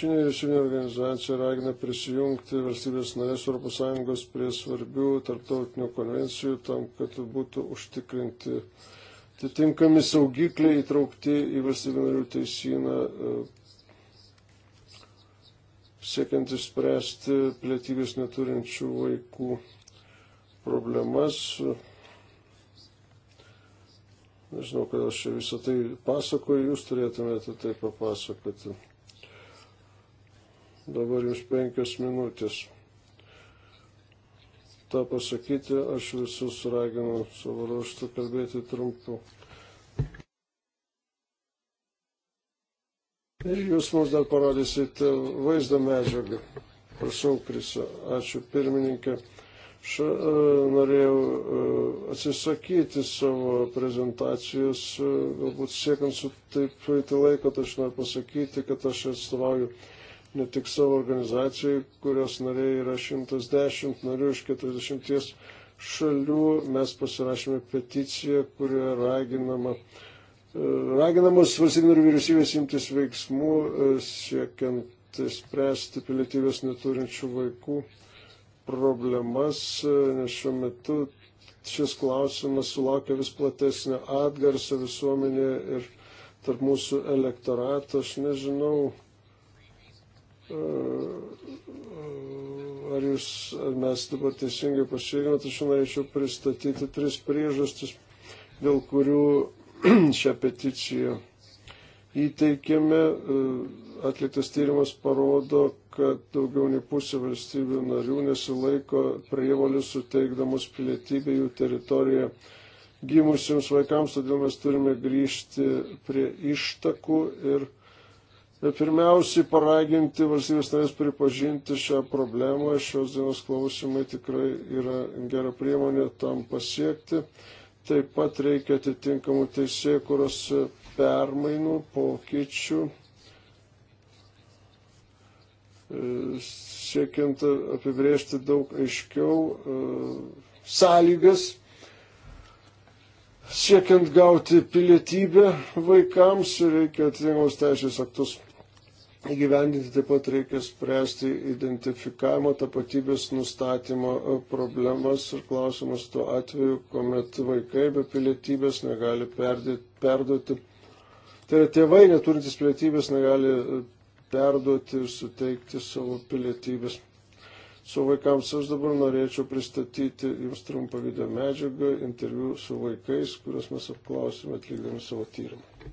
Nevyriausybinė nevyriausybinė organizacija ragina prisijungti valstybės narės Europos Sąjungos prie svarbių tarptautinių konvencijų tam, kad būtų užtikrinti atitinkami saugikliai įtraukti į valstybės narių teisyną, e, siekiant išspręsti plėtybės neturinčių vaikų problemas. Nežinau, kodėl aš čia visą tai pasakoju, jūs turėtumėte tai papasakoti. Dabar jums penkios minutės. Ta pasakyti, aš visus raginu savo ruoštų kalbėti trumpiau. Ir jūs mums dar parodysite vaizdo medžiagą. Prašau, Krisa, ačiū pirmininkė. Aš e, norėjau e, atsisakyti savo prezentacijos, e, galbūt siekiant su taip praeitį laiką, tai aš noriu pasakyti, kad aš atstovauju ne tik savo organizacijai, kurios nariai yra 110 narių iš 40 šalių. Mes pasirašėme peticiją, kurioje raginama, e, raginamas valstybių ir vyriausybės imtis veiksmų e, siekiant spręsti pilietybės neturinčių vaikų problemas, e, nes šiuo metu šis klausimas sulaukia vis platesnio atgarsio visuomenėje ir tarp mūsų elektorato. Aš nežinau, Ar jūs, ar mes dabar teisingai pasirinkome, tačiau norėčiau pristatyti tris priežastis, dėl kurių (clears throat) šią peticiją įteikėme. E, atliktas tyrimas parodo, kad daugiau nei pusė valstybių narių nesilaiko prievalių suteikdamos pilietybę jų teritorijoje gimusiems vaikams, todėl mes turime grįžti prie ištakų ir pirmiausiai paraginti valstybės narės pripažinti šią problemą. Šios dienos klausimai tikrai yra gera priemonė tam pasiekti. Taip pat reikia atitinkamų teisėjų, kurios permainų, pokyčių, e, siekiant apibrėžti daug aiškiau e, sąlygas siekiant gauti pilietybę vaikams reikia atitinkamos teisės aktus įgyvendinti taip pat reikia spręsti identifikavimo tapatybės nustatymo e, problemas ir klausimus tuo atveju, kuomet vaikai be pilietybės negali perduoti. Tai yra tėvai neturintys pilietybės negali e, perduoti ir suteikti savo pilietybės. Su vaikams aš dabar norėčiau pristatyti jums trumpą video medžiagą, interviu su vaikais, kuriuos mes apklausime atlikdami savo tyrimą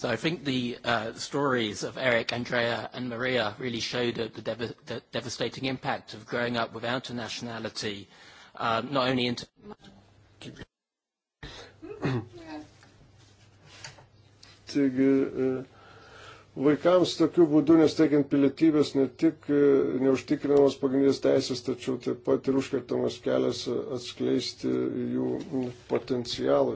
So I think the uh, stories of Eric, Andrea, and Maria really showed the, dev- the devastating impact of growing up without a nationality, um, not only in. T- (clears throat) Taigi, uh, vaikams tokiu būdu, nesteikiant pilietybės, ne tik uh, neužtikrinamos pagrindinės teisės, tačiau taip pat ir užkertamas kelias atskleisti jų potencialą.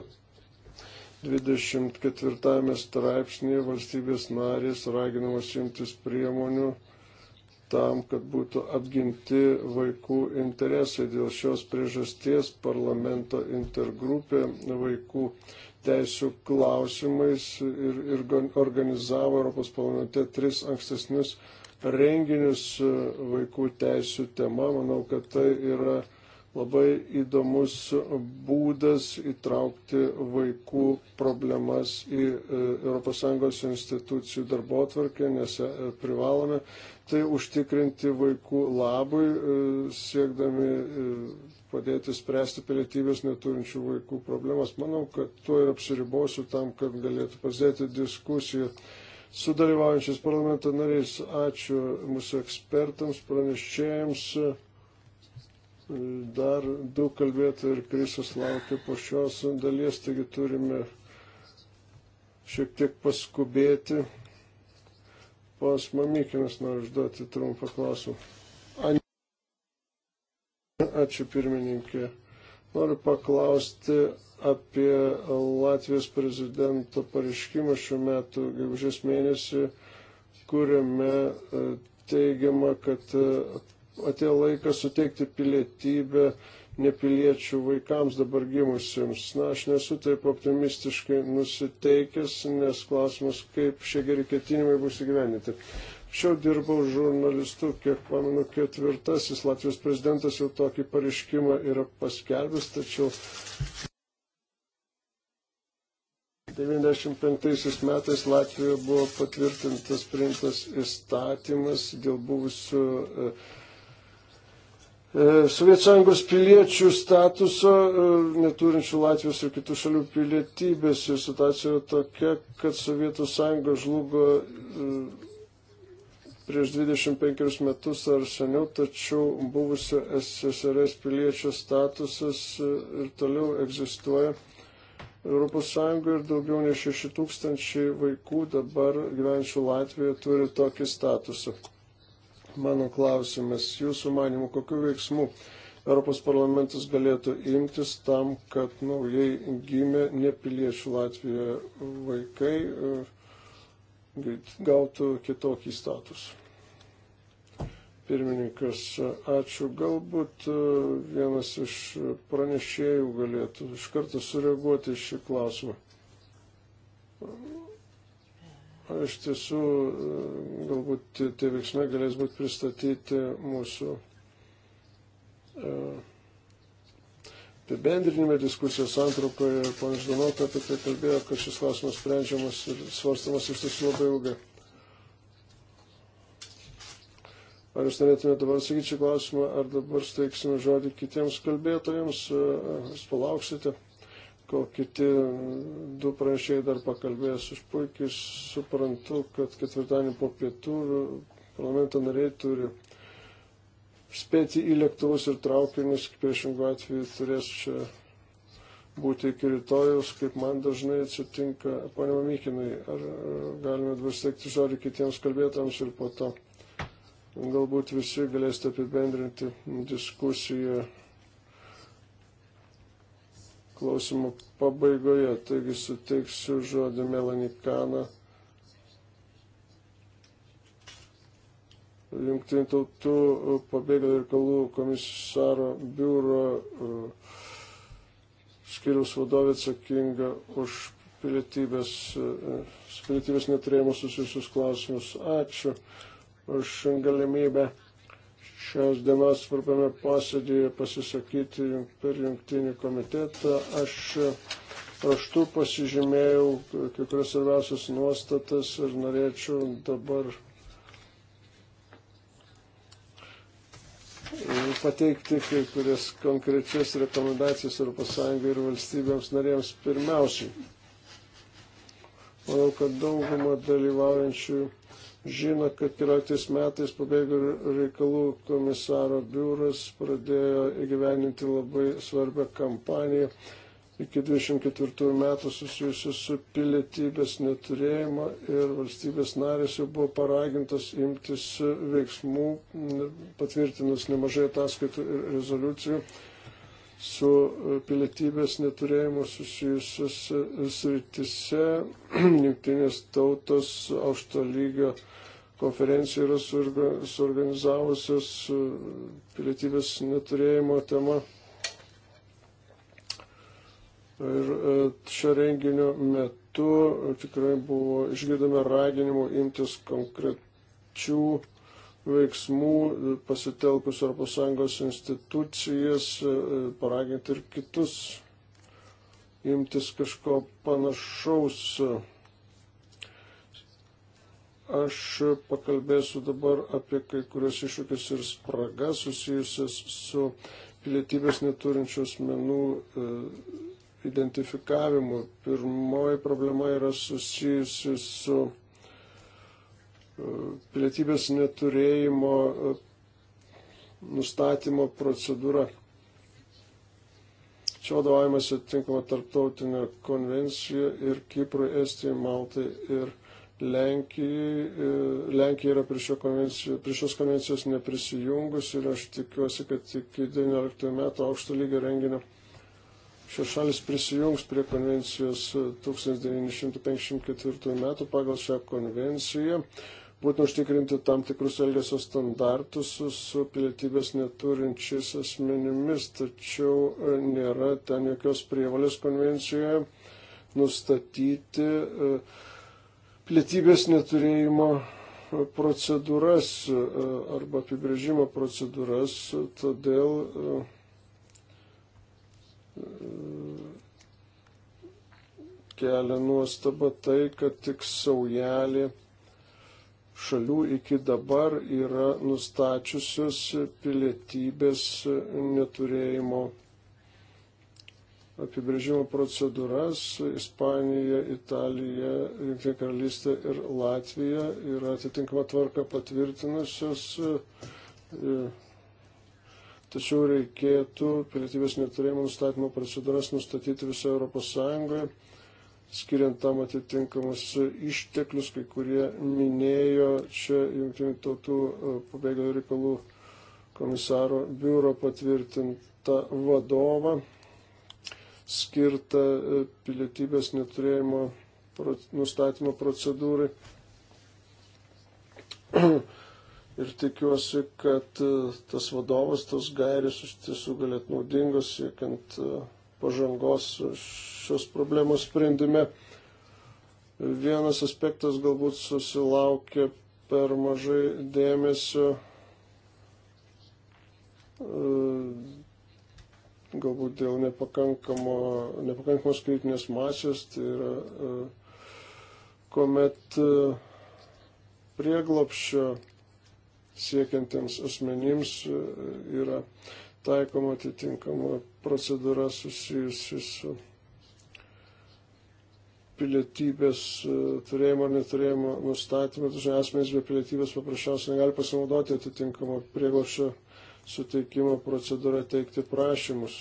24 straipsnėje valstybės narės raginamos imtis priemonių tam, kad būtų apginti vaikų interesai. Dėl šios priežasties parlamento intergrupė vaikų teisų klausimais ir, ir organizavo Europos parlamente tris ankstesnius renginius vaikų teisų tema. Manau, kad tai yra labai įdomus būdas įtraukti vaikų problemas į ES institucijų darbo atvarkę, nes e, privalome tai užtikrinti vaikų labui, e, siekdami e, padėti spręsti pilietybės neturinčių vaikų problemas. Manau, kad tuo ir apsiribosiu tam, kad galėtų pasidėti diskusijų su dalyvaujančiais parlamento nariais. Ačiū mūsų ekspertams, pranešėjams. Dar daug kalbėta ir krisis laukia po šios dalies, taigi turime šiek tiek paskubėti. Pas Mamykinas noriu užduoti trumpą klausimą. Ačiū pirmininkė. Noriu paklausti apie Latvijos prezidento pareiškimą šiuo metu, gegužės mėnesį, kuriame e, teigiama, kad e, atėjo laikas suteikti pilietybę nepiliečių vaikams dabar gimusiems. Na, aš nesu taip optimistiškai nusiteikęs, nes klausimas, kaip šie geri ketinimai bus įgyveninti. Šiau dirbau žurnalistu, kiek pamenu, ketvirtasis Latvijos prezidentas jau tokį pareiškimą yra paskelbęs, tačiau 1995 metais Latvijoje buvo patvirtintas priimtas įstatymas dėl buvusių uh, E, Sovietų sąjungos piliečių statuso, e, neturinčių Latvijos ir kitų šalių pilietybės. Ir situacija yra tokia, kad Sovietų sąjunga žlugo e, prieš 25 metus ar seniau, tačiau buvusio SSRS piliečio statusas ir toliau egzistuoja. Europos Sąjungoje ir daugiau nei 6 tūkstančiai vaikų dabar gyvenčių Latvijoje turi tokį statusą. Mano klausimas, jūsų manimu, kokiu veiksmu Europos parlamentas galėtų imtis tam, kad naujai gimė nepiliečių Latvijoje vaikai e, gautų kitokį statusą. Pirmininkas, ačiū. Galbūt e, vienas iš pranešėjų galėtų iš karto sureaguoti šį klausimą iš tiesų e, galbūt tie veiksmai galės būti pristatyti mūsų e, apibendrinime diskusijos antropoje ir ponas Ždanota apie tai kalbėjo, kad šis klausimas sprendžiamas ir svarstamas iš tiesų labai ilgai. Ar jūs norėtumėte dabar sakyti šį klausimą, ar dabar steiksime žodį kitiems kalbėtojams, e, jūs palauksite? kol kiti du pranešėjai dar pakalbės. Aš puikiai suprantu, kad ketvirtadienį po pietų parlamento nariai turi spėti į lėktuvus ir traukinius, priešingų atveju turės čia būti iki rytojus, kaip man dažnai atsitinka. Pane Mamykinai, ar galime dabar steigti žodį kitiems kalbėtams ir po to galbūt visi galėsite apibendrinti diskusiją klausimų pabaigoje. Taigi suteiksiu žodį Melanikaną. Junktinių tautų uh, pabėgėlių reikalų komisaro biuro uh, skiriaus vadovė atsakinga už pilietybės, uh, pilietybės neturėjimo susijusius klausimus. Ačiū už galimybę šios dienos svarbiame posėdėje pasisakyti per jungtinį komitetą. Aš raštu pasižymėjau kai kurias svarbiausias nuostatas ir norėčiau dabar pateikti kai kurias konkrečias rekomendacijas Europos Sąjungai ir valstybėms narėms pirmiausiai. Manau, kad dauguma dalyvaujančių žino, kad 14 metais pabėgų reikalų komisaro biuras pradėjo įgyveninti labai svarbią kampaniją iki 24 metų susijusiu su pilietybės neturėjimo ir valstybės narės jau buvo paragintas imtis veiksmų, patvirtinus nemažai ataskaitų ir rezoliucijų su e, pilietybės neturėjimu susijusios e, sritise. (clears throat) Junktinės tautos aukšto lygio konferencija yra suorganizavusios e, pilietybės neturėjimo tema. Ir šio renginio metu tikrai buvo išgirdome raginimų imtis konkrečių veiksmų pasitelkus ES institucijas, e, paraginti ir kitus imtis kažko panašaus. Aš pakalbėsiu dabar apie kai kurias iššūkis ir spragas susijusias su pilietybės neturinčių asmenų e, identifikavimu. Pirmoji problema yra susijusi su pilietybės neturėjimo e, nustatymo procedūra. Čia vadovaujamas atitinkama tarptautinė konvencija ir Kiprui, Estijai, Maltai ir Lenkijai. E, Lenkija yra prie, šio prie šios konvencijos neprisijungus ir aš tikiuosi, kad iki 19 metų aukšto lygio renginio šios šalis prisijungs prie konvencijos 1954 e, metų pagal šią konvenciją būtina užtikrinti tam tikrus elgesio standartus su, su pilietybės neturinčiais asmenimis, tačiau e, nėra ten jokios prievalės konvencijoje nustatyti e, pilietybės neturėjimo procedūras e, arba apibrėžimo procedūras, todėl kelia nuostaba tai, kad tik saujelė šalių iki dabar yra nustačiusios pilietybės neturėjimo apibrėžimo procedūras. Ispanija, Italija, Junktinė karalystė ir Latvija yra atitinkama tvarka patvirtinusios. Tačiau reikėtų pilietybės neturėjimo nustatymo procedūras nustatyti visoje Europos Sąjungoje skiriant tam atitinkamus išteklius, kai kurie minėjo čia Junktinių tautų e, pabėgėlių reikalų komisaro biuro patvirtintą vadovą skirtą e, pilietybės neturėjimo nustatymo procedūrai. (clears throat) Ir tikiuosi, kad e, tas vadovas, tos gairės iš tiesų galėtų naudingos, siekiant uh, pažangos šios problemos sprendime. Vienas aspektas galbūt susilaukė per mažai dėmesio, e, galbūt dėl nepakankamos kritinės masės, tai yra e, kuomet e, prieglopščio siekiantiems asmenims yra taikoma atitinkama procedūra susijusi su pilietybės e, turėjimo ar neturėjimo nustatymu. Dažnai asmenys be pilietybės paprasčiausiai negali pasinaudoti atitinkamo prieglošio suteikimo procedūrą teikti prašymus.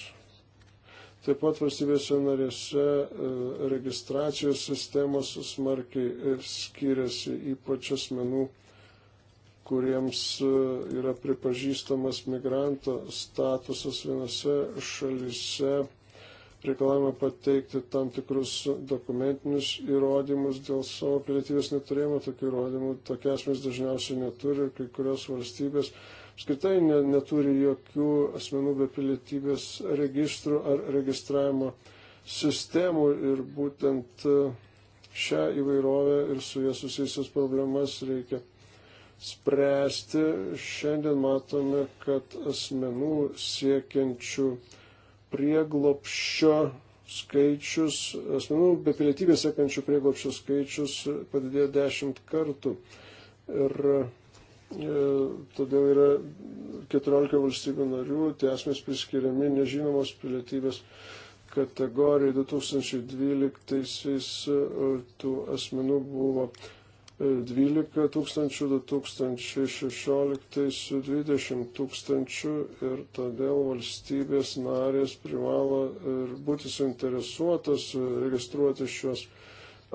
Taip pat valstybėse narėse e, registracijos sistemos smarkiai skiriasi, ypač asmenų kuriems e, yra pripažįstamas migranto statusas vienose šalise, reikalavimą pateikti tam tikrus dokumentinius įrodymus dėl savo pilietybės neturėjimo, tokių įrodymų tokie asmenys dažniausiai neturi ir kai kurios valstybės apskritai ne, neturi jokių asmenų be pilietybės registrų ar registravimo sistemų ir būtent e, šią įvairovę ir su jie susijusias problemas reikia spręsti. Šiandien matome, kad asmenų siekiančių prieglopščio skaičius, asmenų be pilietybės siekiančių prieglopščio skaičius padidėjo dešimt kartų. Ir e, todėl yra 14 valstybių narių, tie asmenys priskiriami nežinomos pilietybės kategorijai 2012 e, tų asmenų buvo 12 tūkstančių, 2016 20 tūkstančių ir todėl valstybės narės privalo ir būti suinteresuotas registruoti šios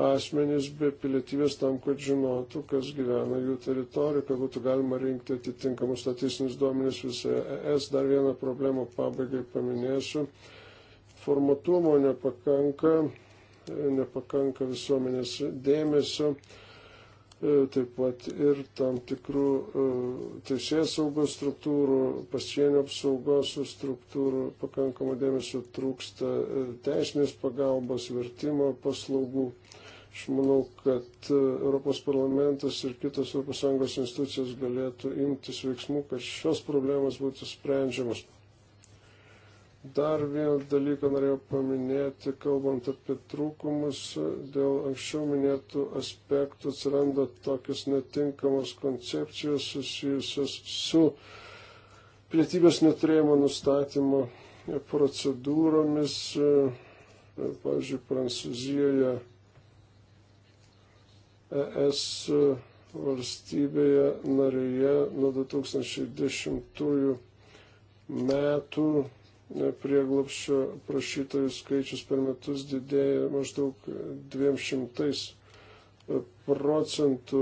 asmenys be pilietybės tam, kad žinotų, kas gyvena jų teritorijoje, kad būtų galima rinkti atitinkamus statistinius duomenis visoje ES. Dar vieną problemą pabaigai paminėsiu. Formatumo nepakanka, nepakanka visuomenės dėmesio. E, taip pat ir tam tikrų e, teisės saugos struktūrų, pasienio apsaugos struktūrų, pakankamai dėmesio trūksta e, teisinės pagalbos, vertimo paslaugų. Aš manau, kad Europos parlamentas ir kitos ES institucijos galėtų imtis veiksmų, kad šios problemos būtų sprendžiamas. Dar vieną dalyką norėjau paminėti, kalbant apie trūkumus, dėl anksčiau minėtų aspektų atsiranda tokios netinkamos koncepcijos susijusios su pilietybės neturėjimo nustatymo procedūromis. Pavyzdžiui, Prancūzijoje ES valstybėje narėje nuo 2010 metų prieglopščio prašytojų skaičius per metus didėja maždaug 200 e, procentų.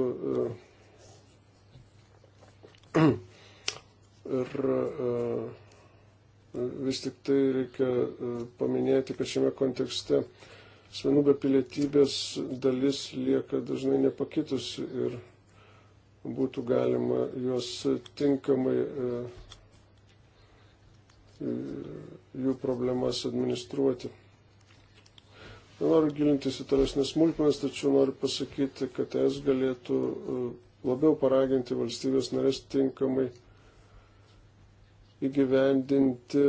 E, (clears throat) ir e, vis tik tai reikia paminėti, kad šiame kontekste asmenų be pilietybės dalis lieka dažnai nepakitusi ir būtų galima juos tinkamai jų problemas administruoti. Nenoriu gilintis į tolesnės smulkmenas, tačiau noriu pasakyti, kad es galėtų e, labiau paraginti valstybės narės tinkamai įgyvendinti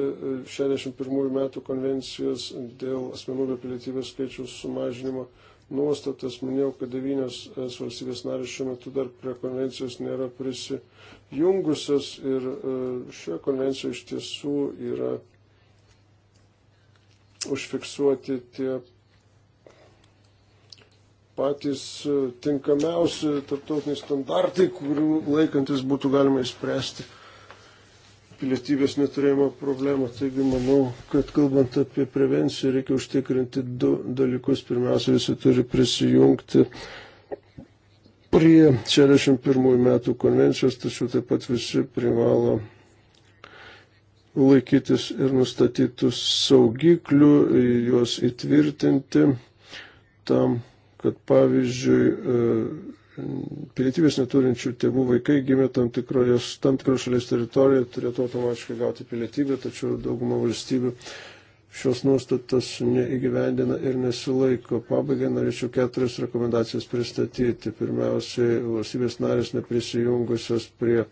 61 e, metų konvencijos dėl asmenų be pilietybės skaičiaus sumažinimo nuostatas. Minėjau, kad devynios es valstybės narės šiuo metu dar prie konvencijos nėra prisijungusios ir e, šioje konvencijoje iš tiesų yra užfiksuoti tie patys e, tinkamiausi tarptautiniai standartai, kurių laikantis būtų galima įspręsti pilietybės neturėjimo problemą. Taigi manau, kad kalbant apie prevenciją, reikia užtikrinti du dalykus. Pirmiausia, visi turi prisijungti prie 61 metų konvencijos, tačiau taip pat visi privalo laikytis ir nustatytus saugiklių, juos įtvirtinti tam, kad pavyzdžiui pilietybės neturinčių tėvų vaikai gimė tam tikroje, tam tikroje šalies teritorijoje, turėtų automatiškai gauti pilietybę, tačiau dauguma valstybių šios nuostatos neįgyvendina ir nesilaiko. Pabaigai norėčiau keturias rekomendacijas pristatyti. Pirmiausiai, valstybės narės neprisijungusios prie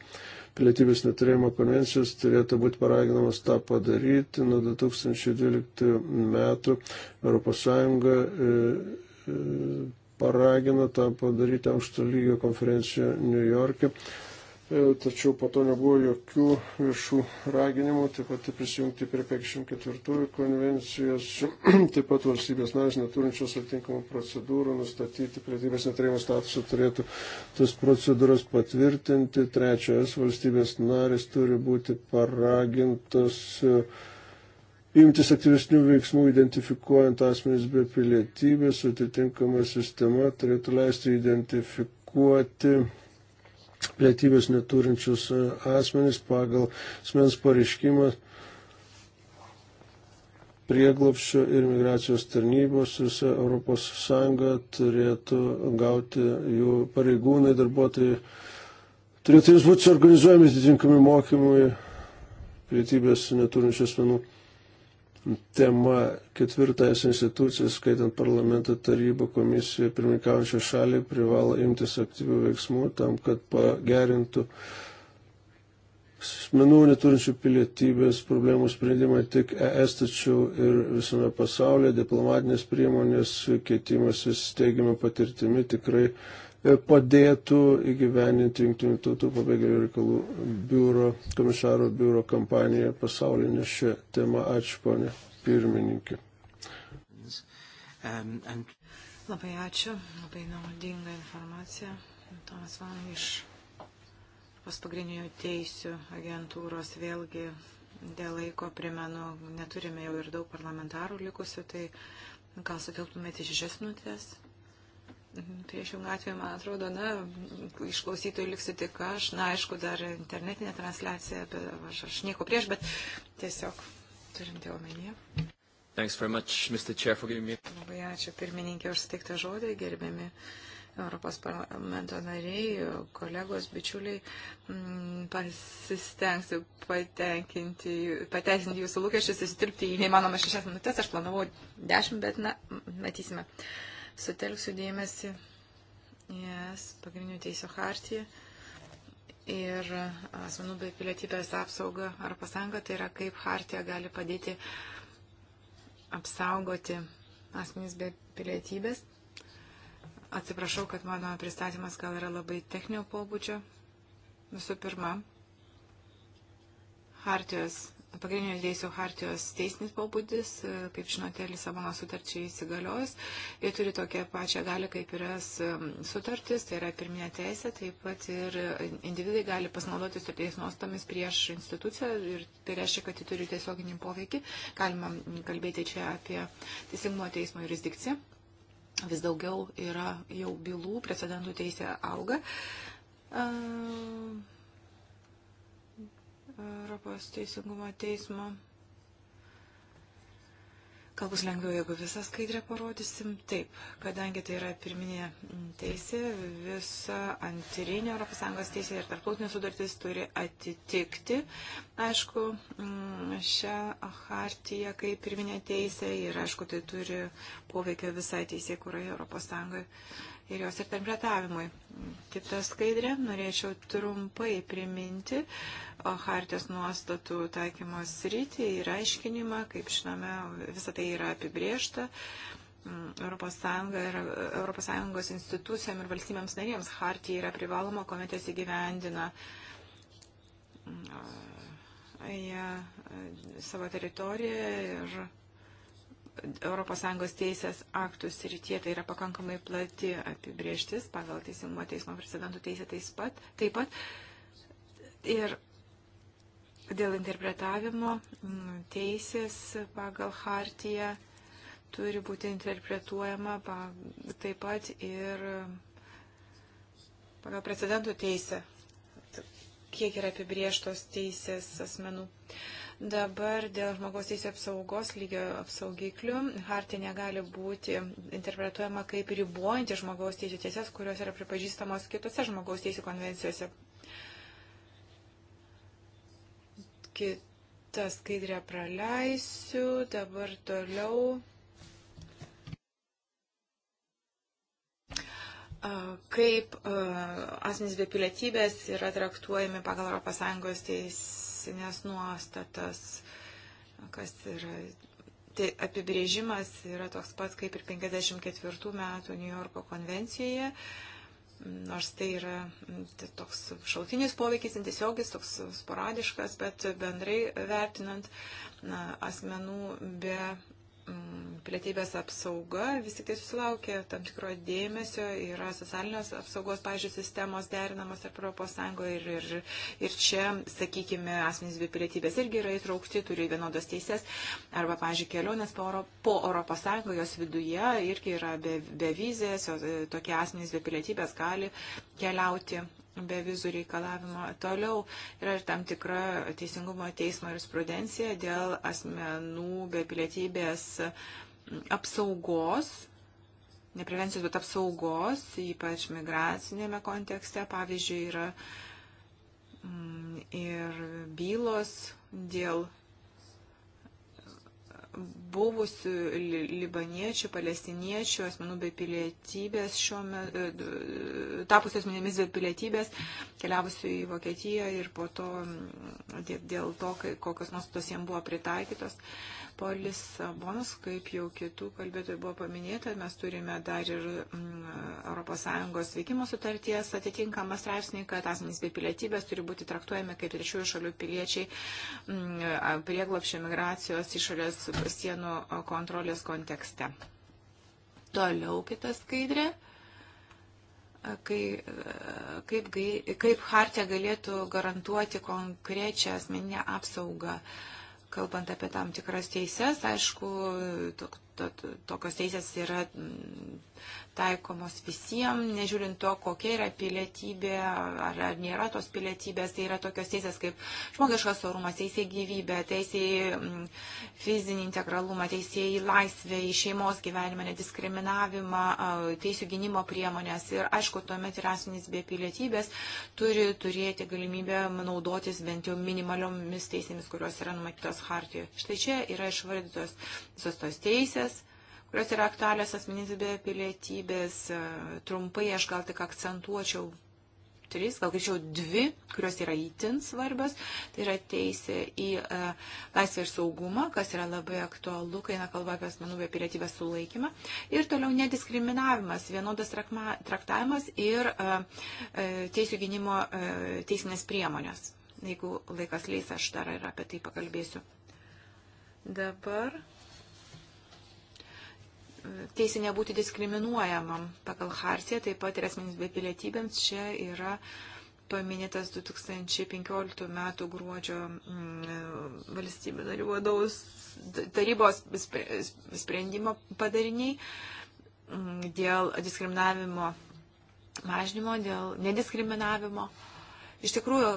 pilietybės neturėjimo konvencijos turėtų būti paraginamas tą padaryti. Nuo 2012 metų ES paragino tą padaryti aukšto lygio konferenciją New York'e. E, tačiau po to nebuvo jokių viešų raginimų, taip pat prisijungti prie 54 konvencijos, (clears throat) taip pat valstybės narės neturinčios atitinkamų procedūrų, nustatyti pilietybės neturėjimo statusą turėtų tas procedūras patvirtinti. Trečias valstybės narės turi būti paragintas uh, e, imtis aktyvesnių veiksmų, identifikuojant asmenys be pilietybės, atitinkama sistema turėtų leisti identifikuoti pilietybės neturinčius e, asmenys pagal asmens pareiškimą prieglopščio ir migracijos tarnybos visą Europos Sąjungą turėtų gauti jų pareigūnai, darbuotojai. Turėtų jums būti suorganizuojami atitinkami mokymai pilietybės neturinčių asmenų tema ketvirtąjas institucijas, skaitant parlamentą, tarybą, komisiją, pirmininkaujančią šalį, privalo imtis aktyvių veiksmų tam, kad pagerintų asmenų neturinčių pilietybės problemų sprendimą tik ES, tačiau ir visame pasaulyje diplomatinės priemonės keitimasis teigiamą patirtimi tikrai E, padėtų įgyveninti Junktinių tautų pabėgėlių reikalų biuro, komisaro biuro kampaniją pasaulinė šią temą. Ačiū, ponė pirmininkė. Um, labai ačiū, labai naudinga informacija. Tomas Van iš paspagrindinių teisių agentūros vėlgi dėl laiko primenu, neturime jau ir daug parlamentarų likusių, tai gal sutilptumėte šešias minutės. Mhm, Priešingą atveju, man atrodo, na, iš klausytojų liksi tik aš, na, aišku, dar internetinė transliacija, bet aš, aš nieko prieš, bet tiesiog turim tai omenyje. Much, Chair, me... Labai ačiū pirmininkė už suteiktą žodį, gerbiami. Europos parlamento nariai, kolegos, bičiuliai, mm, pasistengsiu pateisinti jūsų lūkesčius, įsitirpti į neįmanomą šešias minutės, aš planavau dešimt, bet na, matysime. Uh, sutelksiu dėmesį į yes, pagrindinių teisų hartiją ir asmenų bei pilietybės apsaugą Europos Sąjunga, tai yra kaip hartija gali padėti apsaugoti asmenys bei pilietybės. Atsiprašau, kad mano pristatymas gal yra labai techninio pobūdžio. Visų pirma, hartijos pagrindinių teisų hartijos teisinis pobūdis, e, kaip žinote, Lisabono sutarčiai įsigalios, jie turi tokią pačią galę, kaip yra sutartis, tai yra pirminė teisė, taip pat ir individai gali pasinaudoti sutarties nuostomis prieš instituciją ir tai reiškia, kad jie turi tiesioginį poveikį. Galima kalbėti čia apie teisingumo teismo jurisdikciją. Vis daugiau yra jau bylų, precedentų teisė auga. Europos teisingumo teismo. Gal bus lengviau, jeigu visą skaidrę parodysim. Taip, kadangi tai yra pirminė teisė, visa antrinė ES teisė ir tarptautinė sudartis turi atitikti. Aišku, mm, šią hartiją kaip pirminė teisė ir aišku, tai turi poveikio visai teisė, kurioje ES ir jos interpretavimui. Kita skaidrė, norėčiau trumpai priminti Hartijos nuostatų taikymos rytį ir aiškinimą, kaip žinome, visą tai yra apibriešta. Europos, Sąjunga ir, Europos Sąjungos institucijom ir valstybėms narėms Hartija yra privaloma, kuomet jas įgyvendina jie ja, savo teritoriją ir ES teisės aktų srityje tai yra pakankamai plati apibrieštis pagal teisingumo teismo precedentų teisę taip pat. Taip pat. Ir dėl interpretavimo mm, teisės pagal hartiją turi būti interpretuojama taip pat ir pagal precedentų teisę, kiek yra apibrieštos teisės asmenų. Uh, Dabar dėl žmogaus teisų apsaugos lygio apsaugiklių hartė negali būti interpretuojama kaip ribojanti žmogaus teisų tiesės, kurios yra pripažįstamos kitose žmogaus teisų konvencijose. Kitą skaidrę praleisiu, dabar toliau. Kaip asmenys be pilietybės yra traktuojami pagal ES teisės teisinės nuostatas, kas yra. Tai apibrėžimas yra toks pat kaip ir 54 metų New Yorko konvencijoje nors tai yra mm, tai toks šaltinis poveikis, netiesiogis, toks sporadiškas, bet bendrai vertinant na, asmenų be Mm, pilietybės apsauga vis tik tai susilaukia tam tikro dėmesio, yra socialinės apsaugos, pažiūrėjau, sistemos derinamos tarp Europos Sąjungoje ir, ir, ir čia, sakykime, asmenys be pilietybės irgi yra įtraukti, turi vienodas teises, arba, pažiūrėjau, kelionės po, Euro, po Europos Sąjungoje, jos viduje irgi yra be, be vizės, jos, e, tokie asmenys be pilietybės gali keliauti be vizų reikalavimo. Toliau yra ir tam tikra teisingumo teismo jurisprudencija dėl asmenų be pilietybės apsaugos, ne prevencijos, bet apsaugos, ypač migracinėme kontekste. Pavyzdžiui, yra mm, ir bylos dėl buvusių libaniečių, palestiniečių, asmenų be pilietybės, šiuo, e, tapusių asmenėmis be pilietybės, keliavusių į Vokietiją ir po to dėl to, kokios nuostatos jiems buvo pritaikytos. Uh, po Lisabonos, kaip jau kitų kalbėtojų buvo paminėta, mes turime dar ir mm, ES veikimo sutarties atitinkamą straipsnį, kad asmenys be pilietybės turi būti traktuojami kaip trečiųjų šalių piliečiai mm, prieglopšio migracijos išorės sienų kontrolės kontekste. Toliau kita skaidrė kai, kaip, kaip Hartė galėtų garantuoti konkrečią asmeninę apsaugą uh, kalbant apie tam tikras teises, aišku, to, to, tokios teisės yra mm, taikomos visiems, nežiūrint to, kokia yra pilietybė, ar, ar nėra tos pilietybės, tai yra tokios teisės kaip žmogiškas orumas, teisė į gyvybę, teisė į mm, fizinį integralumą, teisė į laisvę, į šeimos gyvenimą, nediskriminavimą, teisų gynimo priemonės. Ir aišku, tuomet ir asmenys be pilietybės turi turėti galimybę naudotis bent jau minimaliomis teisėmis, kurios yra numatytos hartijoje. Štai čia yra išvardytos visos tos teisės kurios yra aktualios asmenys be pilietybės. E, trumpai aš gal tik akcentuočiau tris, gal greičiau dvi, kurios yra įtin svarbios. Tai yra teisė į uh, laisvę ir saugumą, kas yra labai aktualu, kai eina kalba apie asmenų be pilietybės sulaikymą. Ir toliau nediskriminavimas, vienodas trakma, traktavimas ir uh, e, uh, teisų gynimo uh, teisinės priemonės. Jeigu laikas leis, aš dar ir apie tai pakalbėsiu. Dabar teisė nebūti diskriminuojamam pagal Hartiją, taip pat ir asmenys be pilietybėms čia yra paminėtas 2015 m. gruodžio mm, valstybių narių vadovus tarybos sprendimo padariniai mm, dėl diskriminavimo mažnymo, dėl nediskriminavimo. Iš tikrųjų,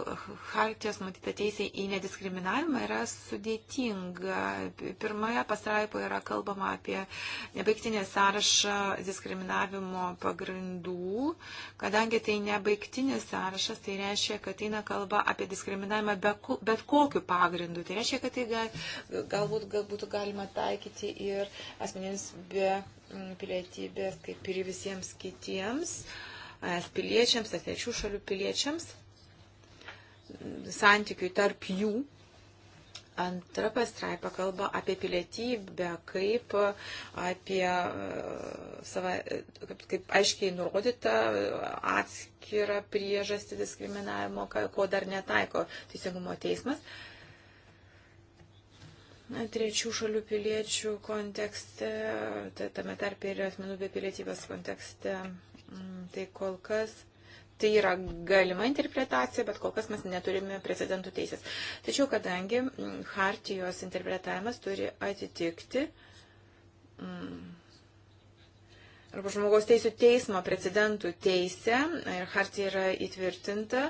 Hartijos matyta teisė į nediskriminavimą yra sudėtinga. Pirmoje pastraipoje yra kalbama apie nebaigtinį sąrašą diskriminavimo pagrindų. Kadangi tai nebaigtinis sąrašas, tai reiškia, kad eina kalba apie diskriminavimą be, bet kokiu pagrindu. Tai reiškia, kad tai gal, galbūt gal būtų galima taikyti ir asmenims be mm, pilietybės, kaip ir visiems kitiems. Uh, es piliečiams, ar trečių šalių piliečiams santykiui tarp jų. Antra pastraipa kalba apie pilietybę, kaip apie e, sava, kaip, kaip aiškiai nurodyta e, atskira priežastį diskriminavimo, ko dar netaiko Teisingumo teismas trečių šalių piliečių kontekste, tame tarp ir asmenų be pilietybės kontekste, tai kol kas tai yra galima interpretacija, bet kol kas mes neturime precedentų teisės. Tačiau kadangi mm, hartijos interpretavimas turi atitikti mm, arba žmogaus teisų teismo precedentų teisę ir hartija yra įtvirtinta,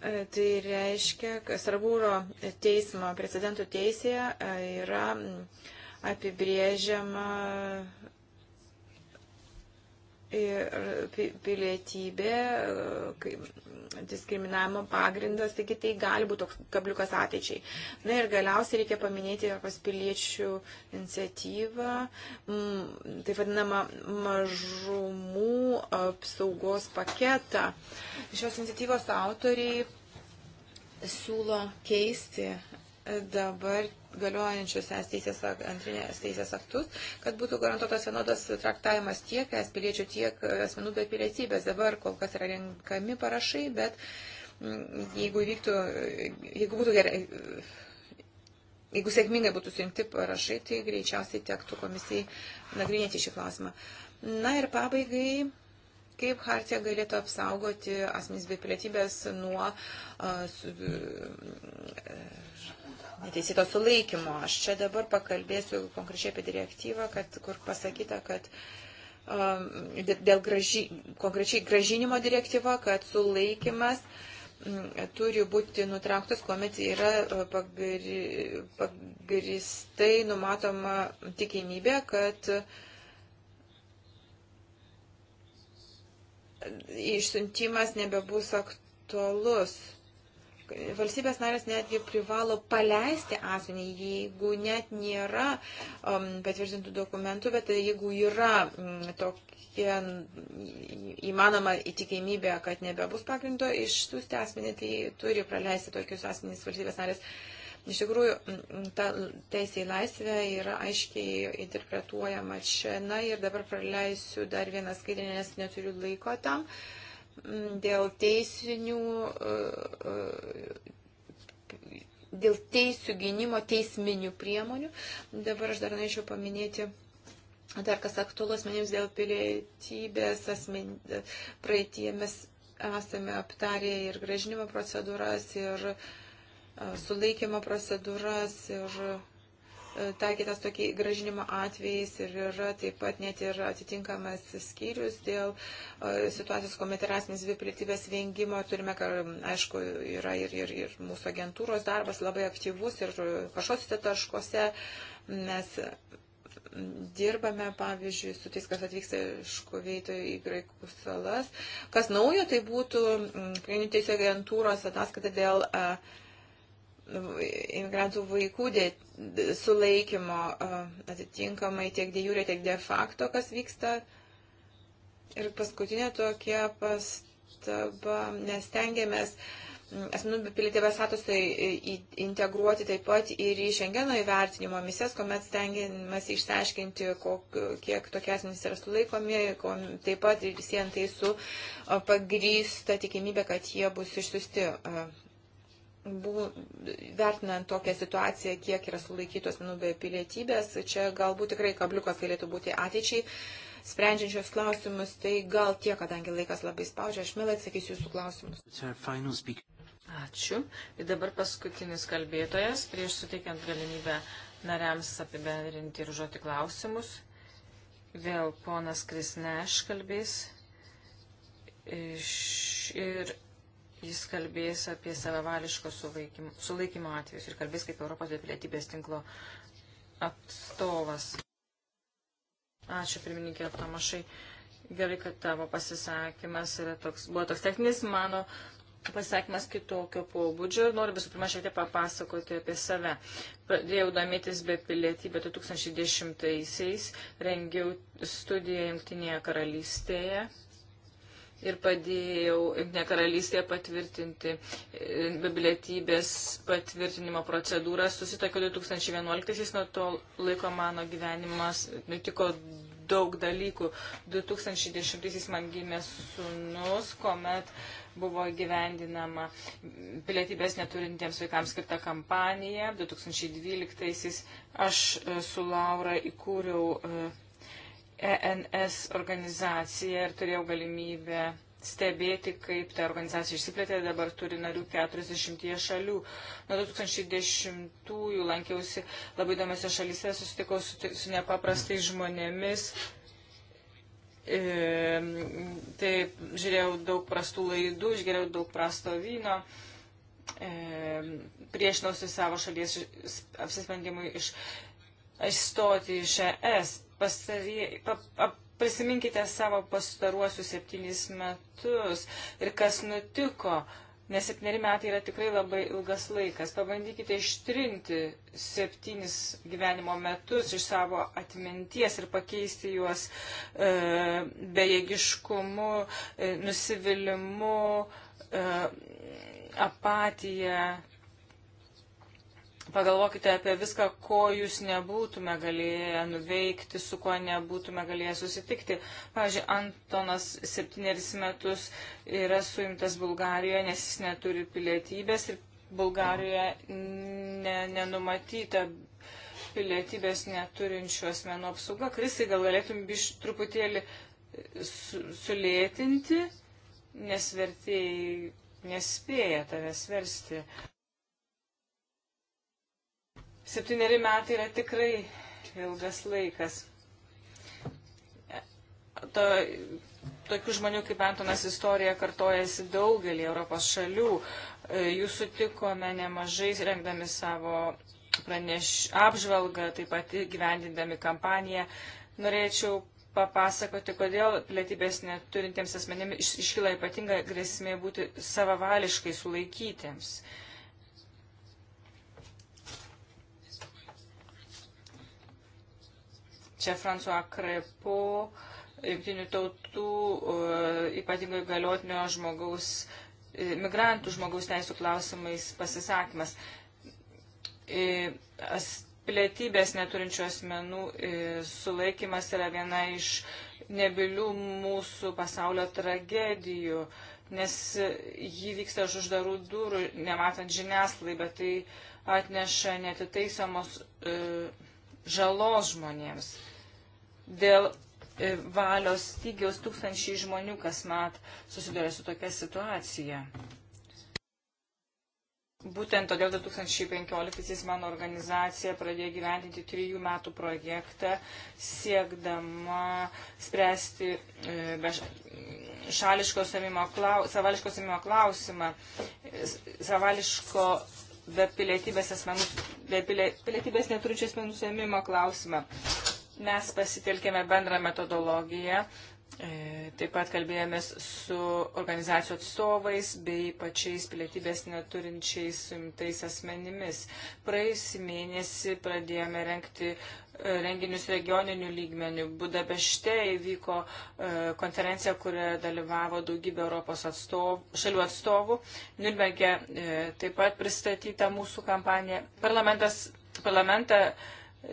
e, tai reiškia, kad Strabūro teismo precedentų teisėje e, yra mm, apibrėžiama ir pilietybė, diskriminavimo pagrindas, taigi tai gali būti toks kabliukas ateičiai. Na ir galiausiai reikia paminėti Europos piliečių iniciatyvą, tai vadinama mažumų apsaugos paketą. Šios iniciatyvos autoriai siūlo keisti dabar galiojančius es teisės, antrinės teisės aktus, kad būtų garantuotas vienodas traktavimas tiek es piliečių, tiek asmenų be pilietybės. Dabar kol kas yra renkami parašai, bet mm, jeigu, vyktų, jeigu būtų gerai. Jeigu sėkmingai būtų suimti parašai, tai greičiausiai tektų komisijai nagrinėti šį klausimą. Na ir pabaigai, kaip Hartija galėtų apsaugoti asmenys be pilietybės nuo uh, su, uh, neteisėto sulaikymo. Aš čia dabar pakalbėsiu konkrečiai apie direktyvą, kad, kur pasakyta, kad um, dėl graži, konkrečiai gražinimo direktyva, kad sulaikimas m, mm, turi būti nutrauktas, kuomet yra uh, pagri, pagristai numatoma tikimybė, kad uh, išsiuntimas nebebus aktualus valstybės narės netgi privalo paleisti asmenį, jeigu net nėra um, patvirtintų dokumentų, bet jeigu yra um, mm, tokia mm, įmanoma įtikimybė, kad nebebus pagrindo išsiųsti asmenį, tai turi praleisti tokius asmenys valstybės narės. Iš tikrųjų, mm, ta teisė į laisvę yra aiškiai interpretuojama čia. Na ir dabar praleisiu dar vieną skaidrinę, nes neturiu laiko tam. Uh, dėl teisinių, e, e, dėl teisų gynimo teisminių priemonių. Dabar aš dar norėčiau paminėti dar kas aktualu asmenims dėl pilietybės, asmen, praeitie mes esame aptarę ir gražinimo procedūras, ir e, sulaikymo procedūras, ir taikytas tokį gražinimo atvejais ir yra taip pat net ir atitinkamas skyrius dėl e, situacijos, kuomet yra asmenys dvipilietybės vengimo. Turime, aišku, yra ir, ir, ir mūsų agentūros darbas labai aktyvus ir kažkosiuose taškuose mes dirbame, pavyzdžiui, su tais, kas atvyksta iš Kuveito į Graikų salas. Kas naujo, tai būtų, kai teisė agentūros ataskaita dėl uh, imigrantų vaikų dė, sulaikymo atitinkamai tiek de jure, tiek de facto, kas vyksta. Ir paskutinė tokia pastaba, nes tengiamės asmenų pilietybės statusą integruoti taip pat ir į Šengeno įvertinimo misijas, kuomet stengiamės išsiaiškinti, kiek tokie asmenys yra sulaikomi, taip pat ir sientai su pagrysta tikimybė, kad jie bus išsiusti buvo, vertinant tokią situaciją, kiek yra sulaikytos minų be pilietybės, čia galbūt tikrai kabliukas galėtų būti ateičiai. Sprendžiančios klausimus, tai gal tie, kadangi laikas labai spaudžia, aš mielai atsakysiu jūsų klausimus. Ačiū. Ir dabar paskutinis kalbėtojas, prieš suteikiant galimybę nariams apibendrinti ir žodį klausimus. Vėl ponas Krisneš kalbės. Iš, ir Jis kalbės apie savavališko sulaikymo atvejus ir kalbės kaip Europos pilietybės tinklo atstovas. Ačiū, pirmininkė Tomašai. Gerai, kad tavo pasisakymas toks, buvo toks techninis, mano pasakymas kitokio pobūdžio ir noriu visų pirma šiek tiek papasakoti apie save. Pradėjau domėtis be pilietybė 2010-aisiais, rengiau studiją Junktinėje karalystėje ir padėjau Junktinė karalystė patvirtinti e, bibliotybės patvirtinimo procedūrą. Susitakiau 2011-aisiais, nuo to laiko mano gyvenimas nutiko daug dalykų. 2010-aisiais man gimė sunus, kuomet buvo gyvendinama pilietybės neturintiems vaikams skirta kampanija. 2012-aisiais aš e, su Laura įkūriau e, ENS organizacija ir turėjau galimybę stebėti, kaip ta organizacija išsiplėtė, dabar turi narių 40 šalių. Nuo 2010-ųjų lankiausi labai įdomiose šalyse, susitikau su, su nepaprastai žmonėmis. E, taip, žiūrėjau daug prastų laidų, išgeriau daug prasto vyno, e, priešinausi savo šalies apsisprendimui iš, išstoti iš ES pasarie, pa, ap, prisiminkite savo pastaruosius septynis metus ir kas nutiko, nes septyneri metai yra tikrai labai ilgas laikas. Pabandykite ištrinti septynis gyvenimo metus iš savo atminties ir pakeisti juos e, bejėgiškumu, e, nusivylimu, e, apatija, Pagalvokite apie viską, ko jūs nebūtume galėję nuveikti, su kuo nebūtume galėję susitikti. Pavyzdžiui, Antonas septynerius metus yra suimtas Bulgarijoje, nes jis neturi pilietybės ir Bulgarijoje ne, nenumatyta pilietybės neturinčių asmenų apsauga. Krisai, gal galėtum biš truputėlį su, sulėtinti, nes vertėjai nespėja tavęs versti. Septyneri metai yra tikrai ilgas laikas. E, to, tokių žmonių kaip Antonas istorija kartojasi daugelį Europos šalių. E, Jūs sutikome nemažai, rengdami savo praneš, apžvalgą, taip pat gyvendindami kampaniją. Norėčiau papasakoti, kodėl pilietybės neturintiems asmenėms iškyla ypatinga grėsmė būti savavališkai sulaikytiems. Uh, Čia François Krepo, jungtinių tautų e, ypatingai galiotinio žmogaus, e, migrantų žmogaus teisų klausimais pasisakymas. E, pilietybės neturinčių asmenų sulaikimas yra viena iš nebilių mūsų pasaulio tragedijų, nes jį vyksta už uždarų durų, nematant žiniasklaidą, bet tai atneša netitaisomos e, žalos žmonėms dėl e, valios stygiaus tūkstančiai žmonių kasmet susiduria su tokia situacija. Būtent todėl 2015-aisiais mano organizacija pradėjo gyventinti trijų metų projektą, siekdama spręsti e, šališko klaus, savališko samimo klausimą, e, savališko be pilietybės, asmenų, be pilietybės neturinčių asmenų samimo klausimą. Mes pasitelkėme bendrą metodologiją, e, taip pat kalbėjomės su organizacijų atstovais bei pačiais pilietybės neturinčiais suimtais asmenimis. Praėjusį mėnesį pradėjome renkti e, renginius regioninių lygmenių. Budapešte įvyko e, konferencija, kurioje dalyvavo daugybė Europos atstovų, šalių atstovų. Nürnberge taip pat pristatyta mūsų kampanija. Parlamentas, parlamentą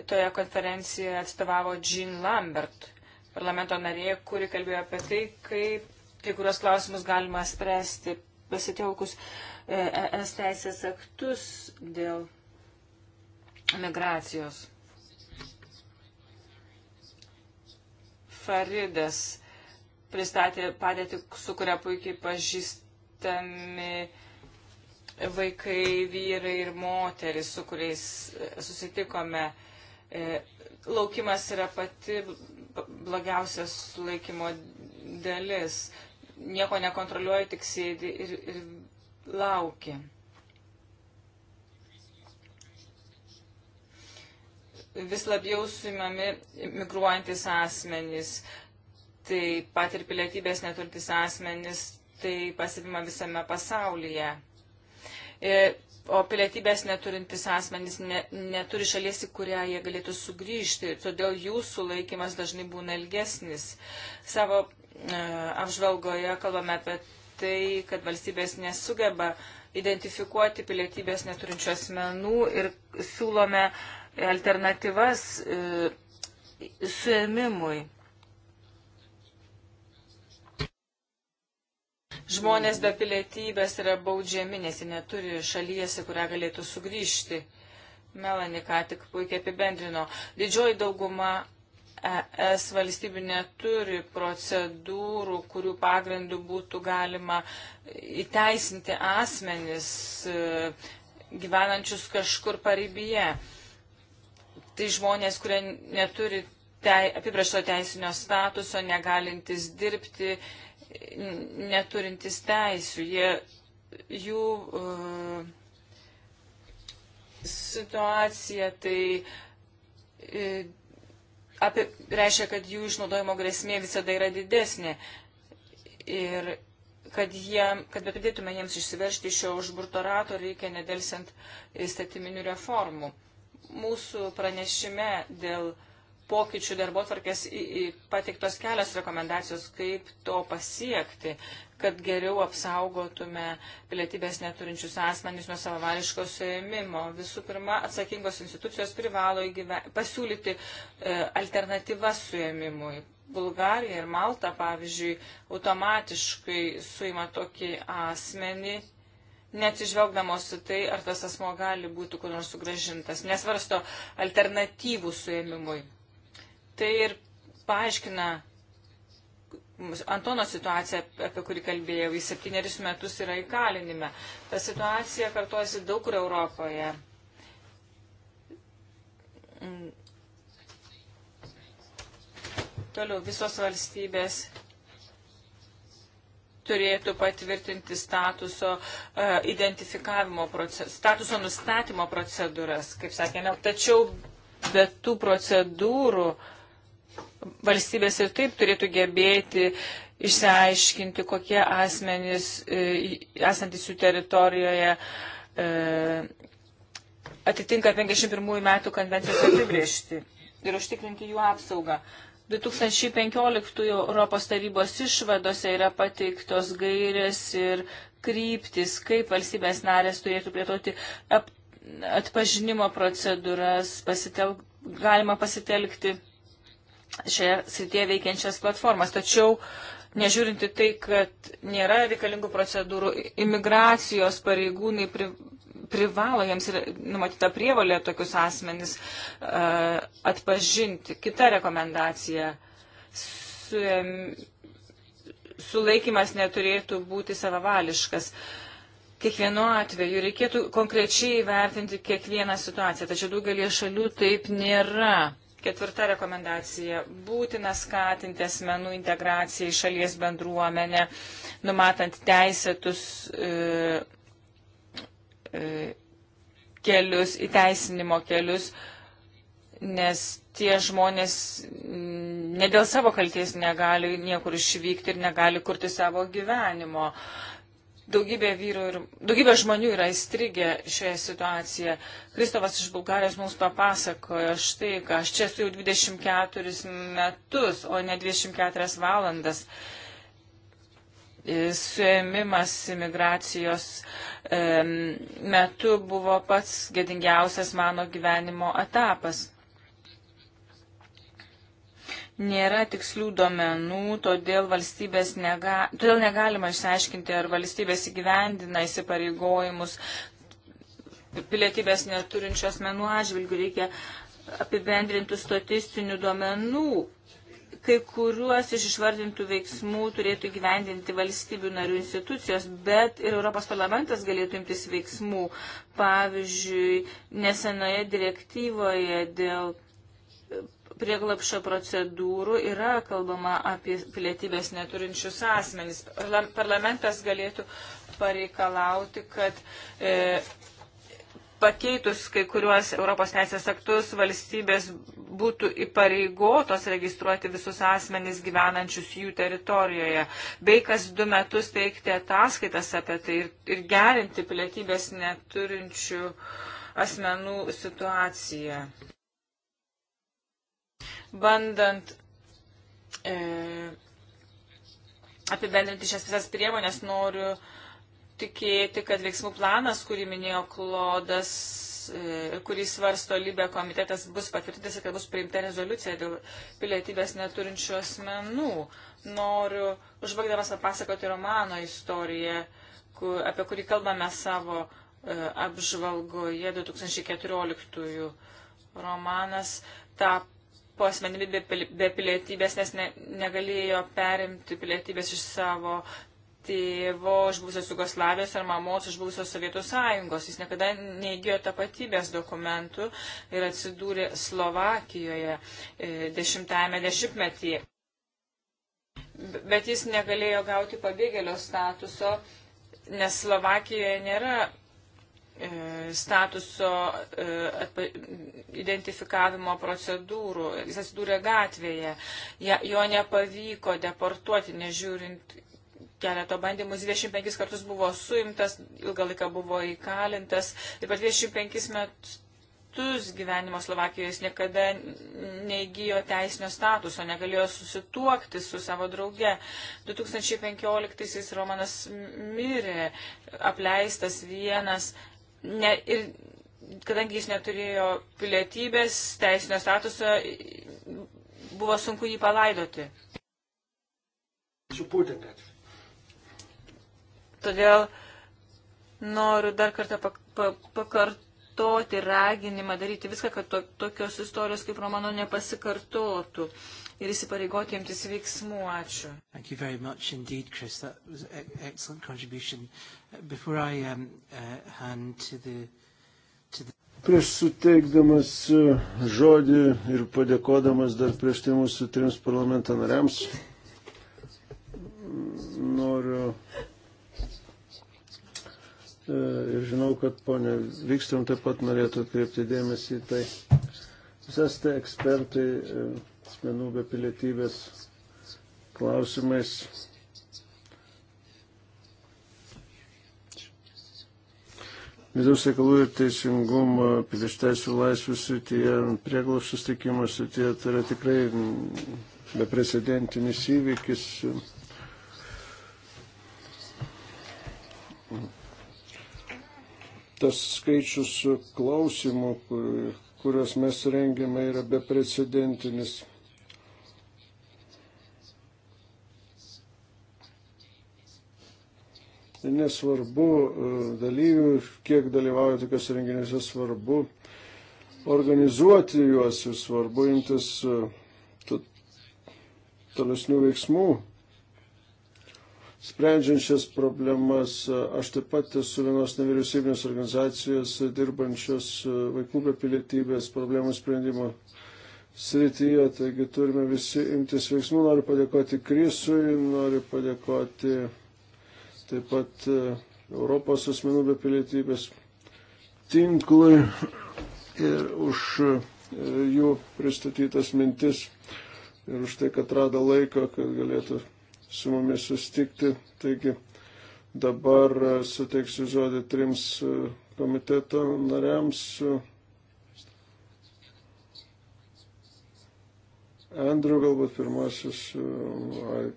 toje konferencijoje atstovavo Jean Lambert, parlamento narė, kuri kalbėjo apie tai, kaip kai kurios klausimus galima spręsti pasitelkus ES e teisės aktus dėl migracijos. Faridas pristatė padėtį, su kuria puikiai pažįstami vaikai, vyrai ir moteris, su kuriais e, susitikome. Uh, E, laukimas yra pati blogiausia sulaikymo dalis. Nieko nekontroliuoji, tik sėdi ir, ir lauki. Vis labiau suimami migruojantis asmenys, taip pat ir pilietybės neturtis asmenys, tai pasibima visame pasaulyje. E, o pilietybės neturintis asmenys ne, neturi šalies, į kurią jie galėtų sugrįžti. Todėl jų sulaikimas dažnai būna ilgesnis. Savo e, apžvalgoje kalbame apie tai, kad valstybės nesugeba identifikuoti pilietybės neturinčių asmenų ir siūlome alternatyvas e, suėmimui. Žmonės be pilietybės yra baudžiami, nes jie neturi šalies, į kurią galėtų sugrįžti. Melani ką tik puikiai apibendrino. Didžioji dauguma ES valstybių neturi procedūrų, kurių pagrindų būtų galima įteisinti asmenis e, gyvenančius kažkur paribyje. Tai žmonės, kurie neturi te, apibrašto teisinio statuso, negalintis dirbti, neturintis teisų. Jie, jų uh, situacija tai uh, apie, reiškia, kad jų išnaudojimo grėsmė visada yra didesnė. Ir kad, jie, kad bepridėtume jiems išsiveršti iš šio užburto rato, reikia nedelsiant įstatyminių reformų. Mūsų pranešime dėl uh, pokyčių darbo tvarkės pateiktos kelios rekomendacijos, kaip to pasiekti, kad geriau apsaugotume pilietybės neturinčius asmenys nuo savavališko suėmimo. Visų pirma, atsakingos institucijos privalo įgyve, pasiūlyti e, alternatyvas suėmimui. Bulgarija ir Malta, pavyzdžiui, automatiškai suima tokį asmenį neatsižvelgdamos į tai, ar tas asmo gali būti kur nors sugražintas, nesvarsto alternatyvų suėmimui. Tai ir paaiškina Antono situacija, apie kurį kalbėjau, jis septynerius metus yra įkalinime. Ta situacija kartuosi daug kur Europoje. Mm. Toliau visos valstybės turėtų patvirtinti statuso uh, identifikavimo procesą, statuso nustatymo procedūras, kaip sakėme. Tačiau be tų procedūrų uh, valstybės ir taip turėtų gebėti išsiaiškinti, kokie asmenys e, esantys jų teritorijoje e, atitinka 51 metų konvencijos apibriežti ir užtikrinti jų apsaugą. 2015 Europos tarybos išvadose yra pateiktos gairės ir kryptis, kaip valstybės narės turėtų plėtoti atpažinimo procedūras, pasitel, galima pasitelkti šioje srityje veikiančias platformas. Tačiau, nežiūrinti tai, kad nėra reikalingų procedūrų, imigracijos pareigūnai pri, privalo, jiems yra numatyta prievalė tokius asmenis uh, atpažinti. Kita rekomendacija. Su, sulaikimas neturėtų būti savavališkas. Kiekvienu atveju reikėtų konkrečiai vertinti kiekvieną situaciją, tačiau daugelie šalių taip nėra. Ketvirta rekomendacija - būtina skatinti asmenų integraciją į šalies bendruomenę, numatant teisėtus e, e, kelius, įteisinimo kelius, nes tie žmonės ne dėl savo kalties negali niekur išvykti ir negali kurti savo gyvenimo. E, daugybė vyrų ir daugybė žmonių yra įstrigę šioje situacijoje. Kristofas iš Bulgarijos mums papasakojo štai, ką aš čia esu jau 24 metus, o ne 24 valandas. Suėmimas imigracijos metu buvo pats gedingiausias mano gyvenimo etapas nėra tikslių duomenų, todėl, nega, todėl negalima išsiaiškinti, ar valstybės įgyvendina įsipareigojimus pilietybės neturinčios menų atžvilgių. Reikia apibendrintų statistinių duomenų. Kai kuriuos iš išvardintų veiksmų turėtų gyvendinti valstybių narių institucijos, bet ir Europos parlamentas galėtų imtis veiksmų. Pavyzdžiui, nesenoje direktyvoje dėl prieglapšio procedūrų yra kalbama apie pilietybės neturinčius asmenys. Parlamentas galėtų pareikalauti, kad e, pakeitus kai kuriuos Europos teisės aktus valstybės būtų įpareigotos registruoti visus asmenys gyvenančius jų teritorijoje, bei kas du metus teikti ataskaitas apie tai ir, ir gerinti pilietybės neturinčių asmenų situaciją bandant e, apibendrinti šias visas priemonės, noriu tikėti, kad veiksmų planas, kurį minėjo Klodas, e, kurį svarsto Libė komitetas, bus patvirtintas ir kad bus priimta rezoliucija dėl pilietybės neturinčių asmenų. Noriu, užbaigdamas papasakoti romano istoriją, kur, apie kurį kalbame savo e, apžvalgoje 2014 romanas tapo tapo asmenimi be, be pilietybės, nes ne, negalėjo perimti pilietybės iš savo tėvo iš buvusios Jugoslavijos ar mamos iš buvusios Sovietų sąjungos. Jis niekada neįgijo tapatybės dokumentų ir atsidūrė Slovakijoje e, dešimtajame dešimtmetyje. Bet jis negalėjo gauti pabėgėlio statuso, nes Slovakijoje nėra E, statuso e, identifikavimo procedūrų. Jis atsidūrė gatvėje. Jo nepavyko deportuoti, nežiūrint keletą bandymų. 25 kartus buvo suimtas, ilgą laiką buvo įkalintas ir per 25 metus gyvenimo Slovakijoje jis niekada neįgyjo teisinio statuso, negalėjo susituokti su savo drauge. 2015-aisiais Romanas mirė, apleistas vienas ne, ir kadangi jis neturėjo pilietybės, teisinio statuso, buvo sunku jį palaidoti. Supūtinat. Todėl noriu dar kartą pak, pak, pakartoti raginimą daryti viską, kad to, tokios istorijos kaip romano nepasikartotų. Uh, ir įsipareigoti imtis veiksmų. Ačiū. Thank you very much indeed, Chris. That was an excellent contribution. Before I um, uh, hand to the, to the... Prieš suteikdamas uh, žodį ir padėkodamas dar prieš tai mūsų trims parlamento nariams, noriu uh, ir žinau, kad ponė Vykstrom taip pat norėtų atkreipti dėmesį į tai. Jūs esate ekspertai uh, asmenų be pilietybės klausimais. Vidaus reikalų ir teisingumo, pilieš teisų laisvių srityje, prieglaušų sustikimo srityje, tai yra tikrai beprecedentinis įvykis. Tas skaičius klausimų, kur, kuriuos mes rengiame, yra beprecedentinis. nesvarbu e, dalyvių, kiek dalyvauja tokiuose renginiuose, svarbu organizuoti juos ir svarbu imtis e, tolesnių veiksmų. Sprendžiant šias problemas, e, aš taip pat esu vienos nevyriausybinės organizacijos dirbančios vaikų be pilietybės problemų sprendimo srityje, taigi turime visi imtis veiksmų. Noriu padėkoti Krisui, noriu padėkoti taip pat e, Europos asmenų be pilietybės tinklui ir už e, jų pristatytas mintis ir už tai, kad rado laiko, kad galėtų su mumis sustikti. Taigi dabar e, suteiksiu žodį trims komiteto nariams. Andrew galbūt pirmasis,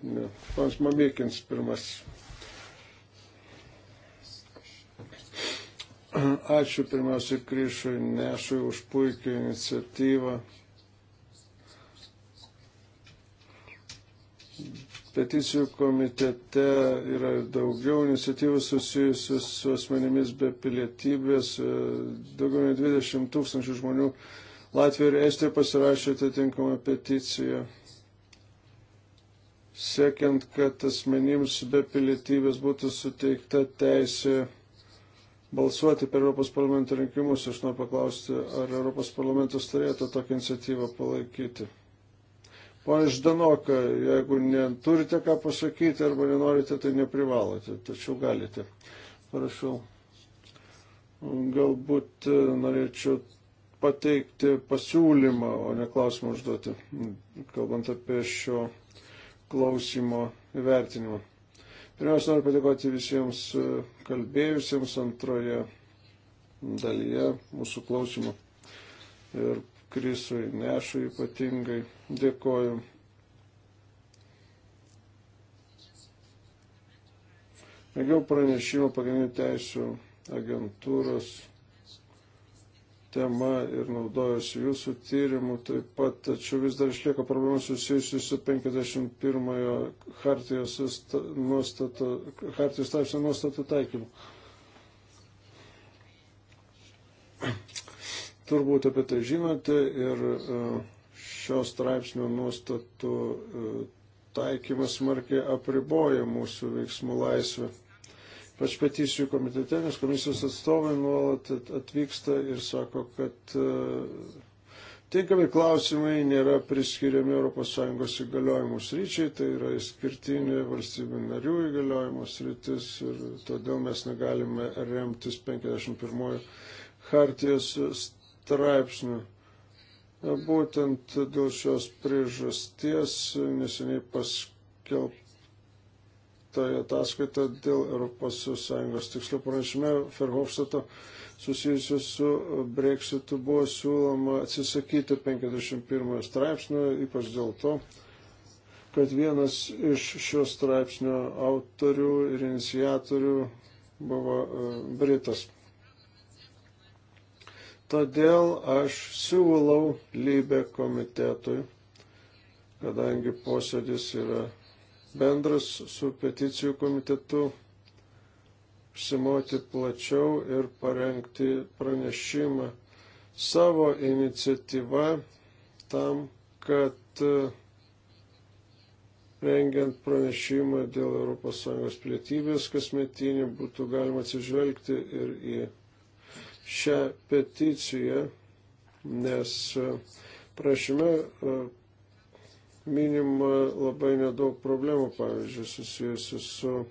ne, Fons Mamikins pirmasis. Ačiū pirmiausia Kryšui Nešui už puikią iniciatyvą. Peticijų komitete yra ir daugiau iniciatyvų susijusių su asmenimis be pilietybės. Daugiau nei 20 tūkstančių žmonių Latvija ir Estija pasirašė atitinkamą peticiją, siekiant, kad asmenims be pilietybės būtų suteikta teisė balsuoti per Europos parlamento rinkimus. Aš noriu paklausti, ar Europos parlamentas turėtų tokią iniciatyvą palaikyti. Pone Ždanoka, jeigu neturite ką pasakyti arba nenorite, tai neprivalote, tačiau galite. Prašau. Galbūt e, norėčiau pateikti pasiūlymą, o ne klausimą užduoti, kalbant apie šio klausimo įvertinimą. Pirmiausia, noriu padėkoti visiems e, kalbėjusiems antroje dalyje mūsų klausimų. Ir Krisui Nešui ypatingai dėkoju. Mėgiau pranešimą pagrindinių teisų agentūros tema ir naudojosi jūsų tyrimu taip pat, tačiau vis dar išlieka problemų susijusių su 51-ojo hartijos nuostato, hartijos taipsnio nuostatų taikymu. Turbūt apie tai žinote ir e, šios straipsnio nuostatų e, taikymas smarkiai apriboja mūsų veiksmų laisvę. Aš peticijų komitete, nes komisijos atstovai nuolat atvyksta ir sako, kad e, tinkami klausimai nėra priskiriami ES įgaliojimų sryčiai, tai yra išskirtinė valstybių narių įgaliojimų sritis ir todėl mes negalime remtis 51 hartijos straipsnių. Būtent dėl šios priežasties neseniai paskelbta parengtąją ataskaitą dėl ES tikslių pranešime Ferhofstato susijusiu su Brexitu buvo siūloma atsisakyti 51 straipsnio, ypač dėl to, kad vienas iš šio straipsnio autorių ir inicijatorių buvo e, Britas. Todėl aš siūlau lybę komitetui, kadangi posėdis yra bendras su peticijų komitetu užsimoti plačiau ir parengti pranešimą savo iniciatyvą tam, kad e, rengiant pranešimą dėl ES pilietybės kasmetinį būtų galima atsižvelgti ir į šią peticiją, nes e, prašyme e, minima labai nedaug problemų, pavyzdžiui, susijusių su e,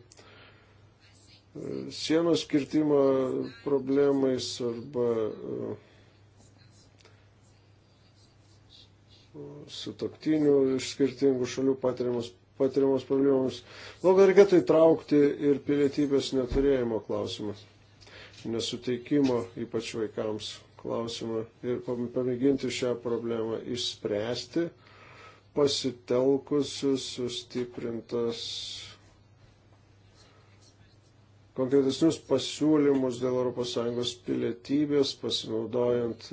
sienos skirtimo problemais arba e, su taktiniu iš skirtingų šalių patiriamus patiriamos problemams. Gal reikėtų įtraukti ir pilietybės neturėjimo klausimą, nesuteikimo ypač vaikams klausimą ir pamėginti šią problemą išspręsti pasitelkus sustiprintas konkretesnius pasiūlymus dėl ES pilietybės, pasinaudojant,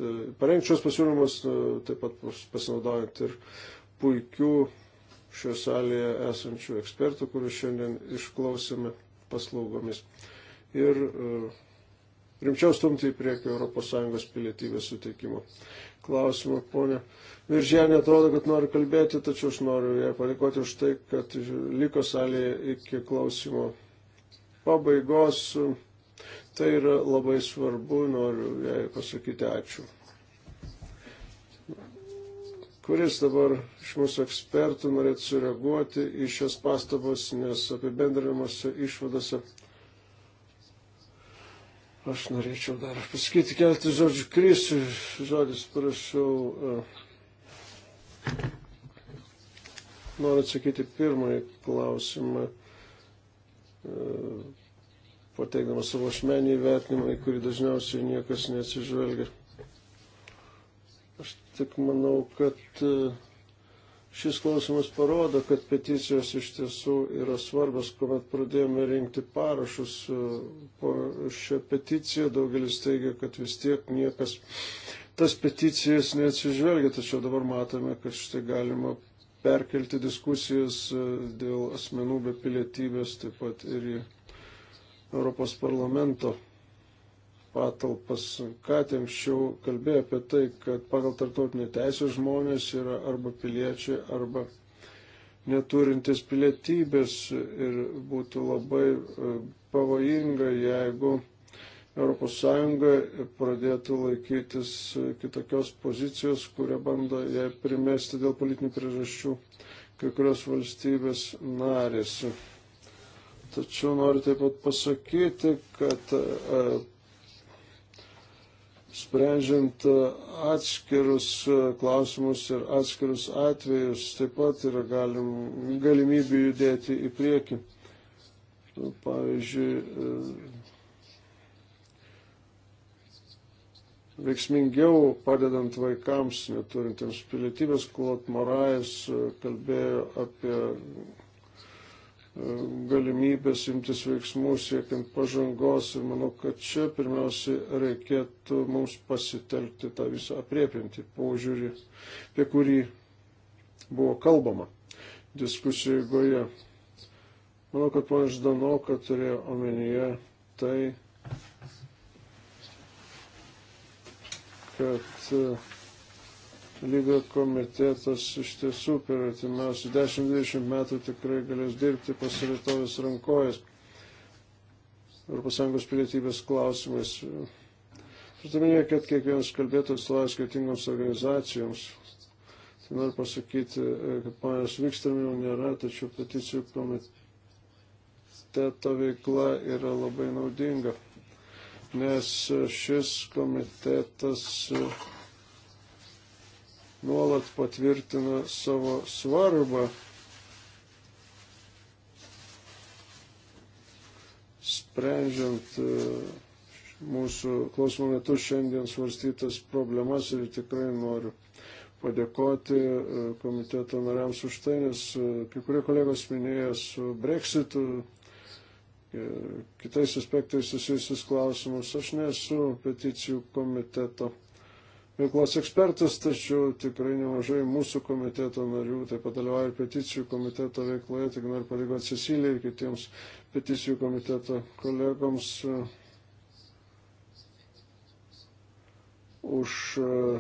parengčios pasiūlymus, nu, taip pat pasinaudojant ir puikių šioje salėje esančių ekspertų, kurių šiandien išklausėme paslaugomis. Ir e, rimčiau stumti į priekį ES pilietybės suteikimo klausimą, ponė. Viržienė atrodo, kad nori kalbėti, tačiau aš noriu ją padėkoti už tai, kad liko salėje iki klausimo pabaigos. Tai yra labai svarbu, noriu jai pasakyti ačiū. Kuris dabar iš mūsų ekspertų norėtų sureaguoti į šias pastabas, nes apibendrinimuose išvadose Aš norėčiau dar pasakyti keletą žodžių. Krisui žodis parašiau. E, noriu atsakyti pirmąjį klausimą, e, pateikdamas savo asmenį vertinimą, į kurį dažniausiai niekas neatsižvelgia. Aš tik manau, kad e, Šis klausimas parodo, kad peticijos iš tiesų yra svarbios, kuomet pradėjome rinkti parašus e, po šią peticiją. Daugelis teigia, kad vis tiek niekas tas peticijas neatsižvelgia, tačiau dabar matome, kad štai galima perkelti diskusijas e, dėl asmenų be pilietybės, taip pat ir į Europos parlamento patalpas. Katėm šiau kalbėjo apie tai, kad pagal tartautinį teisę žmonės yra arba piliečiai, arba neturintis pilietybės ir būtų labai e, pavojinga, jeigu ES pradėtų laikytis e, kitokios pozicijos, kurią bando jai primesti dėl politinių priežasčių kai kurios valstybės narės. Tačiau noriu taip pat pasakyti, kad e, sprendžiant atskirus klausimus ir atskirus atvejus, taip pat yra galim, galimybių judėti į priekį. Nu, pavyzdžiui, e, veiksmingiau padedant vaikams neturintiems pilietybės, Klot Morais e, kalbėjo apie galimybės imtis veiksmų siekiant pažangos ir manau, kad čia pirmiausiai reikėtų mums pasitelkti tą visą apriepinti požiūrį, apie kurį buvo kalbama diskusijoje. Manau, kad ponas Ždanoka turėjo omenyje tai, kad lygio komitetas iš tiesų per atimiausių 10-20 metų tikrai galės dirbti pasiritovės rankojas ES pilietybės klausimais. Pritaminėjau, kad kiekvienas kalbėtojas atstovauja skirtingoms organizacijoms. Tai noriu pasakyti, kad ponios Vikstramio nėra, tačiau peticijų komiteto veikla yra labai naudinga, nes šis komitetas uh, nuolat patvirtina savo svarbą. Sprendžiant e, mūsų klausimų metu šiandien svarstytas problemas ir tikrai noriu padėkoti e, komiteto nariams už tai, nes e, kai kurie kolegos minėjo su breksitu, kitais aspektais susijusius klausimus. Aš nesu peticijų komiteto veiklos ekspertas, tačiau tikrai nemažai mūsų komiteto narių, taip pat dalyvauja ir peticijų komiteto veikloje, tik noriu padėkoti Cecilijai ir kitiems peticijų komiteto kolegoms uh, už uh,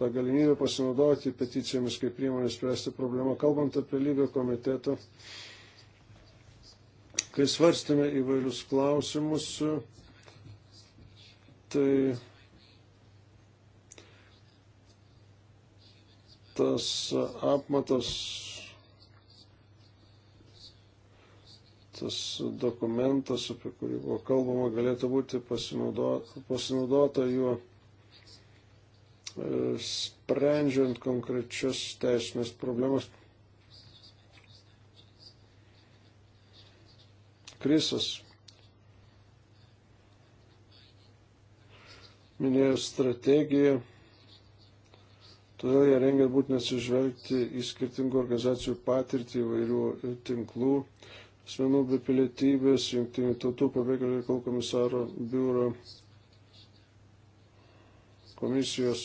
tą galimybę pasinaudoti peticijomis kaip priemonė spręsti problemą. Kalbant apie lygio komitetą, kai svarstėme įvairius klausimus, uh, tai tas apmatas, tas dokumentas, apie kurį buvo kalbama, galėtų būti pasinaudota, pasinaudota juo e, sprendžiant konkrečias teisinės problemas. Krisas minėjo strategiją Todėl jie rengia būtent atsižvelgti į skirtingų organizacijų patirtį įvairių e, tinklų, asmenų be pilietybės, jungtinių tautų pabėgėlių reikalų komisaro biuro komisijos.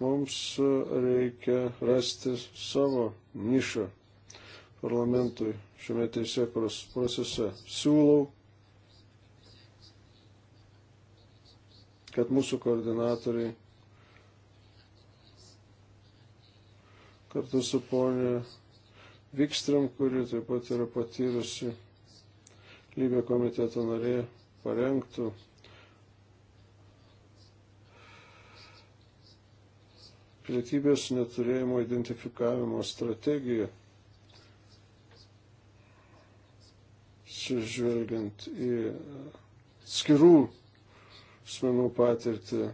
Mums e, reikia rasti savo nišą parlamentui šiame teisėkuros procese. Siūlau kad mūsų koordinatoriai kartu su ponė Vikstram, kuri taip pat yra patyrusi lygio komiteto narė, parengtų pilietybės neturėjimo identifikavimo strategiją. Sužvelgiant į skirų asmenų patirtį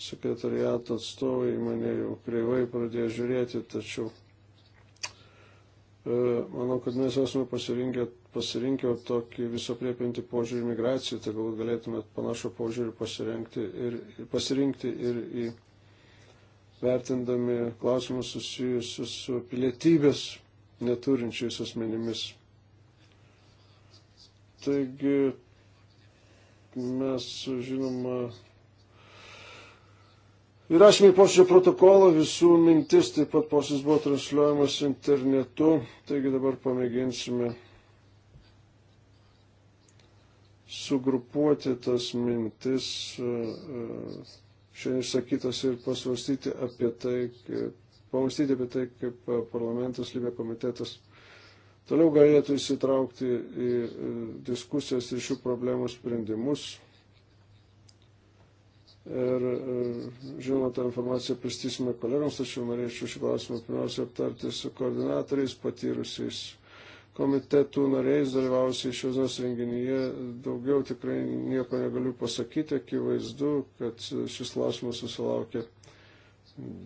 sekretariato atstovai mane jau kreivai pradėjo žiūrėti, tačiau e, manau, kad mes esame pasirinkę, pasirinkę tokį visopriepinti požiūrį migraciją, tai galbūt galėtumėt panašų požiūrį pasirinkti ir, pasirinkti ir į vertindami klausimus susijusius su pilietybės neturinčiais asmenimis. Taigi mes, žinoma, Įrašymai posėdžio protokolo, visų mintis, taip pat posėdis buvo transliuojamas internetu, taigi dabar pamėginsime sugrupuoti tas mintis, e, e, šiandien išsakytas ir pasvarstyti apie tai, pamastyti apie tai, kaip e, parlamentas, lybė komitetas toliau galėtų įsitraukti į diskusijas ir šių problemų sprendimus. Ir e, žinoma, tą informaciją pristysime kolegams, tačiau norėčiau šį klausimą pirmiausia aptarti su koordinatoriais, patyrusiais komitetų nariais, dalyvausiais šios dienos renginyje. Daugiau tikrai nieko negaliu pasakyti, akivaizdu, kad šis klausimas susilaukė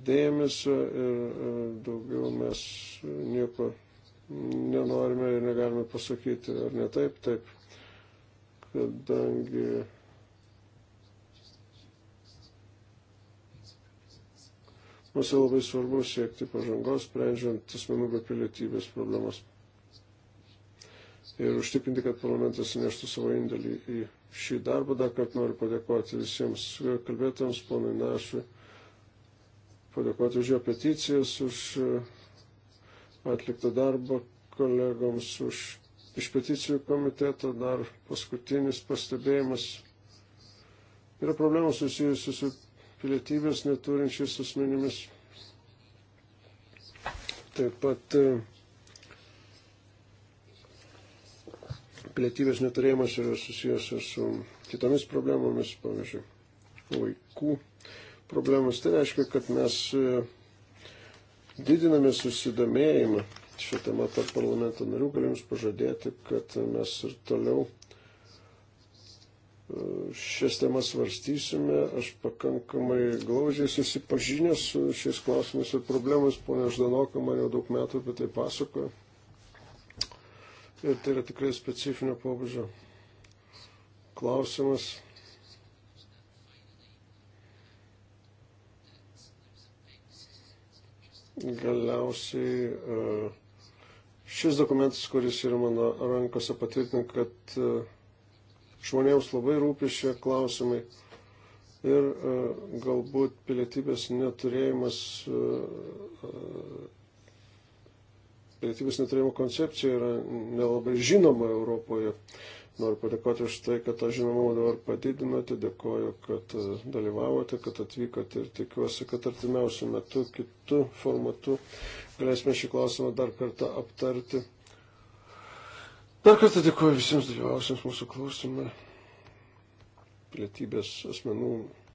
dėmesio ir e, daugiau mes nieko nenorime ir negalime pasakyti, ar ne taip, taip, kadangi Mums labai svarbu siekti pažangos, sprendžiant asmenų be pilietybės problemas. Ir užtikrinti, kad parlamentas neštų savo indėlį į šį darbą. Dar kartą noriu padėkoti visiems kalbėtams, ponui Našui, padėkoti už jo peticijas, už uh, atliktą darbą kolegoms, už iš peticijų komiteto dar paskutinis pastebėjimas. Yra problemų susijusių su pilietybės neturinčiais asmenimis. Taip pat e, pilietybės neturėjimas yra susijęs su kitomis problemomis, pavyzdžiui, vaikų problemas. Tai reiškia, kad mes e, didiname susidomėjimą šią temą tarp parlamento narių, galim jums pažadėti, kad mes ir toliau šias temas svarstysime. Aš pakankamai glaudžiai susipažinęs su šiais klausimais ir problemais. Pone Ždanoka man jau daug metų apie tai pasakojo. Ir tai yra tikrai specifinio pobūdžio klausimas. Galiausiai e, šis dokumentas, kuris yra mano rankose, patvirtina, kad e, žmonėms labai rūpi šie klausimai. Ir e, galbūt pilietybės neturėjimas, e, e, pilietybės neturėjimo koncepcija yra nelabai žinoma Europoje. Noriu padėkoti už tai, kad tą žinomumą dabar padidinote, dėkoju, kad dalyvavote, kad atvykote ir tikiuosi, kad artimiausiu metu kitų formatų galėsime šį klausimą dar kartą aptarti. Dar kartą dėkuoju visiems dalyvausiems mūsų klausimą. Pilietybės asmenų